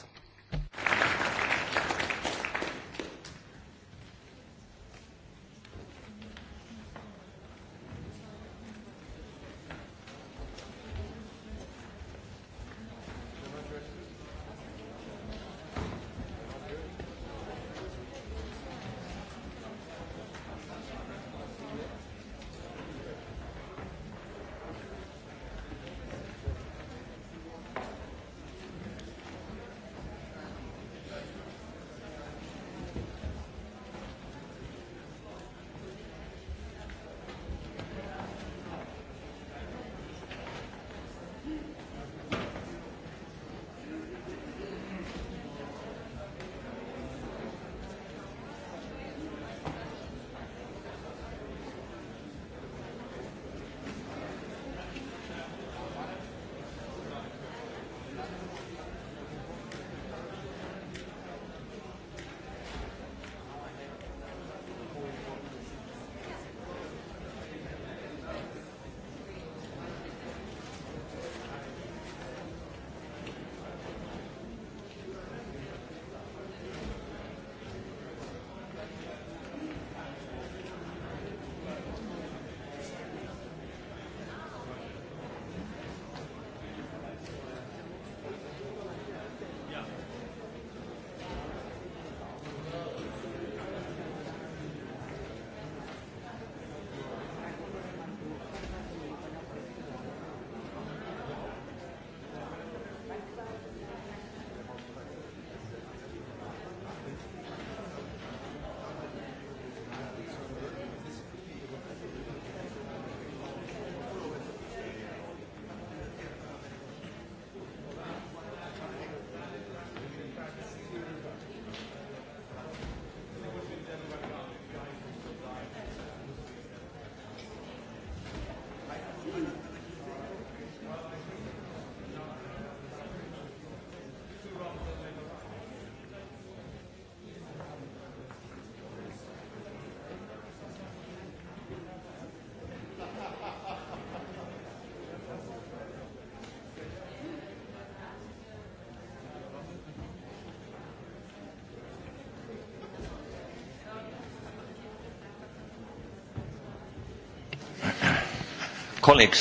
Kolēģis,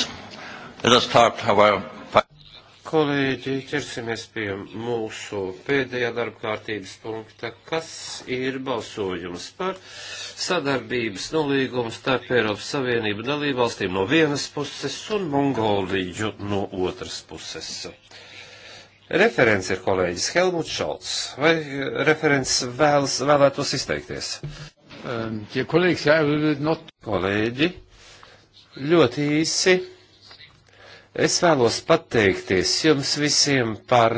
let us start our kolēģi, ķersimies pie mūsu pēdējā darba kārtības punkta, kas ir balsojums par sadarbības nolīgumu starp Eiropas Savienību dalībvalstīm no vienas puses un Mongoliju no otras puses. Referents ir kolēģis Helmuts Šalts. Vai referents vēlas, vēlētos izteikties? Um, ja kolēģis, jā, not... Kolēģi, Ļoti īsi. Es vēlos pateikties jums visiem par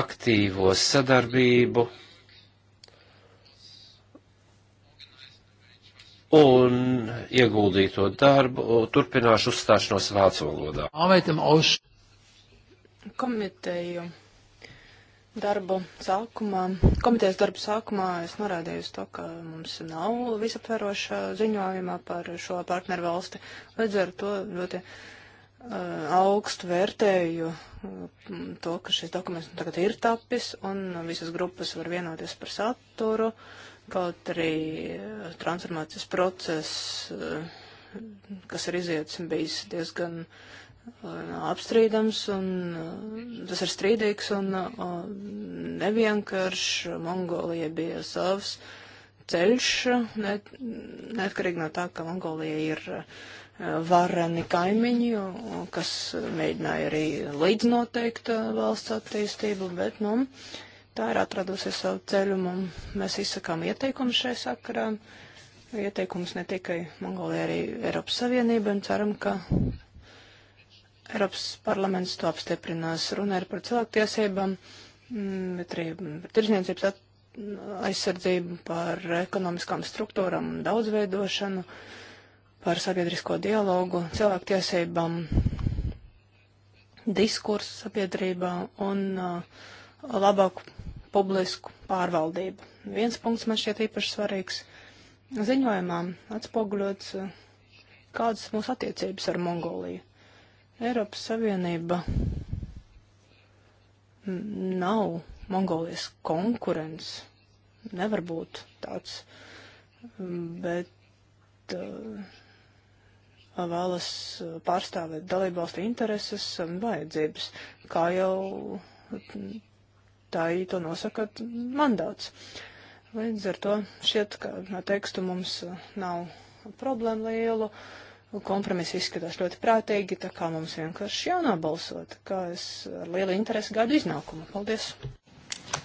aktīvo sadarbību un ieguldīto darbu. Turpināšu uzstāšanos vācu valodā. Komiteju darbu sākumā, komitejas darbu sākumā es norādīju uz to, ka mums nav visaptveroša ziņojuma par šo partneru valsti. Līdz ar to ļoti uh, augstu vērtēju uh, to, ka šis dokuments nu tagad ir tapis un visas grupas var vienoties par saturu, kaut arī uh, transformācijas process, uh, kas ir izietis, bijis diezgan uh, Uh, apstrīdams, un uh, tas ir strīdīgs un uh, nevienkārši. Mongolija bija savs ceļš, net, neatkarīgi no tā, ka Mongolija ir vareni kaimiņi, kas mēģināja arī līdznoteikt valsts attīstību, bet, nu, tā ir atradusi savu ceļu, un mēs izsakām ieteikumu šai sakarā. Ieteikums ne tikai Mongolija, arī Eiropas Savienība, un ceram, ka Eiropas parlaments to apstiprinās. Runa ir par cilvēktiesībām, mm, bet arī par tirzniecības aizsardzību, par ekonomiskām struktūram un daudzveidošanu, par sabiedrisko dialogu, cilvēktiesībām, diskursu sabiedrībā un uh, labāku publisku pārvaldību. Viens punkts man šķiet īpaši svarīgs. Ziņojumā atspoguļots, uh, kādas mūsu attiecības ar Mongoliju. Eiropas Savienība nav Mongolijas konkurence. Nevar būt tāds. Bet uh, vēlas pārstāvēt dalībvalstu intereses un vajadzības, kā jau tā īto nosaka mandāts. Līdz ar to šķiet, ka ar tekstu mums uh, nav problēmu lielu. Uh, Nu, kompromiss izskatās ļoti prātīgi, tā kā mums vienkārši jānobalsot, kā es ar lielu interesi gadu iznākumu. Paldies!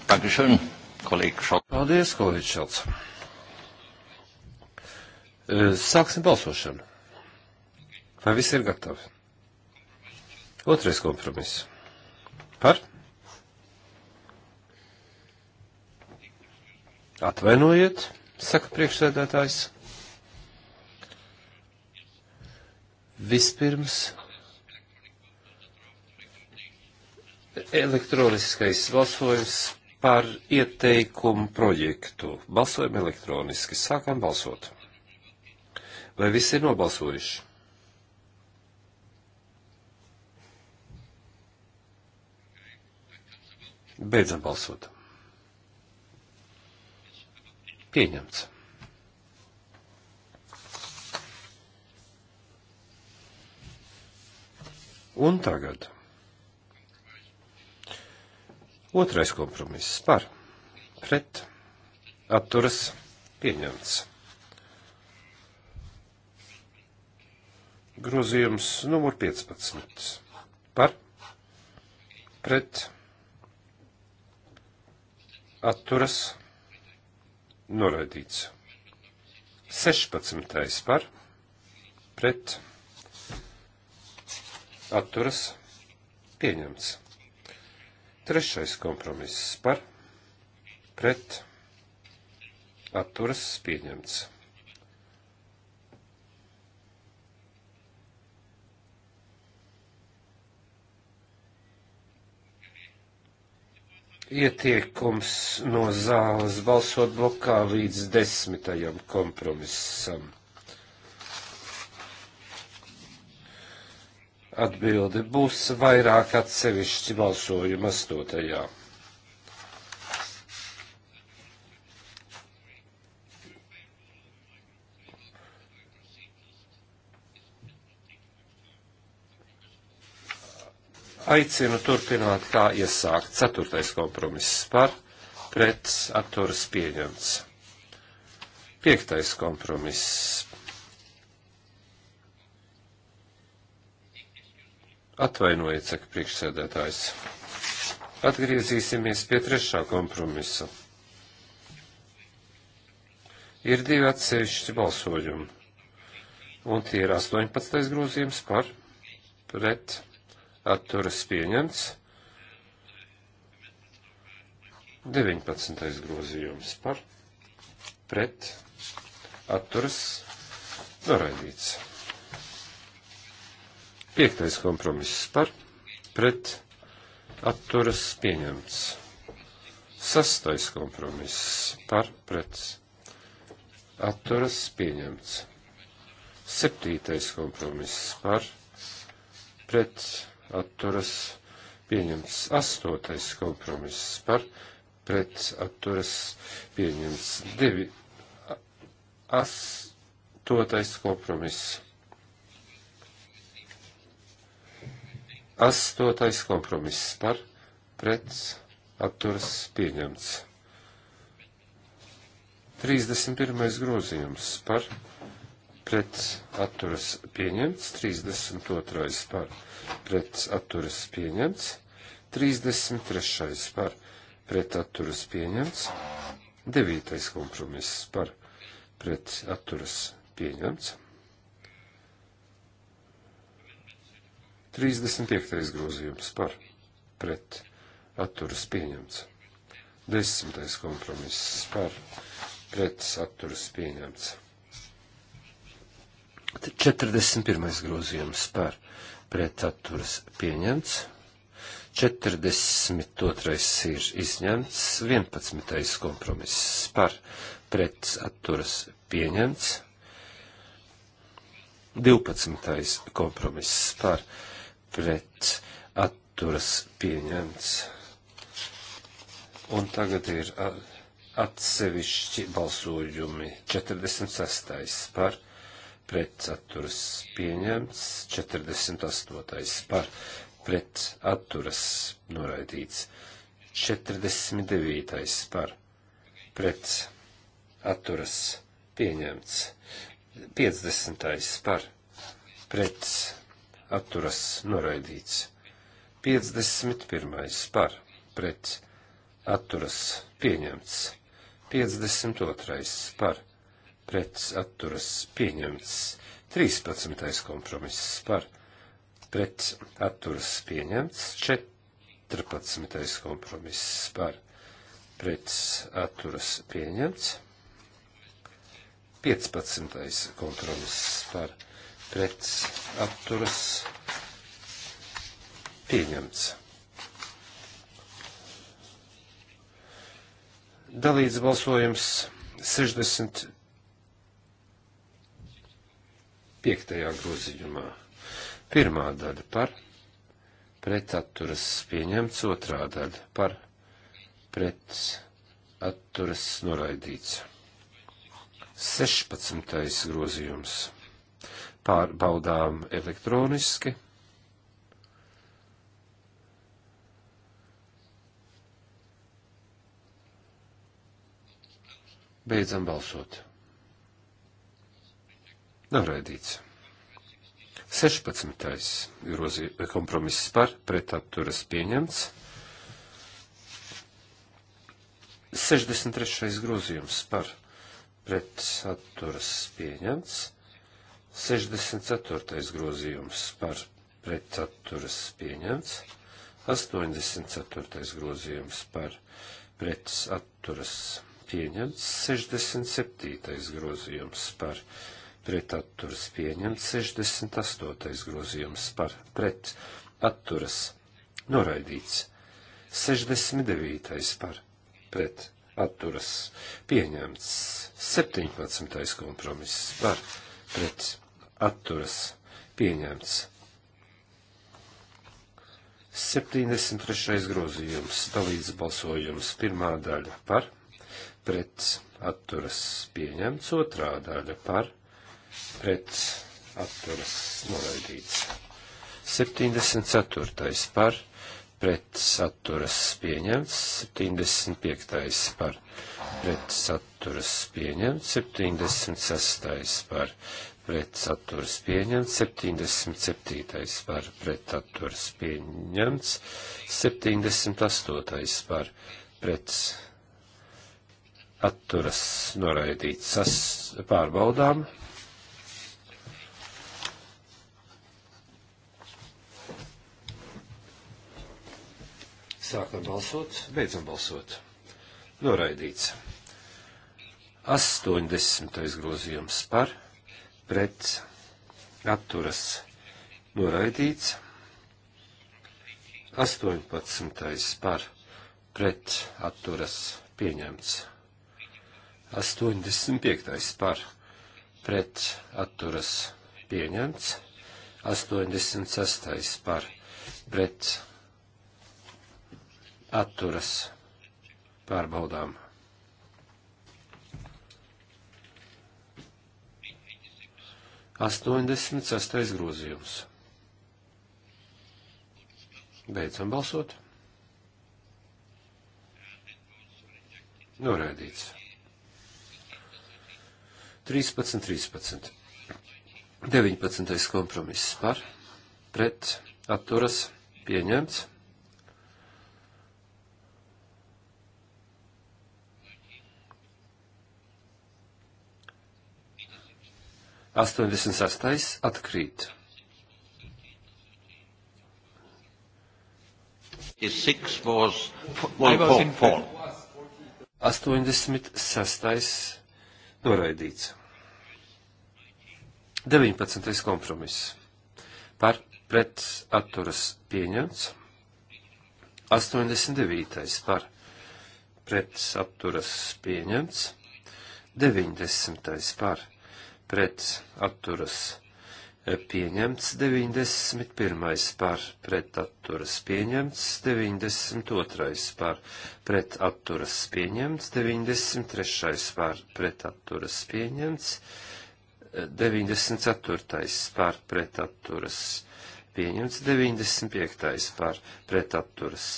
Dankeschön, kolēģi Šalts. Paldies, kolēģi Šalts. E, sāksim balsošanu. Vai viss ir gatavi? Otrais kompromiss. Par? Atvainojiet, saka priekšsēdētājs. Vispirms elektroniskais balsojums par ieteikumu projektu. Balsojam elektroniski. Sākam balsot. Vai visi ir nobalsojuši? Beidzam balsot. Pieņemts. Un tagad. Otrais kompromiss par, pret, atturas, pieņemts. Grozījums numur 15 par, pret, atturas, noraidīts. 16. par, pret, atturas atturas pieņemts. Trešais kompromiss par pret atturas pieņemts. Ietiekums no zāles balsot blokā līdz desmitajam kompromisam atbildi būs vairāk atsevišķi balsojuma astotajā. Aicinu turpināt, kā iesākt. Ceturtais kompromiss par, pret, atturas pieņemts. Piektais kompromiss Atvainojiet, saka priekšsēdētājs. Atgriezīsimies pie trešā kompromisa. Ir divi atsevišķi balsojumi, un tie ir 18. grozījums par pret atturas pieņemts, 19. grozījums par pret atturas noraidīts. Piektais kompromiss par pret atturas pieņemts. Sastais kompromiss par pret atturas pieņemts. Septītais kompromiss par pret atturas pieņemts. Astotais kompromiss par pret atturas pieņemts. Divi astotais kompromiss Astotais kompromiss par pret atturas pieņemts. 31. grozījums par pret atturas pieņemts, 32. par pret atturas pieņemts, 33. par pret atturas pieņemts, 9. kompromiss par pret atturas pieņemts. 35. grozījums par pret atturas pieņemts. 10. kompromiss par pret atturas pieņemts. 41. grozījums par pret atturas pieņemts. 42. ir izņemts, 11. kompromiss par pret atturas pieņemts, 12. kompromiss par pret pret atturas pieņemts. Un tagad ir atsevišķi balsojumi. 46. par pret atturas pieņemts, 48. par pret atturas noraidīts, 49. par pret atturas pieņemts, 50. par pret atturas noraidīts. 51. par pret atturas pieņemts. 52. par pret atturas pieņemts. 13. kompromiss par pret atturas pieņemts. 14. kompromiss par pret atturas pieņemts. 15. kompromiss par pret pret apturas pieņemts. Dalīts balsojums 65. groziņumā. Pirmā daļa par pretatturas pieņemts, otrā daļa par pretatturas noraidīts. 16. grozījums pārbaudām elektroniski. Beidzam balsot. Noraidīts. 16. kompromiss par pretatturas pieņemts. 63. grozījums par pretatturas pieņemts. 64. grozījums par pretsaturas pieņemts, 84. grozījums par pretsaturas pieņemts, 67. grozījums par pretaturas pieņemts, 68. grozījums par pretaturas noraidīts, 69. par pretaturas pieņemts, 17. kompromiss par pretaturas pret atturas pieņemts. 73. grozījums, dalīts balsojums, pirmā daļa par, pret atturas pieņemts, otrā daļa par, pret atturas noraidīts. 74. par, pret atturas pieņemts, 75. par, pret pretsaturas pieņemts, 76. par pretsaturas pieņemts, 77. par pretsaturas pieņemts, 78. par pretsaturas noraidīts. Sas, pārbaudām. Sākam balsot, beidzam balsot. Noraidīts. 80. grozījums par pret atturas noraidīts. 18. par pret atturas pieņemts. 85. par pret atturas pieņemts. 86. par pret atturas pārbaudām. 86. grozījums. Beidzam balsot. Noraidīts. 13, 13. 19. kompromiss par, pret, atturas, pieņemts. 86. atkrīt. Was, was fall, 86. noraidīts. 19. kompromiss. Par pret atturas pieņemts. 89. par pret atturas pieņemts. 90. par pret pret atturas e, pieņemts 91. par pret atturas pieņemts 92. par pret atturas pieņemts 93. par pret atturas pieņemts 94. E, par pret atturas pieņemts 95. par pret atturas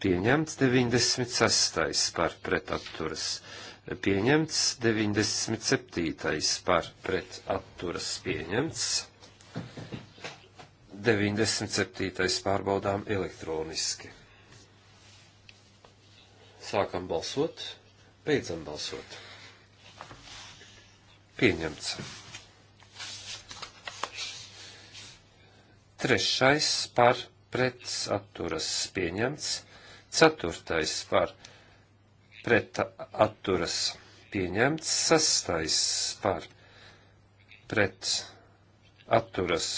pieņemts 96. par pret atturas pieņemts pieņemts, 97. par pret atturas pieņemts, 97. pārbaudām elektroniski. Sākam balsot, beidzam balsot. Pieņemts. Trešais par pret atturas pieņemts, ceturtais par pret pret atturas pieņemts, sastais par pret atturas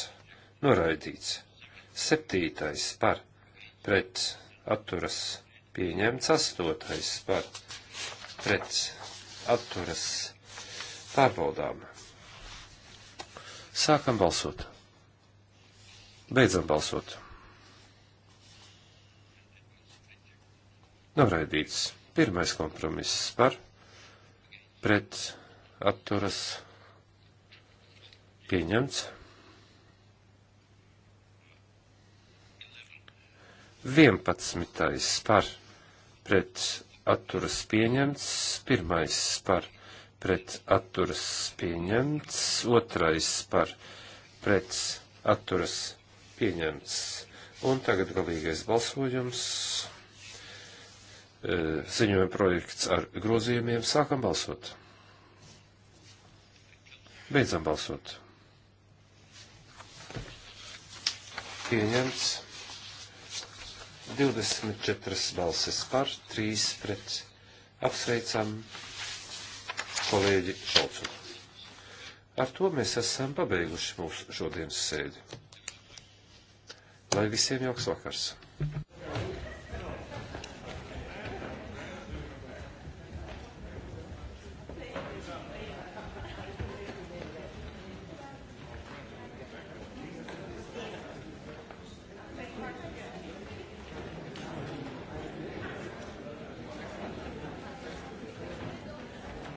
noraidīts, septītais par pret atturas pieņemts, astotais par pret atturas pārbaudām. Sākam balsot. Beidzam balsot. Noraidīts. Pirmais kompromiss par pret atturas pieņemts. Vienpadsmitais par pret atturas pieņemts, pirmais par pret atturas pieņemts, otrais par pret atturas pieņemts. Un tagad galīgais balsojums ziņojuma projekts ar grozījumiem. Sākam balsot. Beidzam balsot. Pieņemts 24 balsis par, 3 pret. Apsveicam kolēģi Šalcu. Ar to mēs esam pabeiguši mūsu šodienas sēdi. Lai visiem jauks vakars!